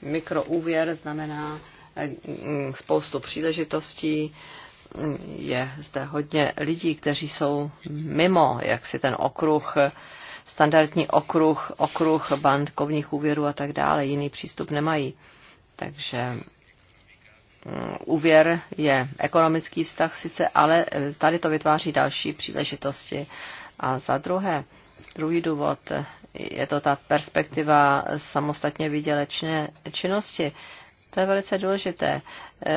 mikroúvěr znamená eh, mm, spoustu příležitostí, je zde hodně lidí, kteří jsou mimo, jak si ten okruh, standardní okruh, okruh bankovních úvěrů a tak dále, jiný přístup nemají. Takže mm, úvěr je ekonomický vztah sice, ale eh, tady to vytváří další příležitosti. A za druhé, Druhý důvod je to ta perspektiva samostatně výdělečné činnosti. To je velice důležité.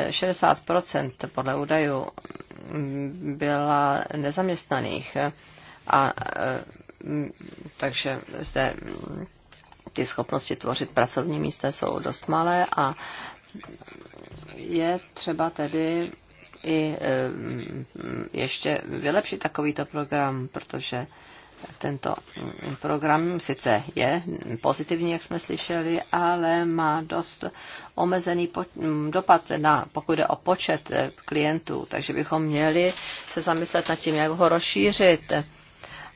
60% podle údajů byla nezaměstnaných. A takže zde ty schopnosti tvořit pracovní místa jsou dost malé a je třeba tedy i e, ještě vylepšit takovýto program, protože tento mm, program sice je pozitivní, jak jsme slyšeli, ale má dost omezený mm, dopad, na, pokud jde o počet eh, klientů, takže bychom měli se zamyslet nad tím, jak ho rozšířit,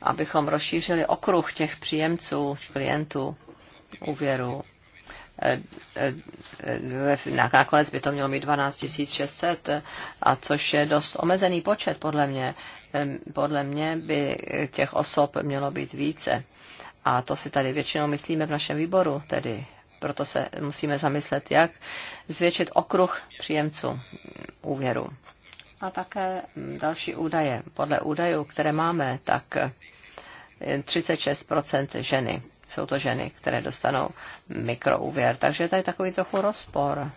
abychom rozšířili okruh těch příjemců, klientů úvěru nakonec by to mělo mít 12 600, a což je dost omezený počet podle mě. Podle mě by těch osob mělo být více. A to si tady většinou myslíme v našem výboru, tedy proto se musíme zamyslet, jak zvětšit okruh příjemců úvěru. A také další údaje. Podle údajů, které máme, tak 36 e, ženy jsou to ženy, které dostanou mikroúvěr. Takže je tady takový trochu rozpor,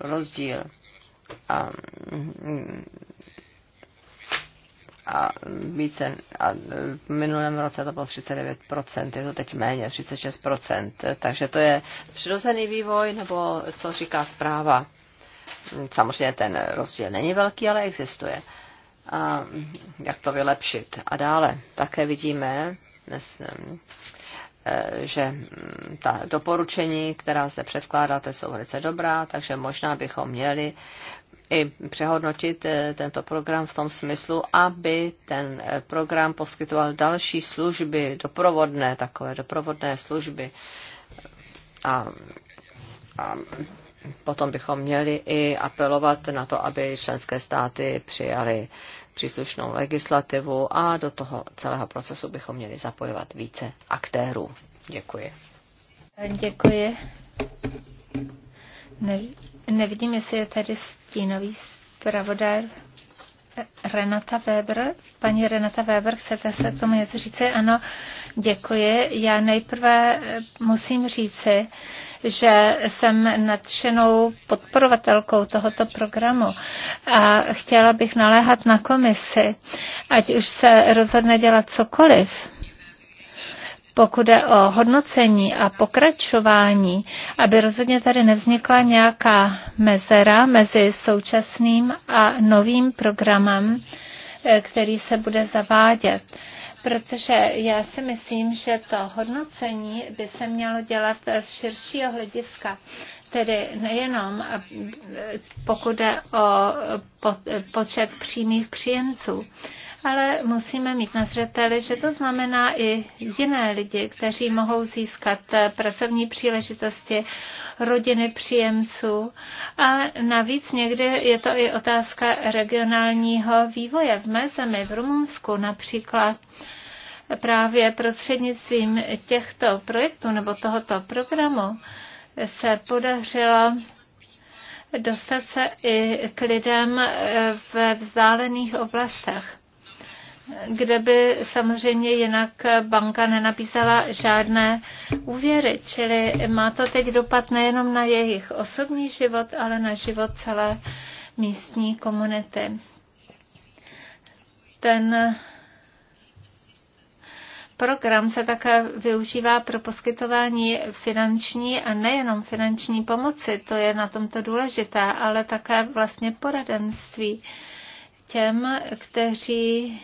rozdíl. A, a více, a v minulém roce to bylo 39%, je to teď méně, 36%, takže to je přirozený vývoj, nebo co říká zpráva. Samozřejmě ten rozdíl není velký, ale existuje. A jak to vylepšit. A dále také vidíme dnes Eh, že mm, ta doporučení, která zde předkládáte, jsou velice dobrá, takže možná bychom měli i přehodnotit eh, tento program v tom smyslu, aby ten eh, program poskytoval další služby, doprovodné, takové doprovodné služby. A, a potom bychom měli i apelovat na to, aby členské státy přijaly příslušnou legislativu a do toho celého procesu bychom měli zapojovat více aktérů. Děkuji. Děkuji. Nevidím, jestli je tady stínový zpravodaj. Renata Weber. Paní Renata Weber, chcete se k tomu něco říci? Ano, děkuji. Já nejprve eh, musím říci, že jsem nadšenou podporovatelkou tohoto programu a chtěla bych naléhat na komisi, ať už se rozhodne dělat cokoliv, pokud je o hodnocení a pokračování, aby rozhodně tady nevznikla nějaká mezera mezi současným a novým programem, eh, který se bude zavádět protože já si myslím, že to hodnocení by se mělo dělat z širšího hlediska. Tedy nejenom eh, pokud je o eh, počet přímých příjemců, ale musíme mít na zřeteli, že to znamená i jiné lidi, kteří mohou získat eh, pracovní příležitosti, rodiny příjemců. A navíc někdy je to i otázka regionálního vývoje. V mé zemi, v Rumunsku například, právě prostřednictvím těchto projektů nebo tohoto programu se podařilo dostat se i k lidem eh, ve vzdálených oblastech kde by samozřejmě jinak banka nenapísala žádné úvěry. Čili má to teď dopad nejenom na jejich osobní život, ale na život celé místní komunity. Ten Program se také využívá pro poskytování finanční a nejenom finanční pomoci, to je na tomto důležité, ale také vlastně poradenství těm, kteří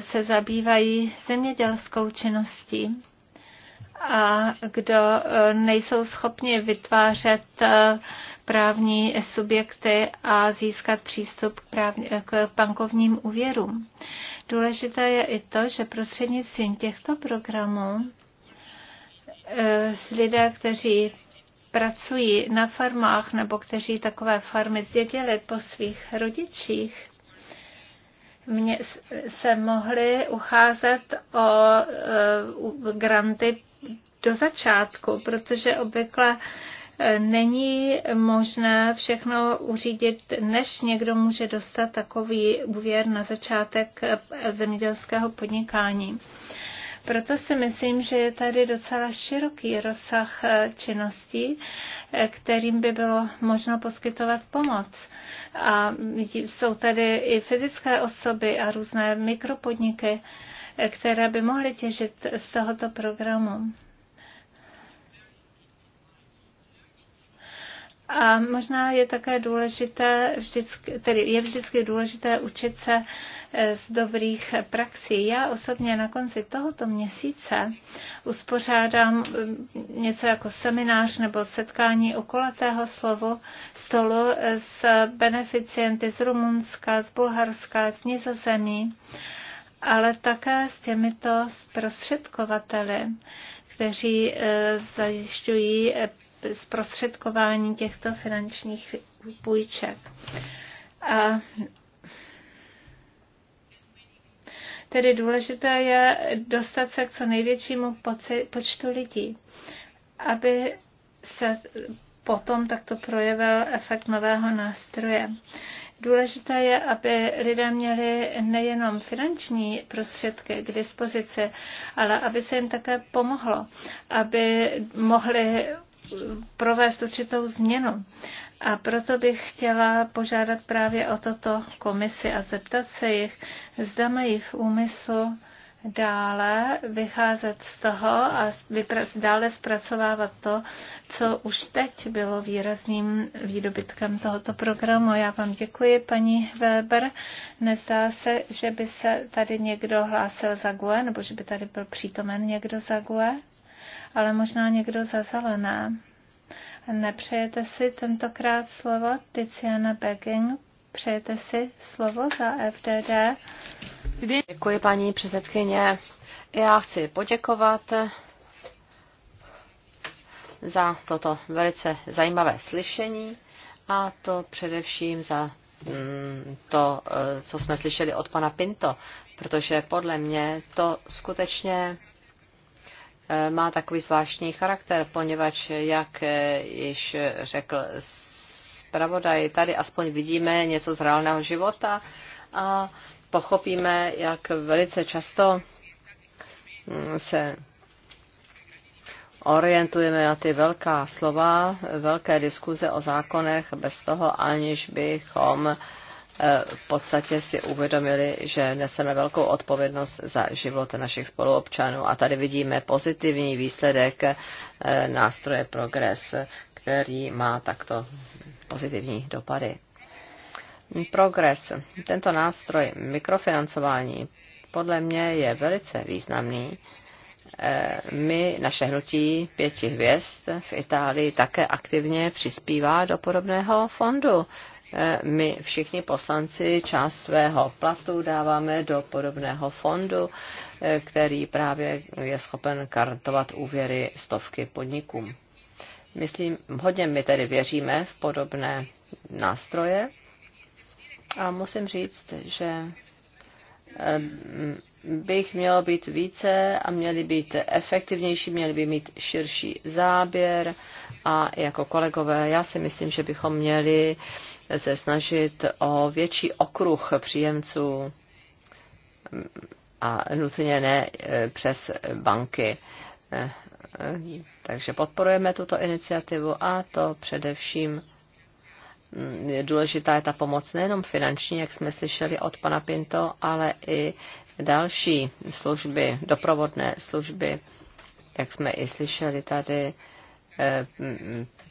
se zabývají zemědělskou činností a kdo e, nejsou schopni vytvářet e, právní subjekty a získat přístup k, právní, e, k bankovním úvěrům. Důležité je i to, že prostřednictvím těchto programů lidé, kteří pracují na farmách nebo kteří takové farmy zdědili po svých rodičích, mě se mohli ucházet o e, granty do začátku, protože obvykle e, není možné všechno uřídit, než někdo může dostat takový úvěr na začátek e, zemědělského podnikání. Proto si myslím, že je tady docela široký rozsah eh, činností, eh, kterým by bylo možno poskytovat pomoc. A jsou tady i fyzické osoby a různé mikropodniky, eh, které by mohly těžit z tohoto programu. A možná je také důležité, vždycky, tedy je vždycky důležité učit se eh, z dobrých praxí. Já osobně na konci tohoto měsíce uspořádám mm, něco jako seminář nebo setkání u kolatého slovu stolu s beneficienty z Rumunska, z Bulharska, z Nizozemí, ale také s těmito prostředkovateli kteří eh, zajišťují eh, zprostředkování těchto finančních půjček. A Tedy důležité je dostat se k co největšímu počtu lidí, aby se potom takto projevil efekt nového nástroje. Důležité je, aby lidé měli nejenom finanční prostředky k dispozici, ale aby se jim také pomohlo, aby mohli provést určitou změnu. A proto bych chtěla požádat právě o toto komisi a zeptat se jich, zda mají v úmyslu dále vycházet z toho a dále zpracovávat to, co už teď bylo výrazným výdobytkem tohoto programu. Já vám děkuji, paní Weber. Nezdá se, že by se tady někdo hlásil za GUE, nebo že by tady byl přítomen někdo za GUE ale možná někdo za zelené. Nepřejete si tentokrát slovo Tiziana Begging? Přejete si slovo za FDD? Děkuji, paní předsedkyně. Já chci poděkovat za toto velice zajímavé slyšení a to především za mm, to, eh, co jsme slyšeli od pana Pinto, protože podle mě to skutečně Eh, má takový zvláštní charakter, poněvadž, jak eh, již řekl zpravodaj, tady aspoň vidíme něco z reálného života a pochopíme, jak velice často hm, se orientujeme na ty velká slova, velké diskuze o zákonech bez toho, aniž bychom v podstatě si uvědomili, že neseme velkou odpovědnost za život našich spoluobčanů. A tady vidíme pozitivní výsledek eh, nástroje progres, který má takto pozitivní dopady. Progres, tento nástroj mikrofinancování, podle mě je velice významný. Eh, my, naše hnutí pěti hvězd v Itálii také aktivně přispívá do podobného fondu E, my všichni poslanci část svého platu dáváme do podobného fondu, e, který právě je schopen kartovat úvěry stovky podnikům. Myslím, hodně my tedy věříme v podobné nástroje a musím říct, že bych mělo být více a měly být efektivnější, měly by mít širší záběr a jako kolegové já si myslím, že bychom měli se snažit o větší okruh příjemců a nutně ne e, přes banky. E, takže podporujeme tuto iniciativu a to především mm, důležitá je ta pomoc nejenom finanční, jak jsme slyšeli od pana Pinto, ale i další služby, doprovodné služby, jak jsme i slyšeli tady, eh,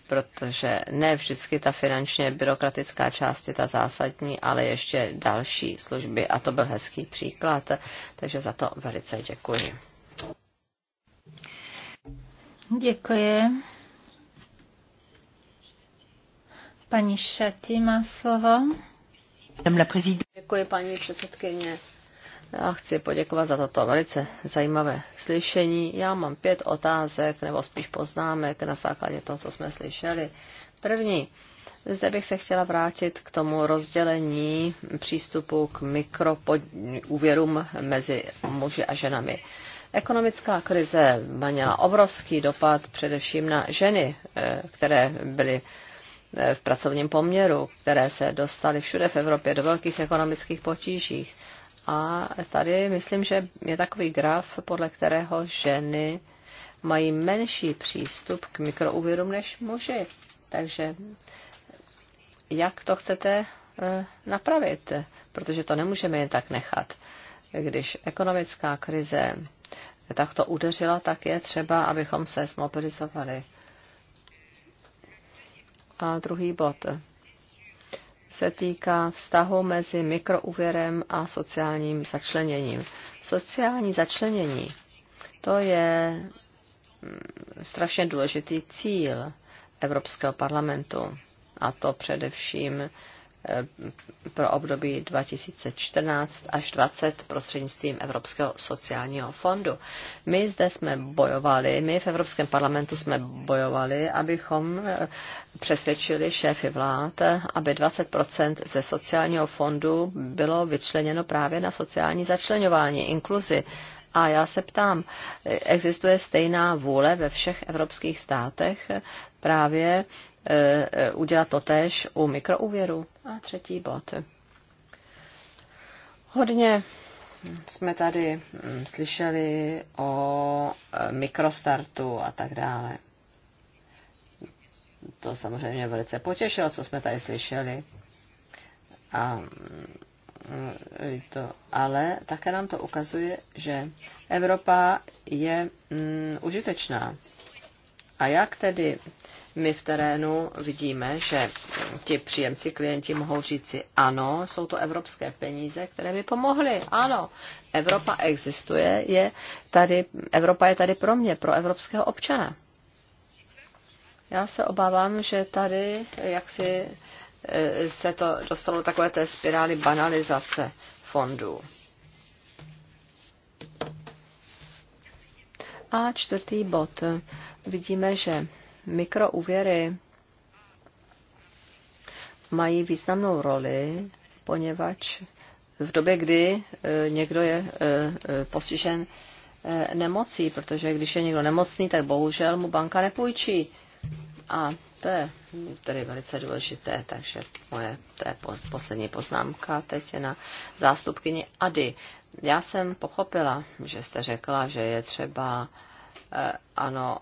protože ne vždycky ta finančně byrokratická část je ta zásadní, ale ještě další služby a to byl hezký příklad, takže za to velice děkuji. Děkuji. Paní Šati má slovo. Děkuji, paní předsedkyně. Já chci poděkovat za toto velice zajímavé slyšení. Já mám pět otázek, nebo spíš poznámek na základě toho, co jsme slyšeli. První, zde bych se chtěla vrátit k tomu rozdělení přístupu k mikroúvěrům mezi muži a ženami. Ekonomická krize měla obrovský dopad především na ženy, eh, které byly eh, v pracovním poměru, které se dostaly všude v Evropě do velkých ekonomických potížích. A tady myslím, že je takový graf, podle kterého ženy mají menší přístup k mikroúvěrům než muži. Takže jak to chcete eh, napravit? Protože to nemůžeme jen tak nechat. Když ekonomická krize takto udeřila, tak je třeba, abychom se smobilizovali. A druhý bod se týká vztahu mezi mikrouvěrem a sociálním začleněním. Sociální začlenění, to je mm, strašně důležitý cíl Evropského parlamentu, a to především Eh, pro období 2014 až 2020 prostřednictvím Evropského sociálního fondu. My zde jsme bojovali, my v Evropském parlamentu jsme bojovali, abychom eh, přesvědčili šéfy vlád, aby 20 ze sociálního fondu bylo vyčleněno právě na sociální začlenování, inkluzi a já se ptám, existuje stejná vůle ve všech evropských státech právě e, e, udělat to tež u mikroúvěru? A třetí bod. Hodně jsme tady mm, slyšeli o e, mikrostartu a tak dále. To samozřejmě velice potěšilo, co jsme tady slyšeli. A mm, Eh, to, ale také nám to ukazuje, že Evropa je mm, užitečná. A jak tedy my v terénu vidíme, že ti příjemci, klienti mohou říci, ano, jsou to evropské peníze, které mi pomohly, ano, Evropa existuje, je tady, Evropa je tady pro mě, pro evropského občana. Já se obávám, že tady jaksi Eh, se to dostalo takové té spirály banalizace fondů. A čtvrtý bod. Vidíme, že mikroúvěry mají významnou roli, poněvadž v době, kdy eh, někdo je eh, postižen nemocí, protože když je někdo nemocný, tak bohužel mu banka nepůjčí. A to je tedy velice důležité, takže moje to je poslední poznámka teď je na zástupkyni Ady. Já jsem pochopila, že jste řekla, že je třeba, eh, ano,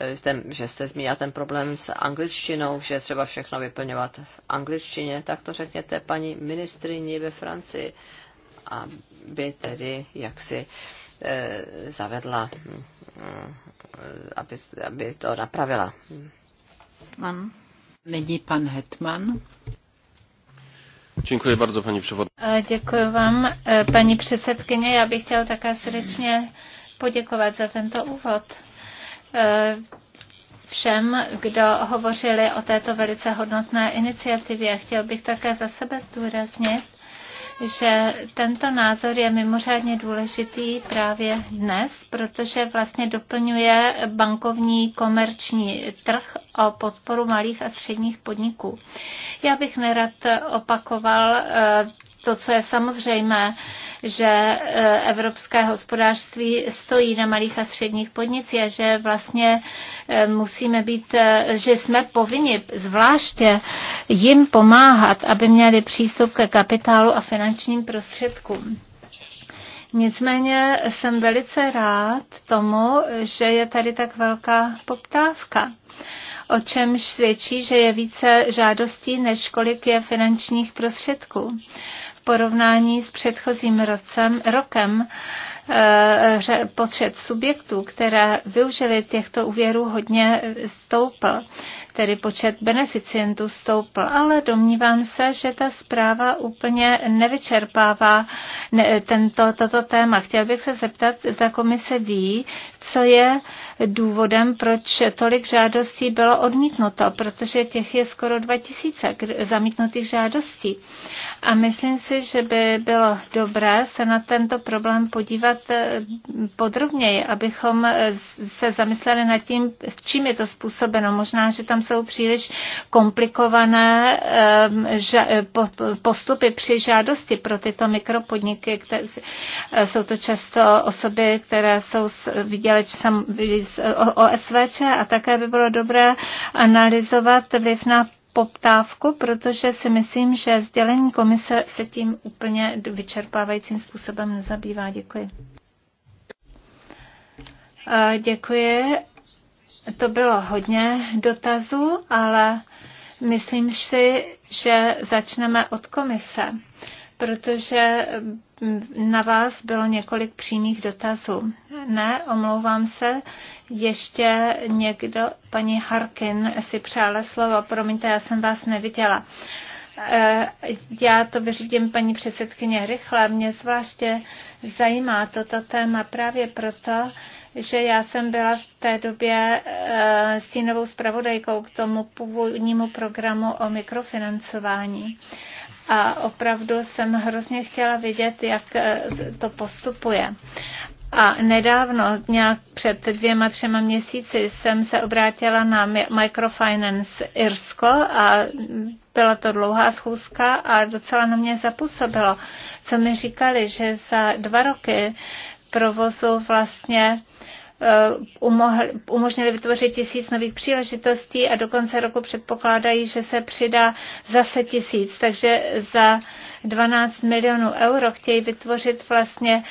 eh, ten, že jste zmínila ten problém s angličtinou, že je třeba všechno vyplňovat v angličtině, tak to řekněte paní ministrině ve Francii, aby tedy jaksi eh, zavedla, mm, mm, aby, aby to napravila. Hetman. Není pan Hetman. Děkuji bardzo, paní předsedkyně. Eh, děkuji vám, eh, paní předsedkyně. Já bych chtěl také srdečně poděkovat za tento úvod eh, všem, kdo hovořili o této velice hodnotné iniciativě. Chtěl bych také za sebe zdůraznit, že tento názor je mimořádně důležitý právě dnes, protože vlastně doplňuje bankovní komerční trh o podporu malých a středních podniků. Já bych nerad opakoval eh, to, co je samozřejmé, že e, evropské hospodářství stojí na malých a středních podnicích a že vlastně e, musíme být, e, že jsme povinni zvláště jim pomáhat, aby měli přístup ke kapitálu a finančním prostředkům. Nicméně jsem velice rád tomu, že je tady tak velká poptávka o čemž svědčí, že je více žádostí, než kolik je finančních prostředků porovnání s předchozím rocem, rokem eh, počet subjektů, které využili těchto úvěrů, hodně stoupl tedy počet beneficientů stoupl, ale domnívám se, že ta zpráva úplně nevyčerpává tento, toto téma. Chtěl bych se zeptat, zda komise ví, co je důvodem, proč tolik žádostí bylo odmítnuto, protože těch je skoro 2000 zamítnutých žádostí. A myslím si, že by bylo dobré se na tento problém podívat eh, podrobněji, abychom eh, se zamysleli nad tím, s čím je to způsobeno. Možná, že tam jsou příliš komplikované ehm, eh, postupy při žádosti pro tyto mikropodniky. Které eh, jsou to často osoby, které jsou vydělač sam, OSVČ a také by bylo dobré analyzovat vliv na poptávku, protože si myslím, že sdělení komise se tím úplně vyčerpávajícím způsobem nezabývá. Děkuji. Děkuji to bylo hodně dotazů, ale myslím si, že začneme od komise, protože na vás bylo několik přímých dotazů. Ne, omlouvám se, ještě někdo, paní Harkin si přála slovo, promiňte, já jsem vás neviděla. Eh, já to vyřídím, paní předsedkyně, rychle. Mě zvláště zajímá toto téma právě proto, že já jsem byla v té době uh, stínovou zpravodajkou k tomu původnímu programu o mikrofinancování. A opravdu jsem hrozně chtěla vidět, jak eh, to postupuje. A nedávno, nějak před dvěma, třema měsíci, jsem se obrátila na Microfinance Irsko a byla to dlouhá schůzka a docela na mě zapůsobilo, co mi říkali, že za dva roky provozu vlastně eh, umožnili vytvořit tisíc nových příležitostí a do konce roku předpokládají, že se přidá zase tisíc. Takže za 12 milionů euro, chtějí vytvořit vlastně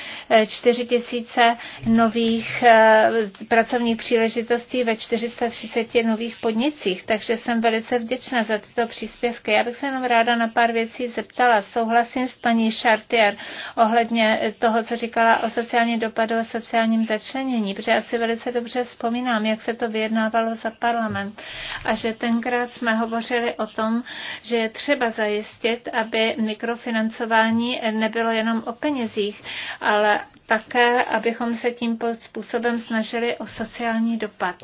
4 eh, tisíce nových eh, pracovních příležitostí ve 430 nových podnicích, takže jsem velice vděčná za tyto příspěvky. Já bych se jenom ráda na pár věcí zeptala. Souhlasím s paní Chartier ohledně eh, toho, co říkala o sociálním dopadu a sociálním začlenění, protože já si velice dobře vzpomínám, jak se to vyjednávalo za parlament a že tenkrát jsme hovořili o tom, že je třeba zajistit, aby mikrofon financování nebylo jenom o penězích, ale také, abychom se tím způsobem snažili o sociální dopad.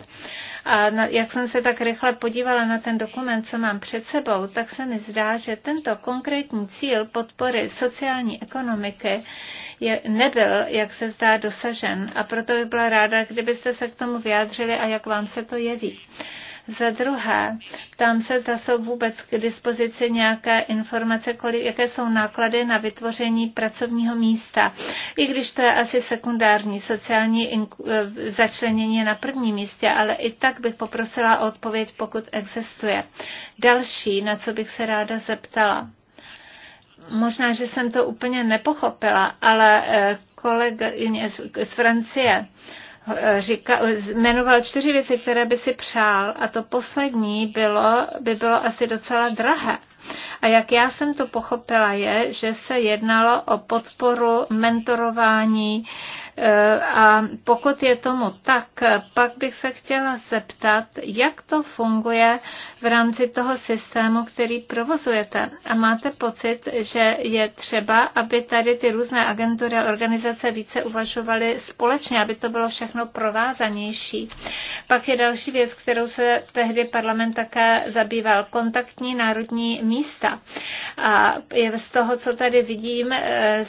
A jak jsem se tak rychle podívala na ten dokument, co mám před sebou, tak se mi zdá, že tento konkrétní cíl podpory sociální ekonomiky je, nebyl, jak se zdá, dosažen. A proto bych byla ráda, kdybyste se k tomu vyjádřili a jak vám se to jeví. Za druhé, tam se, zda jsou vůbec k dispozici nějaké informace, kolik, jaké jsou náklady na vytvoření pracovního místa. I když to je asi sekundární, sociální eh, začlenění na prvním místě, ale i tak bych poprosila o odpověď, pokud existuje. Další, na co bych se ráda zeptala možná, že jsem to úplně nepochopila, ale eh, kolega z Francie říkal, jmenoval čtyři věci, které by si přál a to poslední bylo, by bylo asi docela drahé. A jak já jsem to pochopila je, že se jednalo o podporu mentorování Eh, a pokud je tomu tak, pak bych se chtěla zeptat, jak to funguje v rámci toho systému, který provozujete. A máte pocit, že je třeba, aby tady ty různé agentury a organizace více uvažovaly společně, aby to bylo všechno provázanější. Pak je další věc, kterou se tehdy parlament také zabýval, kontaktní národní místa. A z toho, co tady vidím, eh,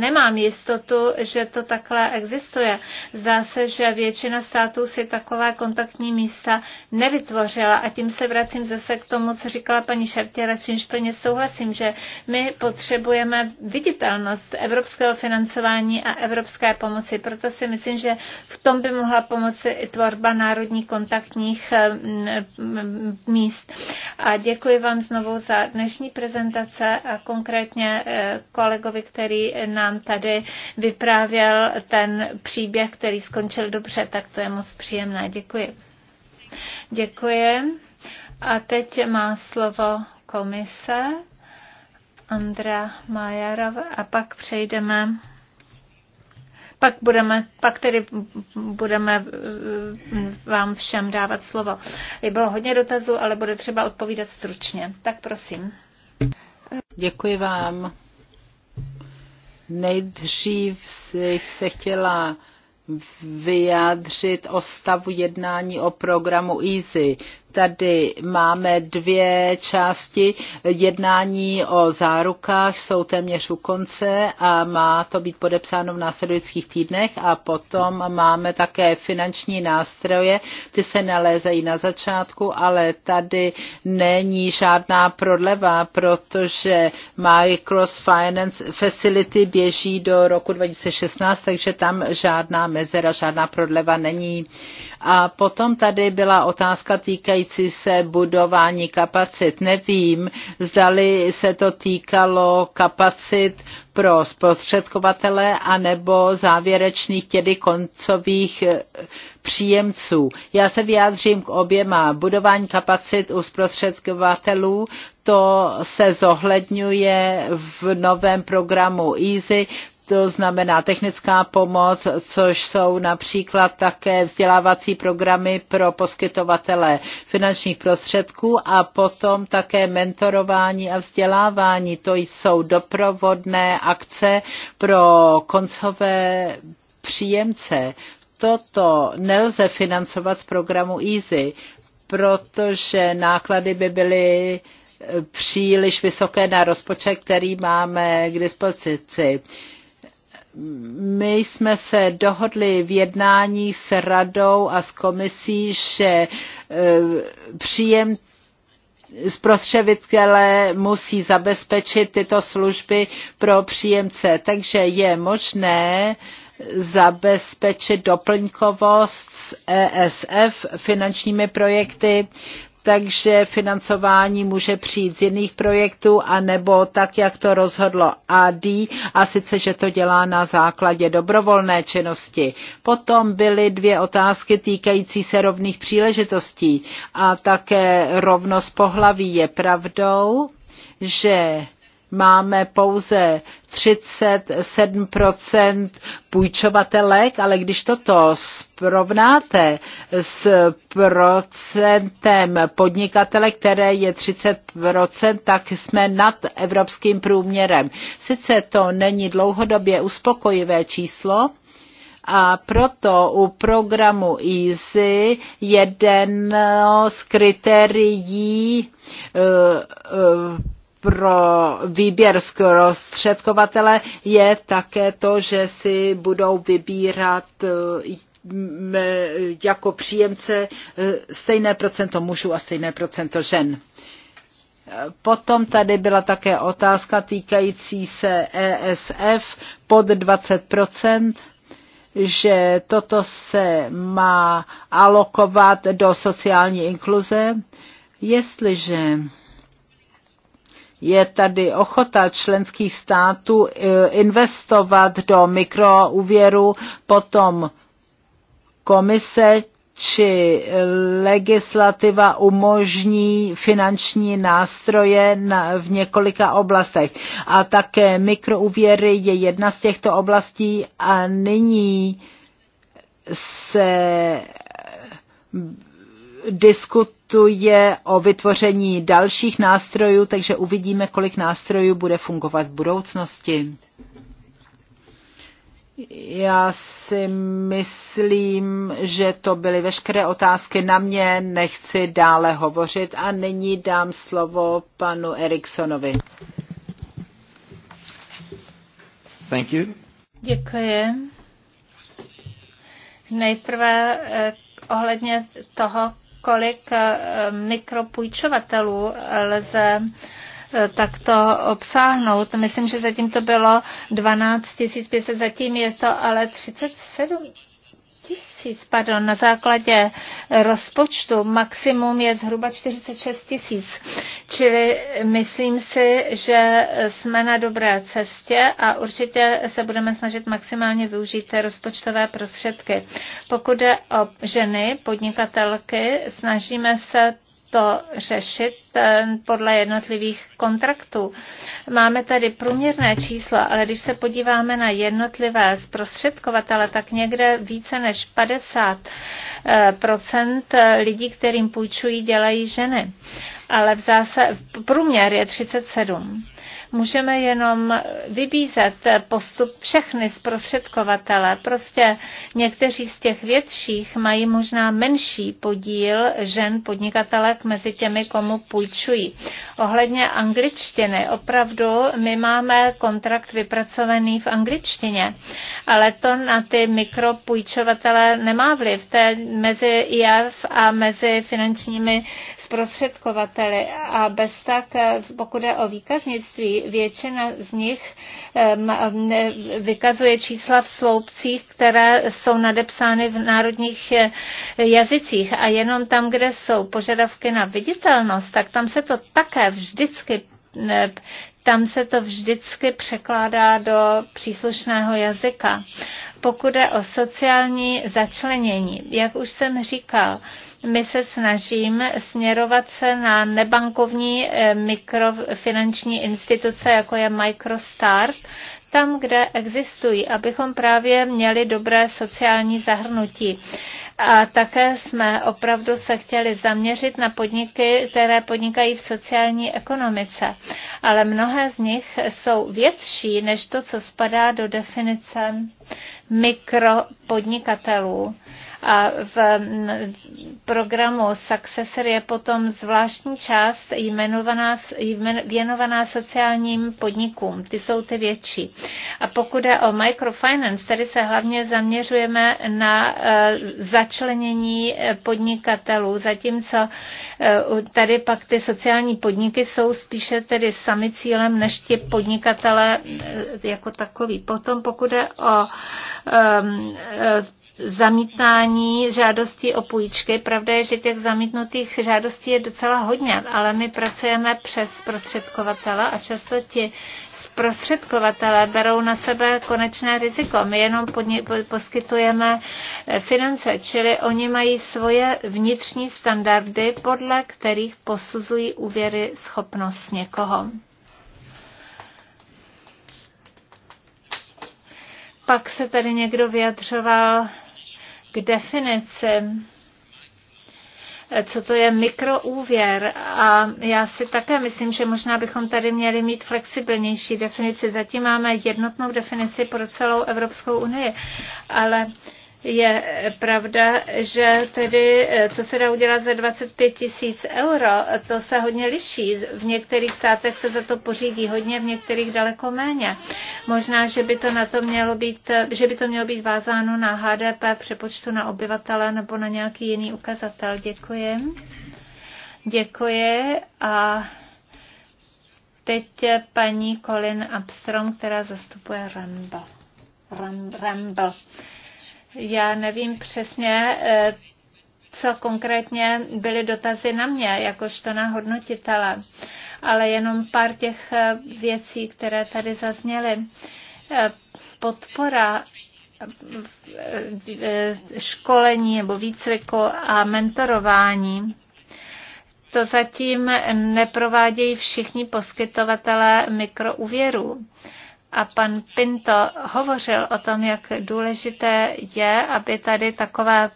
nemám jistotu, že to takhle takové existuje. Zdá se, že většina států si takové kontaktní místa nevytvořila a tím se vracím zase k tomu, co říkala paní Šartěra, čímž plně souhlasím, že my potřebujeme viditelnost evropského financování a evropské pomoci. Proto si myslím, že v tom by mohla pomoci i tvorba národních kontaktních mm, míst. A děkuji vám znovu za dnešní prezentace a konkrétně eh, kolegovi, který nám tady vyprávěl ten příběh, který skončil dobře, tak to je moc příjemné. Děkuji. Děkuji. A teď má slovo komise Andra Majarova a pak přejdeme pak, budeme, pak tedy budeme eh, vám všem dávat slovo. Bylo hodně dotazů, ale bude třeba odpovídat stručně. Tak prosím. Děkuji vám. Nejdřív si se chtěla vyjádřit o stavu jednání o programu EASY tady máme dvě části. Jednání o zárukách jsou téměř u konce a má to být podepsáno v následujících týdnech a potom máme také finanční nástroje, ty se nalézají na začátku, ale tady není žádná prodleva, protože cross Finance Facility běží do roku 2016, takže tam žádná mezera, žádná prodleva není. Uh, a potom tady byla otázka týkající se budování kapacit. Nevím, zdali se to týkalo kapacit pro zprostředkovatele anebo závěrečných, tedy koncových eh, příjemců. Já se vyjádřím k oběma. Budování kapacit u zprostředkovatelů, to se zohledňuje v novém programu EASY, to znamená technická pomoc, což jsou například také vzdělávací programy pro poskytovatele finančních prostředků a potom také mentorování a vzdělávání. To jsou doprovodné akce pro koncové příjemce. Toto nelze financovat z programu EASY, protože náklady by byly příliš vysoké na rozpočet, který máme k dispozici my jsme se dohodli v jednání s radou a s komisí, že e, příjem zprostředitelé musí zabezpečit tyto služby pro příjemce. Takže je možné zabezpečit doplňkovost s ESF finančními projekty takže financování může přijít z jiných projektů, anebo tak, jak to rozhodlo AD, a sice, že to dělá na základě dobrovolné činnosti. Potom byly dvě otázky týkající se rovných příležitostí a také rovnost pohlaví je pravdou, že máme pouze 37% půjčovatelek, ale když toto srovnáte s procentem podnikatele, které je 30%, tak jsme nad evropským průměrem. Sice to není dlouhodobě uspokojivé číslo, a proto u programu EASY jeden z kritérií eh, eh, pro výběr zprostředkovatele je také to, že si budou vybírat eh, eh, jako příjemce eh, stejné procento mužů a stejné procento žen. Potom tady byla také otázka týkající se ESF pod 20 že toto se má alokovat do sociální inkluze, jestliže je tady ochota členských států eh, investovat do mikroúvěru, potom komise či eh, legislativa umožní finanční nástroje na, v několika oblastech. A také mikroúvěry je jedna z těchto oblastí a nyní se eh, diskutuje diskutuje o vytvoření dalších nástrojů, takže uvidíme, kolik nástrojů bude fungovat v budoucnosti. Já si myslím, že to byly veškeré otázky na mě, nechci dále hovořit a nyní dám slovo panu Eriksonovi. Thank you. Děkuji. Nejprve eh, ohledně toho, kolik eh, mikropůjčovatelů lze eh, takto obsáhnout. Myslím, že zatím to bylo 12 500, zatím je to ale 37 tisíc, pardon, na základě rozpočtu. Maximum je zhruba 46 tisíc. Čili myslím si, že jsme na dobré cestě a určitě se budeme snažit maximálně využít rozpočtové prostředky. Pokud je o ženy, podnikatelky, snažíme se to řešit eh, podle jednotlivých kontraktů. Máme tady průměrné číslo, ale když se podíváme na jednotlivé zprostředkovatele, tak někde více než 50 eh, eh, lidí, kterým půjčují, dělají ženy. Ale v, zase v průměr je 37. Můžeme jenom vybízet postup všechny zprostředkovatele. Prostě někteří z těch větších mají možná menší podíl žen podnikatelek mezi těmi, komu půjčují. Ohledně angličtiny, opravdu my máme kontrakt vypracovaný v angličtině, ale to na ty mikropůjčovatele nemá vliv. To je mezi IF a mezi finančními zprostředkovateli. A bez tak, pokud je o výkaznictví, Většina z nich vykazuje čísla v sloupcích, které jsou nadepsány v národních eh, jazycích a jenom tam, kde jsou požadavky na viditelnost, tak tam se to také vždycky tam se to vždycky překládá do příslušného jazyka. Pokud je o sociální začlenění, jak už jsem říkal, my se snažíme směrovat se na nebankovní eh, mikrofinanční instituce, jako je MicroStars, tam, kde existují, abychom právě měli dobré sociální zahrnutí. A také jsme opravdu se chtěli zaměřit na podniky, které podnikají v sociální ekonomice. Ale mnohé z nich jsou větší než to, co spadá do definice mikropodnikatelů. A v programu Successor je potom zvláštní část jmenovaná, věnovaná sociálním podnikům. Ty jsou ty větší. A pokud je o microfinance, tady se hlavně zaměřujeme na uh, za začlenění eh, podnikatelů, zatímco eh, tady pak ty sociální podniky jsou spíše tedy sami cílem než ti podnikatele eh, jako takový. Potom pokud je o um, ehm, zamítání žádostí o půjčky. Pravda je, že těch zamítnutých žádostí je docela hodně, ale my pracujeme přes prostředkovatele a často ti zprostředkovatelé berou na sebe konečné riziko. My jenom poskytujeme eh, finance, čili oni mají svoje vnitřní standardy, podle kterých posuzují úvěry schopnost někoho. Pak se tady někdo vyjadřoval k definici co to je mikroúvěr. A já si také myslím, že možná bychom tady měli mít flexibilnější definici. Zatím máme jednotnou definici pro celou Evropskou unii, ale je pravda, že tedy, eh, co se dá udělat za 25 tisíc euro, to se hodně liší. V některých státech se za to pořídí hodně, v některých daleko méně. Možná, že by to, na to mělo být, že by to mělo být vázáno na HDP přepočtu na obyvatele nebo na nějaký jiný ukazatel. Děkuji. Děkuji a teď paní Colin Armstrong, která zastupuje Rumble. Rumble. Já nevím přesně, eh, co konkrétně byly dotazy na mě, jakožto na hodnotitele, ale jenom pár těch eh, věcí, které tady zazněly. Eh, podpora školení nebo výcviku a mentorování. To zatím neprovádějí všichni poskytovatelé mikrouvěrů a pan Pinto hovořil o tom, jak důležité je, aby tady takové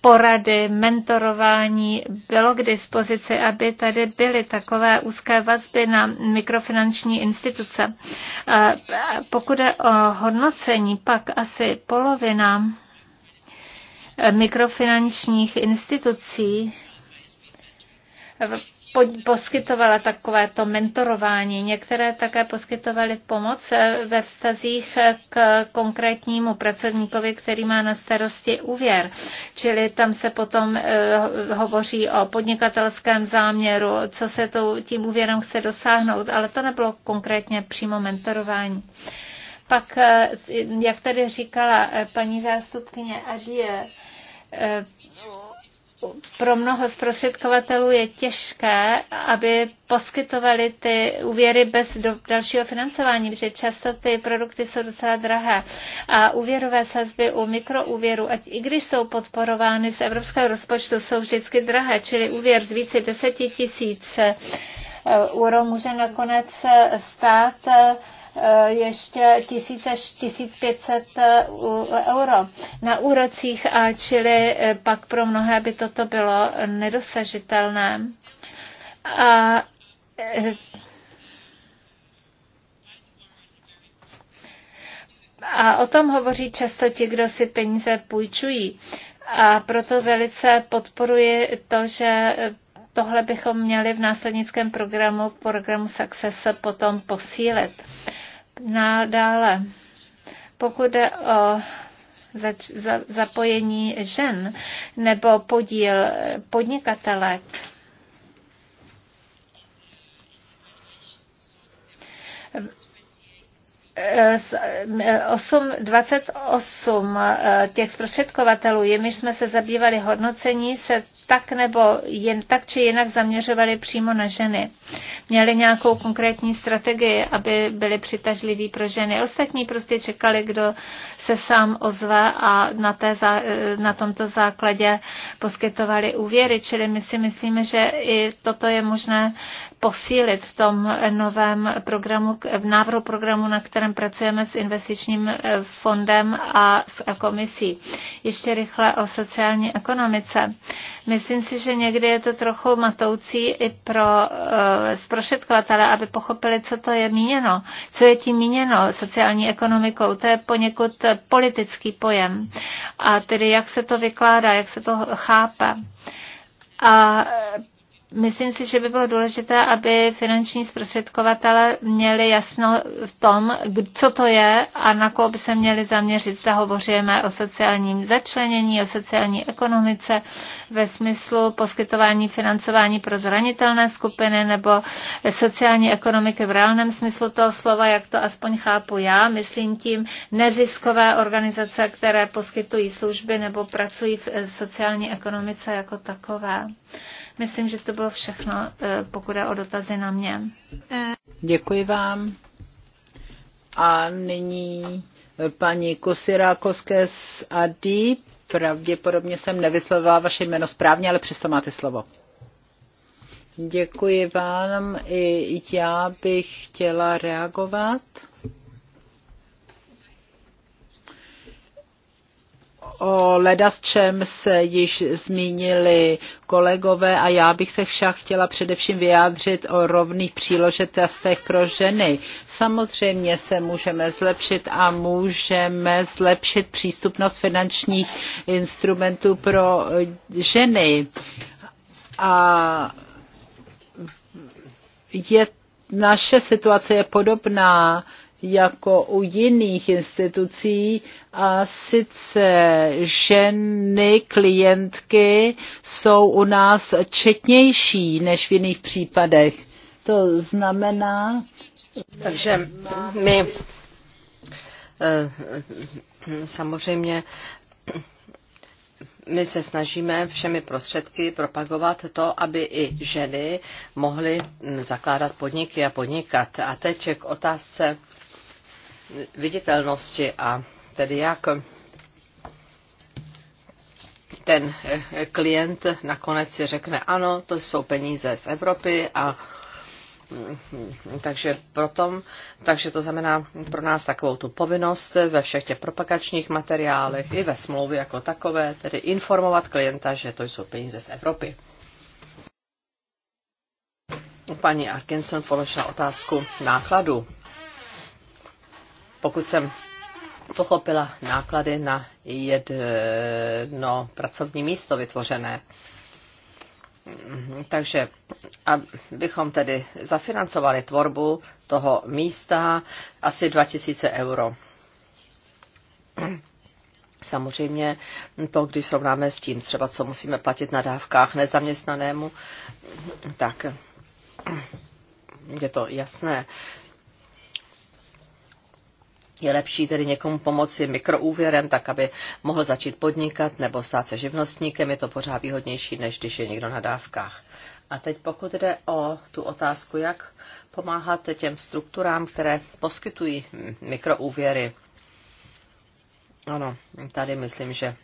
porady, mentorování bylo k dispozici, aby tady byly takové úzké vazby na mikrofinanční instituce. Pokud je o hodnocení, pak asi polovina mikrofinančních institucí poskytovala takovéto mentorování, některé také poskytovaly pomoc eh, ve vztazích eh, k konkrétnímu pracovníkovi, který má na starosti úvěr. Čili tam se potom eh, hovoří o podnikatelském záměru, co se to tím úvěrem chce dosáhnout, ale to nebylo konkrétně přímo mentorování. Pak, jak tady říkala paní zástupkyně Adie, pro mnoho zprostředkovatelů je těžké, aby poskytovali ty úvěry bez do, dalšího financování, protože často ty produkty jsou docela drahé. A úvěrové sazby u mikroúvěru, ať i když jsou podporovány z evropského rozpočtu, jsou vždycky drahé, čili úvěr z více deseti tisíc eh, euro může nakonec eh, stát eh, Eh, ještě 1000 až 1500 eh, euro na úrocích, a čili eh, pak pro mnohé by toto bylo nedosažitelné. A A o tom hovoří často ti, kdo si peníze půjčují. A proto velice podporuji to, že tohle bychom měli v následnickém programu, programu Success, potom posílit. Nadále, pokud jde o zapojení žen nebo podíl podnikatelek, 8, 28 eh, těch zprostředkovatelů, jimiž jsme se zabývali hodnocení, se tak nebo jen tak či jinak zaměřovali přímo na ženy. Měli nějakou konkrétní strategii, aby byli přitažliví pro ženy. Ostatní prostě čekali, kdo se sám ozve a na, té, eh, na tomto základě poskytovali úvěry. Čili my si myslíme, že i toto je možné posílit v tom novém programu, v návrhu programu, na kterém kterém pracujeme s investičním eh, fondem a s komisí. Ještě rychle o sociální ekonomice. Myslím si, že někdy je to trochu matoucí i pro uh, eh, zprošetkovatele, aby pochopili, co to je míněno, co je tím míněno sociální ekonomikou. To je poněkud eh, politický pojem. A tedy jak se to vykládá, jak se to chápe. A Myslím si, že by bylo důležité, aby finanční zprostředkovatele měli jasno v tom, co to je a na koho by se měli zaměřit. Zda hovoříme o sociálním začlenění, o sociální ekonomice ve smyslu poskytování financování pro zranitelné skupiny nebo sociální ekonomiky v reálném smyslu toho slova, jak to aspoň chápu já. Myslím tím neziskové organizace, které poskytují služby nebo pracují v sociální ekonomice jako takové. Myslím, že to bylo všechno, eh, pokud je o dotazy na mě. Děkuji vám. A nyní paní Kusirákovské z ADI. Pravděpodobně jsem nevyslovila vaše jméno správně, ale přesto máte slovo. Děkuji vám. I já bych chtěla reagovat. O ledas čem se již zmínili kolegové a já bych se však chtěla především vyjádřit o rovných příležitostech pro ženy. Samozřejmě se můžeme zlepšit a můžeme zlepšit přístupnost finančních instrumentů pro ženy. A je, naše situace je podobná jako u jiných institucí a sice ženy klientky jsou u nás četnější než v jiných případech. To znamená, takže my eh, samozřejmě my se snažíme všemi prostředky propagovat to, aby i ženy mohly zakládat podniky a podnikat. A teď k otázce viditelnosti a tedy jak ten eh, klient nakonec si řekne, ano, to jsou peníze z Evropy a mm, takže proto, takže to znamená pro nás takovou tu povinnost ve všech těch propagačních materiálech i ve smlouvě jako takové, tedy informovat klienta, že to jsou peníze z Evropy. Paní Arkinson položila otázku nákladu pokud jsem pochopila náklady na jedno pracovní místo vytvořené. Mhm, takže abychom tedy zafinancovali tvorbu toho místa asi 2000 euro. Samozřejmě to, když srovnáme s tím, třeba co musíme platit na dávkách nezaměstnanému, tak je to jasné je lepší tedy někomu pomoci mikroúvěrem, tak aby mohl začít podnikat nebo stát se živnostníkem, je to pořád výhodnější, než když je někdo na dávkách. A teď pokud jde o tu otázku, jak pomáhat těm strukturám, které poskytují mikroúvěry. Ano, tady myslím, že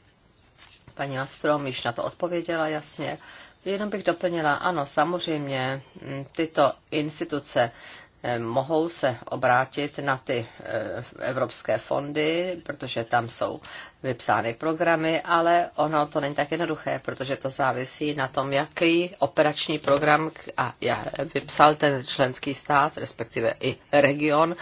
paní Astrom již na to odpověděla jasně. Jenom bych doplnila, ano, samozřejmě tyto instituce Eh, mohou se obrátit na ty eh, evropské fondy, protože tam jsou vypsány programy, ale ono to není tak jednoduché, protože to závisí na tom, jaký operační program a já vypsal ten členský stát, respektive i region,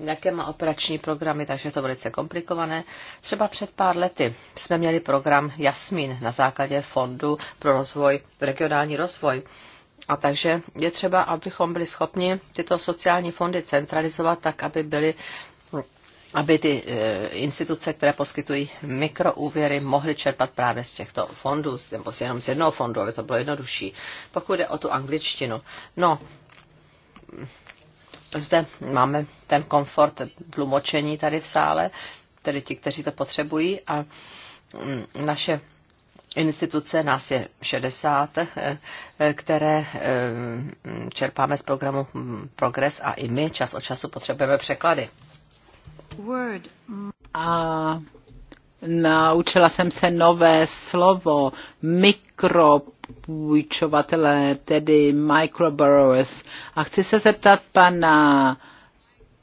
jaké má operační programy, takže je to velice komplikované. Třeba před pár lety jsme měli program Jasmín na základě Fondu pro rozvoj, regionální rozvoj a takže je třeba, abychom byli schopni tyto sociální fondy centralizovat tak, aby byly aby ty eh, instituce, které poskytují mikroúvěry, mohly čerpat právě z těchto fondů, nebo z jenom z jednoho fondu, aby to bylo jednodušší. Pokud jde o tu angličtinu, no, zde máme ten komfort tlumočení tady v sále, tedy ti, kteří to potřebují a mm, naše instituce, nás je 60, eh, které eh, čerpáme z programu Progress a i my čas od času potřebujeme překlady. Word. A naučila jsem se nové slovo mikropůjčovatele, tedy microborrowers. A chci se zeptat pana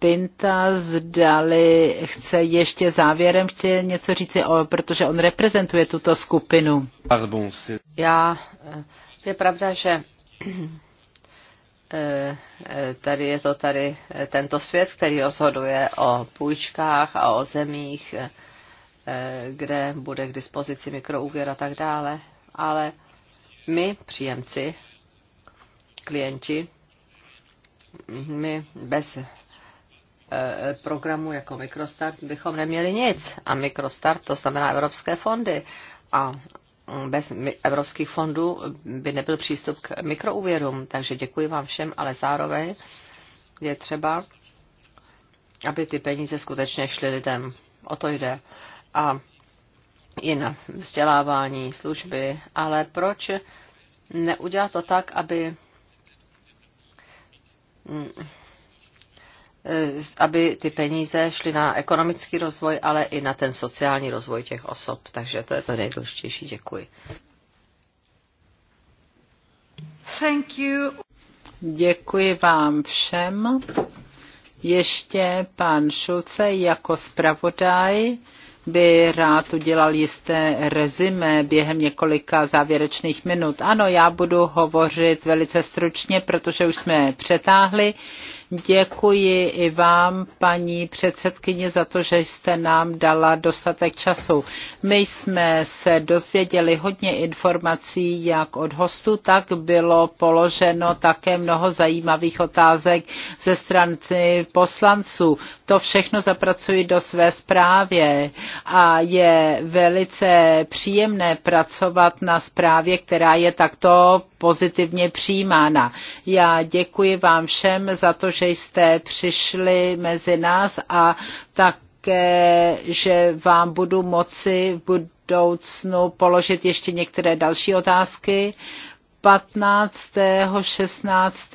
Pinta, zdali chce ještě závěrem chce něco říci, protože on reprezentuje tuto skupinu. Pardon, Já, eh, je pravda, že eh, eh, tady je to tady tento svět, který rozhoduje o půjčkách a o zemích, kde bude k dispozici mikroúvěr a tak dále. Ale my, příjemci, klienti, my bez Eh, programů jako Mikrostart bychom neměli nic. A Mikrostart to znamená evropské fondy. A bez evropských fondů by nebyl přístup k mikroúvěrům. Takže děkuji vám všem, ale zároveň je třeba, aby ty peníze skutečně šly lidem. O to jde. A i na vzdělávání, služby, ale proč neudělat to tak, aby Eh, aby ty peníze šly na ekonomický rozvoj, ale i na ten sociální rozvoj těch osob. Takže to je to nejdůležitější. Děkuji. Thank you. Děkuji vám všem. Ještě pan Šulce jako zpravodaj by rád udělal jisté rezime během několika závěrečných minut. Ano, já budu hovořit velice stručně, protože už jsme přetáhli. Děkuji i vám, paní předsedkyně, za to, že jste nám dala dostatek času. My jsme se dozvěděli hodně informací jak od hostů, tak bylo položeno také mnoho zajímavých otázek ze strany poslanců. To všechno zapracuji do své zprávě a je velice příjemné pracovat na zprávě, která je takto pozitivně přijímána. Já děkuji vám všem za to, že jste přišli mezi nás a také, že vám budu moci v budoucnu položit ještě některé další otázky. 15. 16.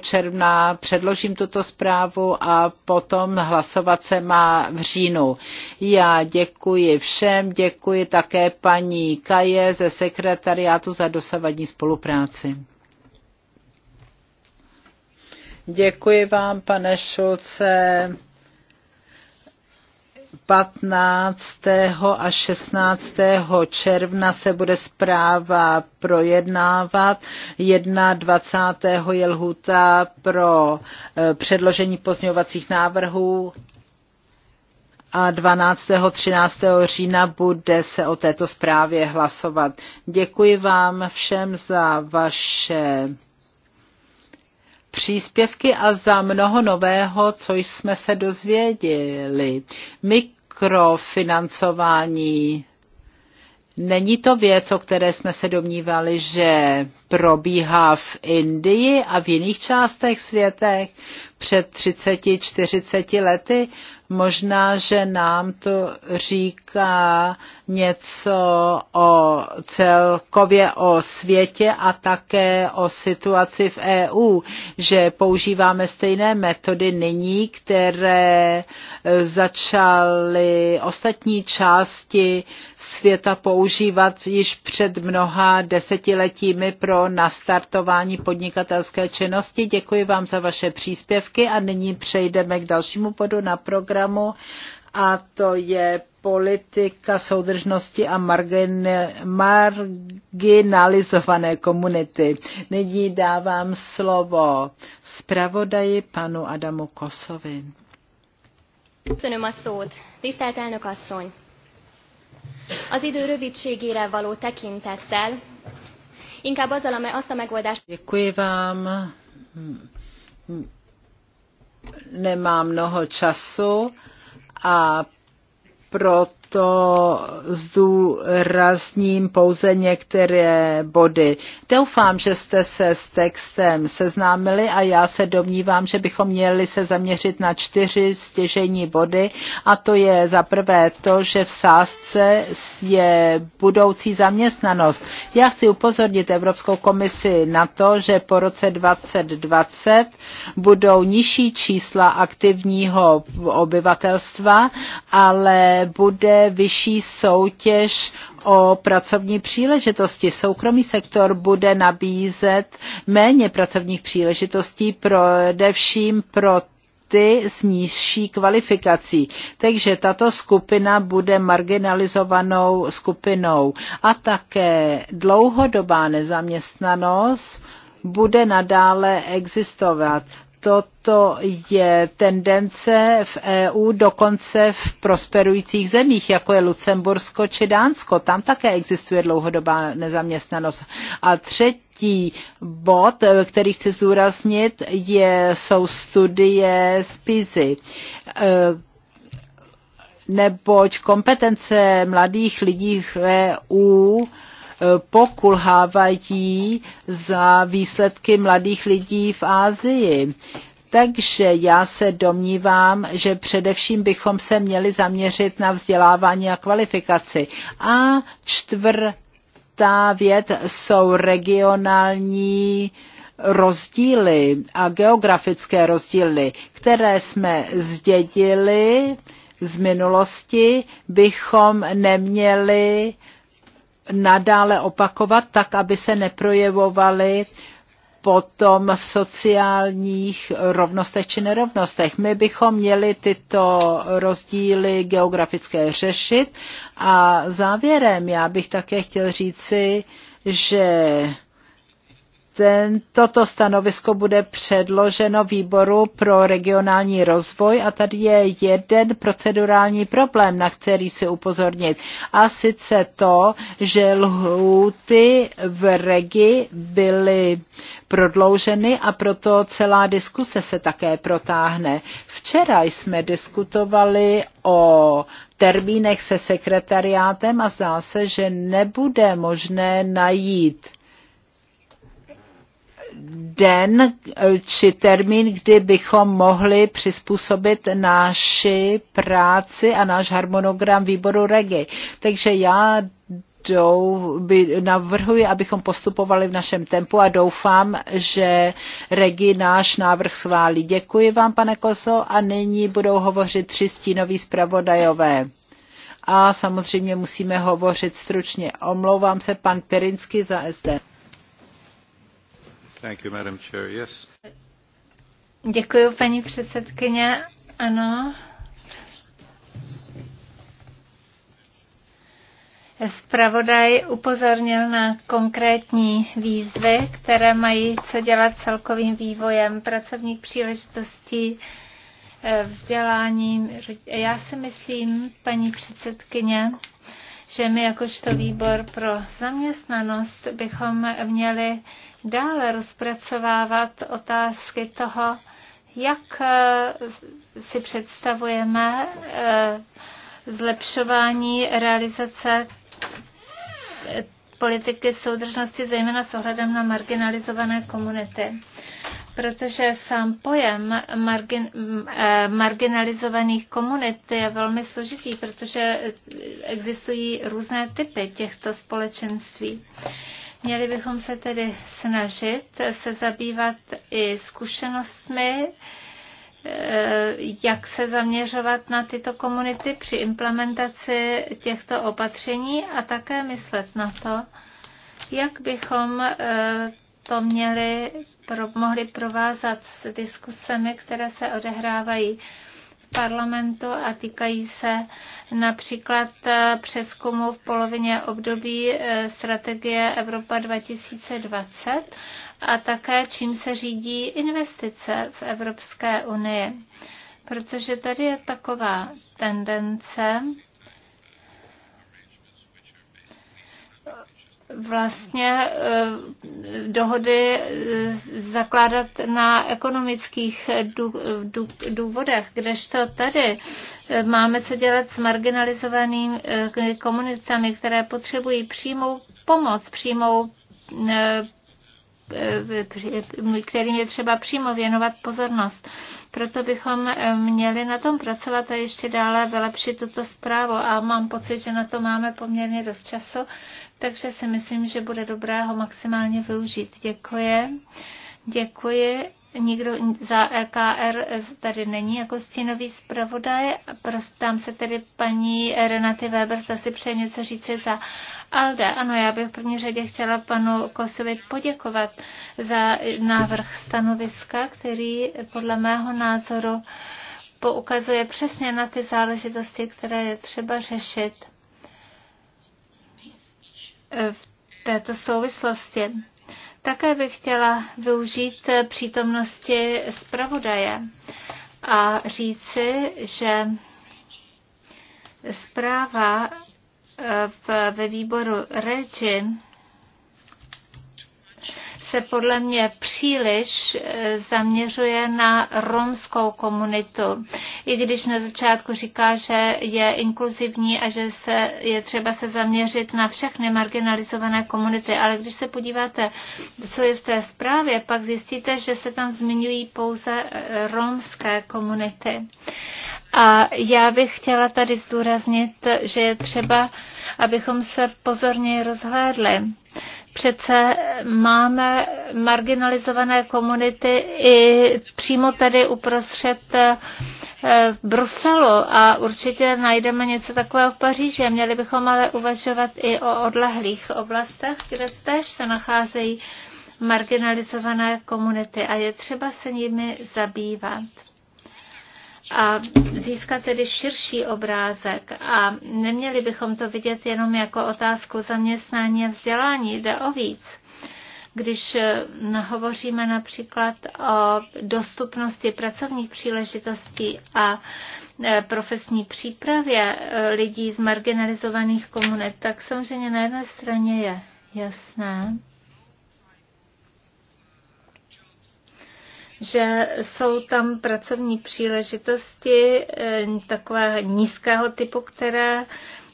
června předložím tuto zprávu a potom hlasovat se má v říjnu. Já děkuji všem, děkuji také paní Kaje ze sekretariátu za dosavadní spolupráci. Děkuji vám, pane Šulce. 15. a 16. června se bude zpráva projednávat. 21. je lhuta pro e, předložení pozměňovacích návrhů a 12. 13. října bude se o této zprávě hlasovat. Děkuji vám všem za vaše příspěvky a za mnoho nového, co jsme se dozvěděli. Mikrofinancování. Není to věc, o které jsme se domnívali, že probíhá v Indii a v jiných částech světech před 30-40 lety. Možná, že nám to říká něco o celkově o světě a také o situaci v EU, že používáme stejné metody nyní, které začaly ostatní části světa používat již před mnoha desetiletími pro nastartování podnikatelské činnosti. Děkuji vám za vaše příspěvky a nyní přejdeme k dalšímu bodu na program programu a to je politika soudržnosti a margin, marginalizované komunity. Nyní dávám slovo zpravodaji panu Adamu Kosovi. Köszönöm a szót. Tisztelt elnök asszony! Az idő rövidségére való tekintettel inkább azzal, amely azt a megoldást... Děkuji vám nemá mnoho času a proto to zdůrazním pouze některé body. Doufám, že jste se s textem seznámili a já se domnívám, že bychom měli se zaměřit na čtyři stěžení body a to je za prvé to, že v sázce je budoucí zaměstnanost. Já chci upozornit Evropskou komisi na to, že po roce 2020 budou nižší čísla aktivního obyvatelstva, ale bude vyšší soutěž o pracovní příležitosti. Soukromý sektor bude nabízet méně pracovních příležitostí, především pro ty s nižší kvalifikací. Takže tato skupina bude marginalizovanou skupinou. A také dlouhodobá nezaměstnanost bude nadále existovat toto je tendence v EU, dokonce v prosperujících zemích, jako je Lucembursko či Dánsko. Tam také existuje dlouhodobá nezaměstnanost. A třetí bod, který chci zúraznit, je, jsou studie z PISY e, neboť kompetence mladých lidí v EU Eh, pokulhávají za výsledky mladých lidí v Ázii. Takže já se domnívám, že především bychom se měli zaměřit na vzdělávání a kvalifikaci. A čtvrtá věc jsou regionální rozdíly a geografické rozdíly, které jsme zdědili z minulosti, bychom neměli nadále opakovat, tak aby se neprojevovaly potom v sociálních rovnostech či nerovnostech. My bychom měli tyto rozdíly geografické řešit a závěrem já bych také chtěl říci, že ten, toto stanovisko bude předloženo výboru pro regionální rozvoj a tady je jeden procedurální problém, na který si upozornit. A sice to, že lhůty v regi byly prodlouženy a proto celá diskuse se také protáhne. Včera jsme diskutovali o termínech se sekretariátem a zdá se, že nebude možné najít den eh, či termín, kdy bychom mohli přizpůsobit naši práci a náš harmonogram výboru REGI. Takže já jdou, by, navrhuji, abychom postupovali v našem tempu a doufám, že Regi náš návrh schválí. Děkuji vám, pane Koso, a nyní budou hovořit tři stínoví zpravodajové. A samozřejmě musíme hovořit stručně. Omlouvám se, pan Pirinsky za SD. Děkuji, paní předsedkyně. Ano. Spravodaj upozornil na konkrétní výzvy, které mají co dělat celkovým vývojem pracovních příležitostí, eh, vzděláním. Já si myslím, paní předsedkyně, že my jakožto výbor pro zaměstnanost bychom měli dále rozpracovávat otázky toho, jak eh, si představujeme eh, zlepšování realizace eh, politiky soudržnosti, zejména s ohledem na marginalizované komunity. Protože sám pojem margin, marginalizovaných komunit je velmi složitý, protože existují různé typy těchto společenství. Měli bychom se tedy snažit se zabývat i zkušenostmi, e, jak se zaměřovat na tyto komunity při implementaci těchto opatření a také myslet na to, jak bychom e, to měli, mohli provázat s diskusemi, které se odehrávají parlamentu a týkají se například eh, přeskumu v polovině období eh, strategie Evropa 2020 a také čím se řídí investice v Evropské unii. Protože tady je taková tendence, vlastně eh, dohody eh, zakládat na ekonomických eh, důvodech, kdežto tady máme co dělat s marginalizovanými komunitami, které potřebují přímou pomoc, přímou kterým je třeba přímo věnovat pozornost. Proto bychom měli na tom pracovat a ještě dále vylepšit tuto zprávu. A mám pocit, že na to máme poměrně dost času takže si myslím, že bude dobré ho maximálně využít. Děkuji. Děkuji. Nikdo za EKR tady není jako stínový zpravodaj. Prostám se tedy paní Renaty Weber, zase přeje něco říci za Alde. Ano, já bych v první řadě chtěla panu Kosovi poděkovat za návrh stanoviska, který podle mého názoru poukazuje přesně na ty záležitosti, které je třeba řešit v této souvislosti. Také bych chtěla využít přítomnosti zpravodaje a říci, že zpráva eh, ve výboru REGI se podle mě příliš eh, zaměřuje na romskou komunitu. I když na začátku říká, že je inkluzivní a že se, je třeba se zaměřit na všechny marginalizované komunity, ale když se podíváte, co je v té zprávě, pak zjistíte, že se tam zmiňují pouze eh, romské komunity. A já bych chtěla tady zdůraznit, že je třeba, abychom se pozorně rozhlédli Přece máme marginalizované komunity i přímo tady uprostřed eh, Bruselu a určitě najdeme něco takového v Paříži. Měli bychom ale uvažovat i o odlehlých oblastech, kde též se nacházejí marginalizované komunity a je třeba se nimi zabývat a získat tedy širší obrázek. A neměli bychom to vidět jenom jako otázku zaměstnání a vzdělání, jde o víc. Když eh, hovoříme například o dostupnosti pracovních příležitostí a eh, profesní přípravě eh, lidí z marginalizovaných komunit, tak samozřejmě na jedné straně je jasné, že jsou tam pracovní příležitosti eh, takového nízkého typu, které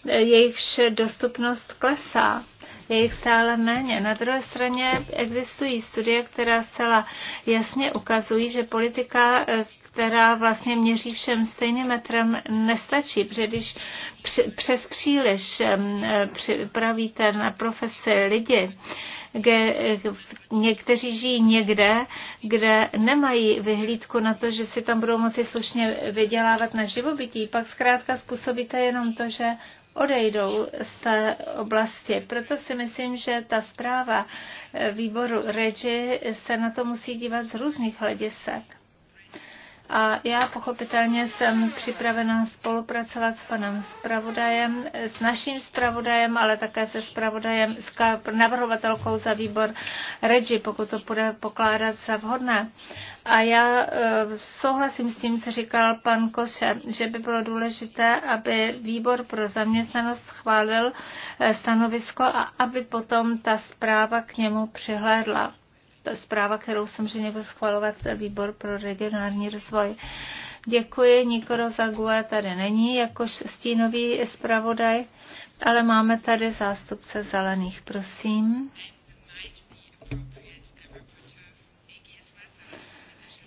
eh, jejichž dostupnost klesá je jich stále méně. Na druhé straně existují studie, která zcela jasně ukazují, že politika, eh, která vlastně měří všem stejným metrem, nestačí, protože když přes příliš připravíte na profesi lidi, kde někteří žijí někde, kde nemají vyhlídku na to, že si tam budou moci slušně vydělávat na živobytí. Pak zkrátka způsobíte jenom to, že odejdou z té oblasti. Proto si myslím, že ta zpráva výboru REGI se na to musí dívat z různých hledisek. A já pochopitelně jsem připravena spolupracovat s panem zpravodajem, s naším zpravodajem, ale také se zpravodajem, s navrhovatelkou za výbor Regi, pokud to bude pokládat za vhodné. A já e, souhlasím s tím, co říkal pan Koše, že by bylo důležité, aby výbor pro zaměstnanost chválil e, stanovisko a aby potom ta zpráva k němu přihlédla zpráva, kterou samozřejmě byl schvalovat výbor pro regionální rozvoj. Děkuji, Nikoro Zague tady není, jakož stínový zpravodaj, ale máme tady zástupce zelených, prosím.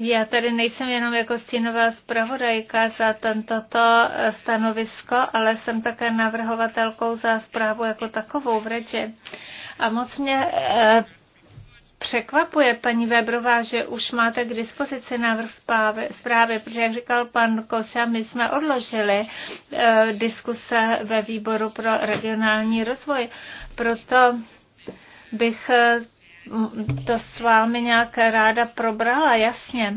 Já tady nejsem jenom jako stínová zpravodajka za tento stanovisko, ale jsem také navrhovatelkou za zprávu jako takovou v Reči. A moc mě eh, překvapuje, paní Webrová, že už máte k dispozici návrh zprávy, protože, jak říkal pan Koša, my jsme odložili eh, diskuse ve výboru pro regionální rozvoj. Proto bych eh, to s vámi nějak ráda probrala, jasně.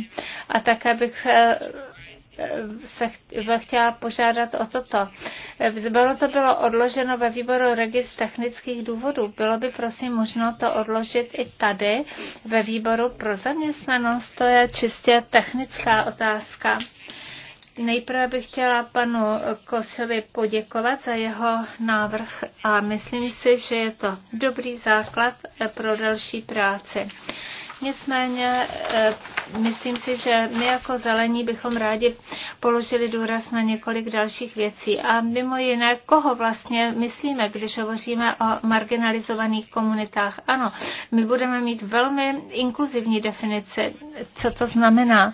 A také bych eh, se chtěla požádat o toto. Bylo to bylo odloženo ve výboru regis technických důvodů. Bylo by prosím možno to odložit i tady ve výboru pro zaměstnanost. To je čistě technická otázka. Nejprve bych chtěla panu Kosovi poděkovat za jeho návrh a myslím si, že je to dobrý základ pro další práci. Nicméně e, myslím si, že my jako zelení bychom rádi položili důraz na několik dalších věcí. A mimo jiné, koho vlastně myslíme, když hovoříme o marginalizovaných komunitách. Ano, my budeme mít velmi inkluzivní definici, co to znamená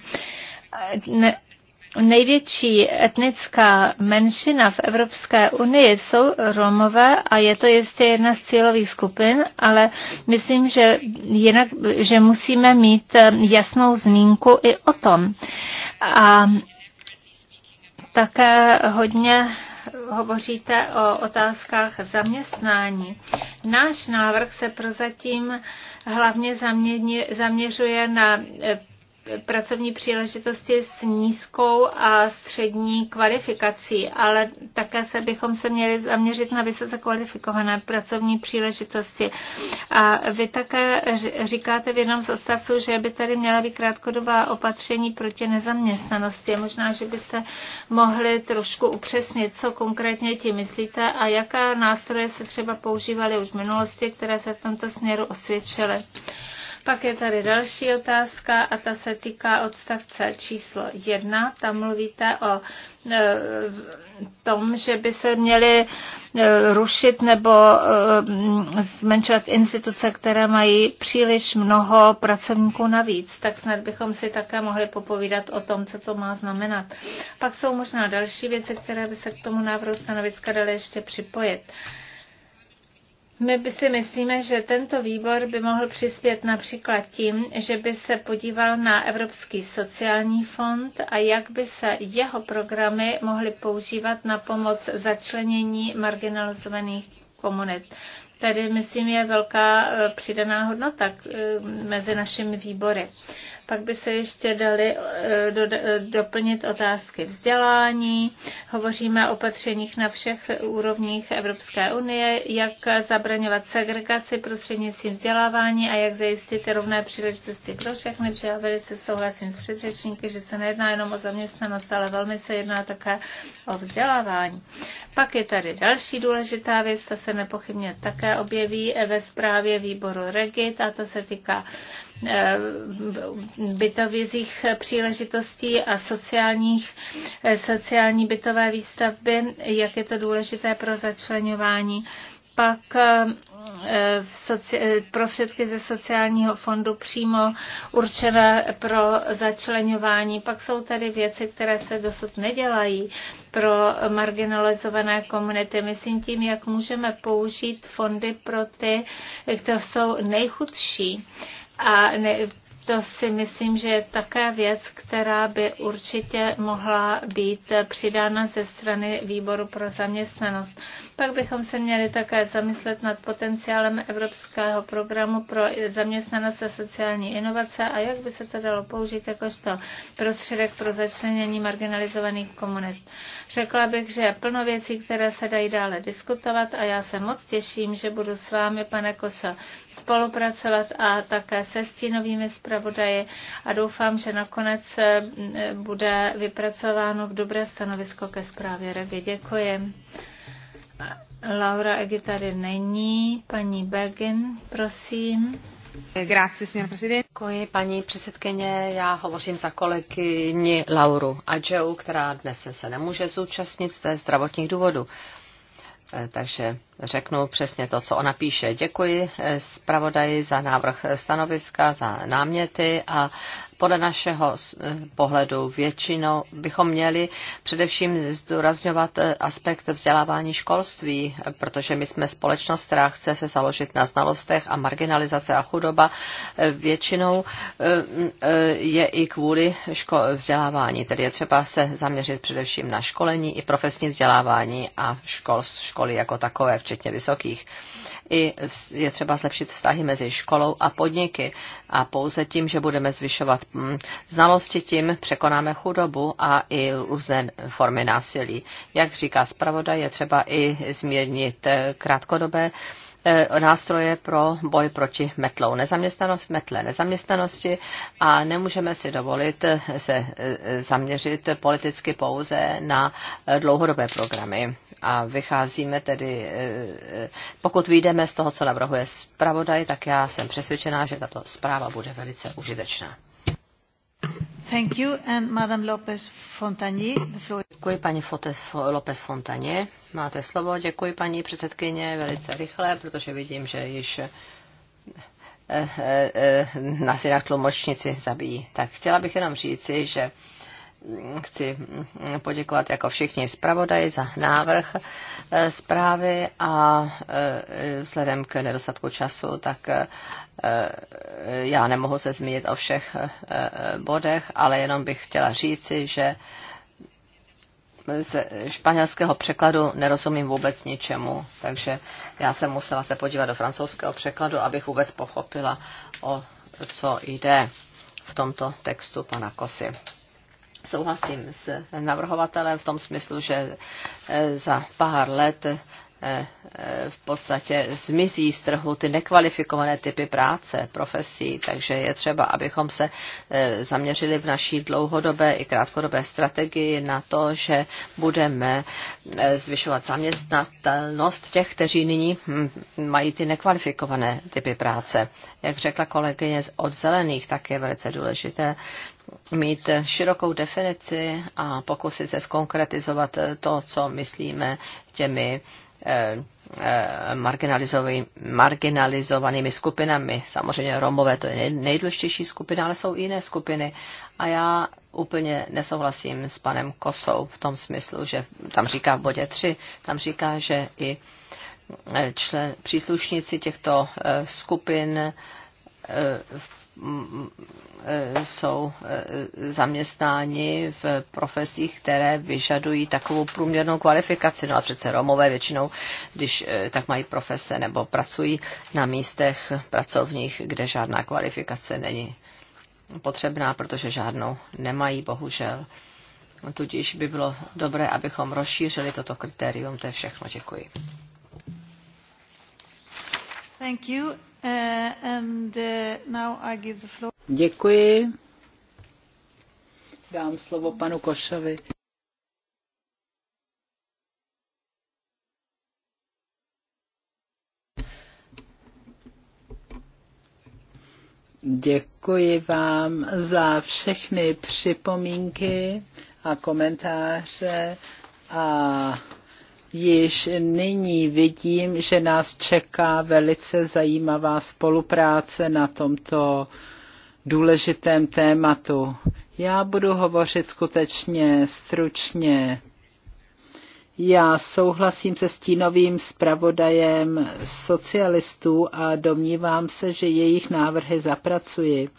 největší etnická menšina v Evropské unii jsou Romové a je to jistě jedna z cílových skupin, ale myslím, že, jinak, že musíme mít eh, jasnou zmínku i o tom. A také hodně hovoříte o otázkách zaměstnání. Náš návrh se prozatím hlavně zaměřuje na eh, pracovní příležitosti s nízkou a střední kvalifikací, ale také se bychom se měli zaměřit na vysoce kvalifikované pracovní příležitosti. A vy také říkáte v jednom z odstavců, že by tady měla být krátkodobá opatření proti nezaměstnanosti. Možná, že byste mohli trošku upřesnit, co konkrétně tím myslíte a jaká nástroje se třeba používaly už v minulosti, které se v tomto směru osvědčily. Pak je tady další otázka a ta se týká odstavce číslo jedna. Tam mluvíte o e, tom, že by se měly e, rušit nebo e, zmenšovat instituce, které mají příliš mnoho pracovníků navíc, tak snad bychom si také mohli popovídat o tom, co to má znamenat. Pak jsou možná další věci, které by se k tomu návrhu stanoviska daly ještě připojit. My si myslíme, že tento výbor by mohl přispět například tím, že by se podíval na Evropský sociální fond a jak by se jeho programy mohly používat na pomoc začlenění marginalizovaných komunit. Tady, myslím, je velká eh, přidaná hodnota eh, mezi našimi výbory. Pak by se ještě dali eh, do, eh, doplnit otázky vzdělání. Hovoříme o opatřeních na všech úrovních Evropské unie, jak zabraňovat segregaci prostřednictvím vzdělávání a jak zajistit rovné příležitosti pro všechny, protože já velice souhlasím s předřečníky, že se nejedná jenom o zaměstnanost, ale velmi se jedná také o vzdělávání. Pak je tady další důležitá věc, ta se nepochybně také objeví ve zprávě výboru Regit a to se týká bytovězích příležitostí a sociálních, sociální bytové výstavby, jak je to důležité pro začlenování pak eh, eh, prostředky ze sociálního fondu přímo určené pro začlenování. Pak jsou tady věci, které se dosud nedělají pro marginalizované komunity. Myslím tím, jak můžeme použít fondy pro ty, kteří jsou nejchudší a ne, to si myslím, že je také věc, která by určitě mohla být přidána ze strany výboru pro zaměstnanost. Pak bychom se měli také zamyslet nad potenciálem Evropského programu pro zaměstnanost a sociální inovace a jak by se to dalo použít jakožto prostředek pro začlenění marginalizovaných komunit. Řekla bych, že je plno věcí, které se dají dále diskutovat a já se moc těším, že budu s vámi, pane Kosa, spolupracovat a také se stínovými zpravodaji zpravodaji a doufám, že nakonec eh, bude vypracováno v dobré stanovisko ke zprávě Rady. Děkuji. Laura Egy tady není. Paní Begin, prosím. Děkuji, paní předsedkyně. Já hovořím za kolegyni Lauru Adžeu, která dnes se nemůže zúčastnit z té zdravotních důvodů. Eh, takže řeknu přesně to, co ona píše. Děkuji eh, zpravodaji za návrh stanoviska, za náměty a podle našeho eh, pohledu většinou bychom měli především zdůrazňovat eh, aspekt vzdělávání školství, eh, protože my jsme společnost, která chce se založit na znalostech a marginalizace a chudoba většinou je i kvůli vzdělávání. Tedy je třeba se zaměřit především na školení i profesní vzdělávání a škol, školy jako takové, včetně vysokých i je třeba zlepšit vztahy mezi školou a podniky. A pouze tím, že budeme zvyšovat mm, znalosti, tím překonáme chudobu a i různé formy násilí. Jak říká zpravodaj, je třeba i zmírnit eh, krátkodobé E, nástroje pro boj proti metlou nezaměstnanost, metle nezaměstnanosti a nemůžeme si dovolit se e, zaměřit politicky pouze na e, dlouhodobé programy. A vycházíme tedy, pokud vyjdeme z toho, co navrhuje zpravodaj, tak já jsem přesvědčená, že tato zpráva bude velice užitečná. Thank you and Madame Lopez Fontanier. The Děkuji paní López Lopez Máte slovo. Děkuji paní předsedkyně velice rychle, protože vidím, že již nás eh, jinak eh, eh, tlumočníci zabijí. Tak chtěla bych jenom říci, že chci poděkovat jako všichni zpravodaji za návrh eh, zprávy a eh, vzhledem k nedostatku času, tak eh, já nemohu se zmínit o všech bodech, ale jenom bych chtěla říci, že z španělského překladu nerozumím vůbec ničemu, takže já jsem musela se podívat do francouzského překladu, abych vůbec pochopila, o co jde v tomto textu pana Kosy souhlasím s navrhovatelem v tom smyslu, že eh, za pár let Eh, eh, v podstatě zmizí z trhu ty nekvalifikované typy práce, profesí, takže je třeba, abychom se eh, zaměřili v naší dlouhodobé i krátkodobé strategii na to, že budeme zvyšovat zaměstnatelnost těch, kteří nyní hm, mají ty nekvalifikované typy práce. Jak řekla kolegyně od zelených, tak je velice důležité mít širokou definici a pokusit se skonkretizovat to, co myslíme těmi Eh, eh, marginalizovanými skupinami. Samozřejmě Romové to je nejdůležitější skupina, ale jsou i jiné skupiny. A já úplně nesouhlasím s panem Kosou v tom smyslu, že tam říká v bodě 3, tam říká, že i eh, člen, příslušníci těchto skupin v jsou eh, zaměstnáni v profesích, které vyžadují takovou průměrnou kvalifikaci. No a přece Romové většinou, když eh, tak mají profese nebo pracují na místech pracovních, kde žádná kvalifikace není potřebná, protože žádnou nemají, bohužel. Tudíž by bylo dobré, abychom rozšířili toto kritérium. To je všechno. Děkuji. Thank you. Uh, and, uh, now I give the floor. Děkuji. Dám slovo panu Košovi. Děkuji vám za všechny připomínky a komentáře a již nyní vidím, že nás čeká velice zajímavá spolupráce na tomto důležitém tématu. Já budu hovořit skutečně stručně. Já souhlasím se stínovým zpravodajem socialistů a domnívám se, že jejich návrhy zapracuji.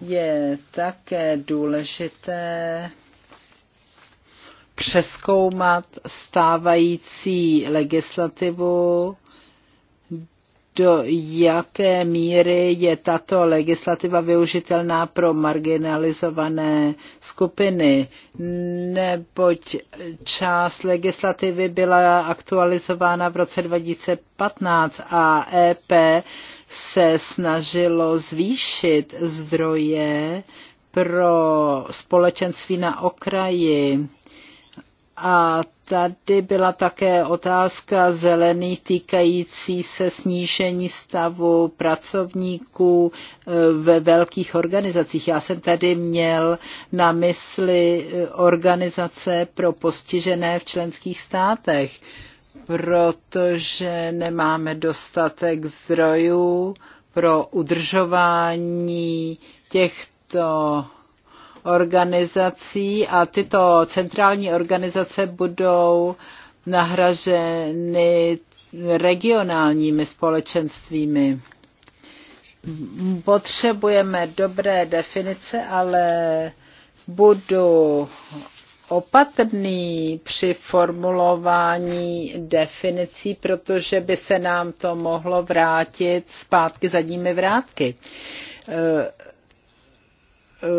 Je také důležité přeskoumat stávající legislativu, do jaké míry je tato legislativa využitelná pro marginalizované skupiny, neboť část legislativy byla aktualizována v roce 2015 a EP se snažilo zvýšit zdroje pro společenství na okraji a tady byla také otázka zelených týkající se snížení stavu pracovníků eh, ve velkých organizacích. Já jsem tady měl na mysli eh, organizace pro postižené v členských státech, protože nemáme dostatek zdrojů pro udržování těchto organizací a tyto centrální organizace budou nahraženy regionálními společenstvími. Potřebujeme dobré definice, ale budu opatrný při formulování definicí, protože by se nám to mohlo vrátit zpátky zadními vrátky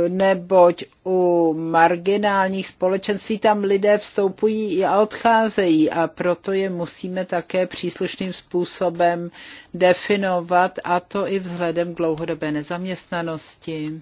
neboť u marginálních společenství tam lidé vstoupují a odcházejí a proto je musíme také příslušným způsobem definovat a to i vzhledem k dlouhodobé nezaměstnanosti.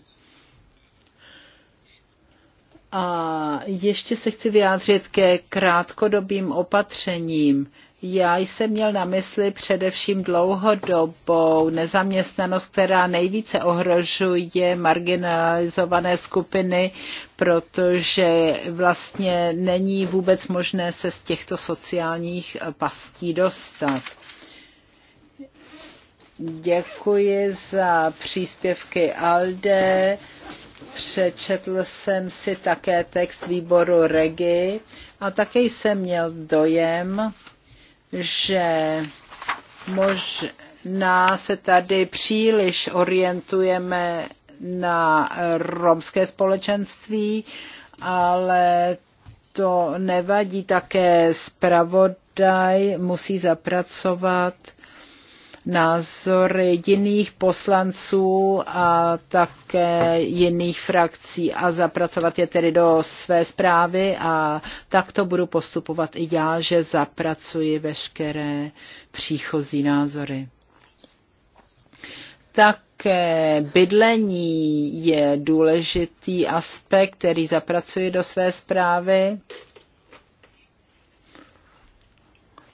A ještě se chci vyjádřit ke krátkodobým opatřením. Já jsem měl na mysli především dlouhodobou nezaměstnanost, která nejvíce ohrožuje marginalizované skupiny, protože vlastně není vůbec možné se z těchto sociálních pastí dostat. Děkuji za příspěvky Alde. Přečetl jsem si také text výboru Regi a také jsem měl dojem, že možná se tady příliš orientujeme na romské společenství, ale to nevadí také zpravodaj musí zapracovat názory jiných poslanců a také jiných frakcí a zapracovat je tedy do své zprávy a tak to budu postupovat i já, že zapracuji veškeré příchozí názory. Tak také bydlení je důležitý aspekt, který zapracuji do své zprávy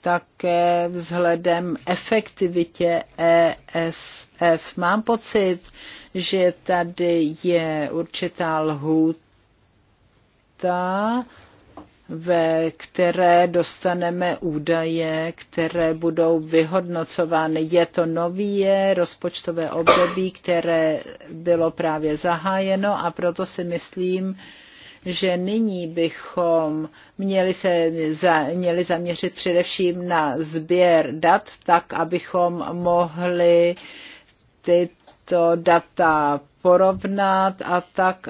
také vzhledem efektivitě ESF. Mám pocit, že tady je určitá lhůta, ve které dostaneme údaje, které budou vyhodnocovány. Je to nové rozpočtové období, které bylo právě zahájeno a proto si myslím, že nyní bychom měli se za, měli zaměřit především na sběr dat, tak abychom mohli tyto data porovnat a tak,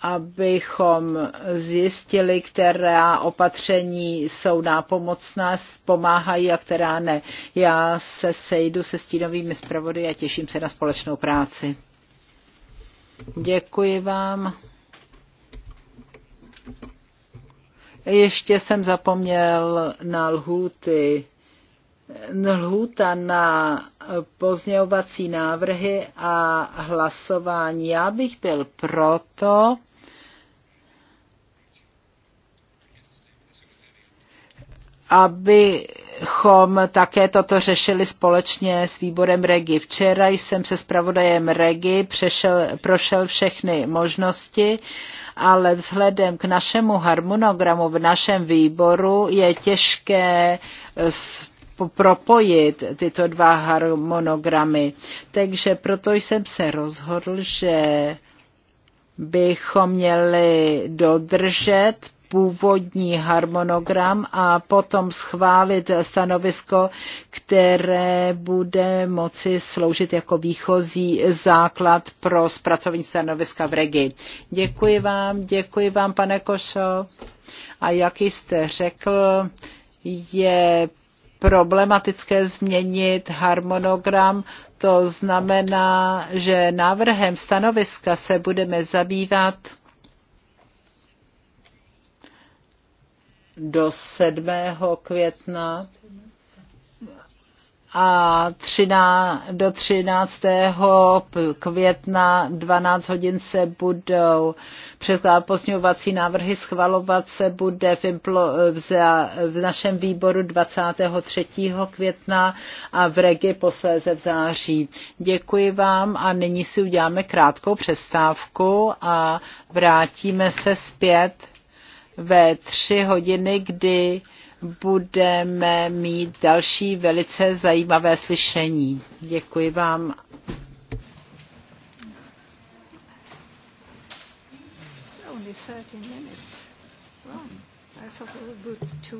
abychom zjistili, která opatření jsou nápomocná, pomáhají a která ne. Já se sejdu se stínovými zpravody a těším se na společnou práci. Děkuji vám. Ještě jsem zapomněl na lhůty. Lhůta na pozměňovací návrhy a hlasování. Já bych byl proto, abychom také toto řešili společně s výborem Regi. Včera jsem se zpravodajem Regi přešel, prošel všechny možnosti ale vzhledem k našemu harmonogramu v našem výboru je těžké eh, propojit tyto dva harmonogramy. Takže proto jsem se rozhodl, že bychom měli dodržet původní harmonogram a potom schválit stanovisko, které bude moci sloužit jako výchozí základ pro zpracování stanoviska v regi. Děkuji vám, děkuji vám, pane Košo. A jak jste řekl, je problematické změnit harmonogram. To znamená, že návrhem stanoviska se budeme zabývat do 7. května a třiná, do 13. května 12 hodin se budou předkládat posňovací návrhy, schvalovat se bude v, implo, v, za, v našem výboru 23. května a v regi posléze v září. Děkuji vám a nyní si uděláme krátkou přestávku a vrátíme se zpět ve tři hodiny, kdy budeme mít další velice zajímavé slyšení. Děkuji vám. Only minutes. I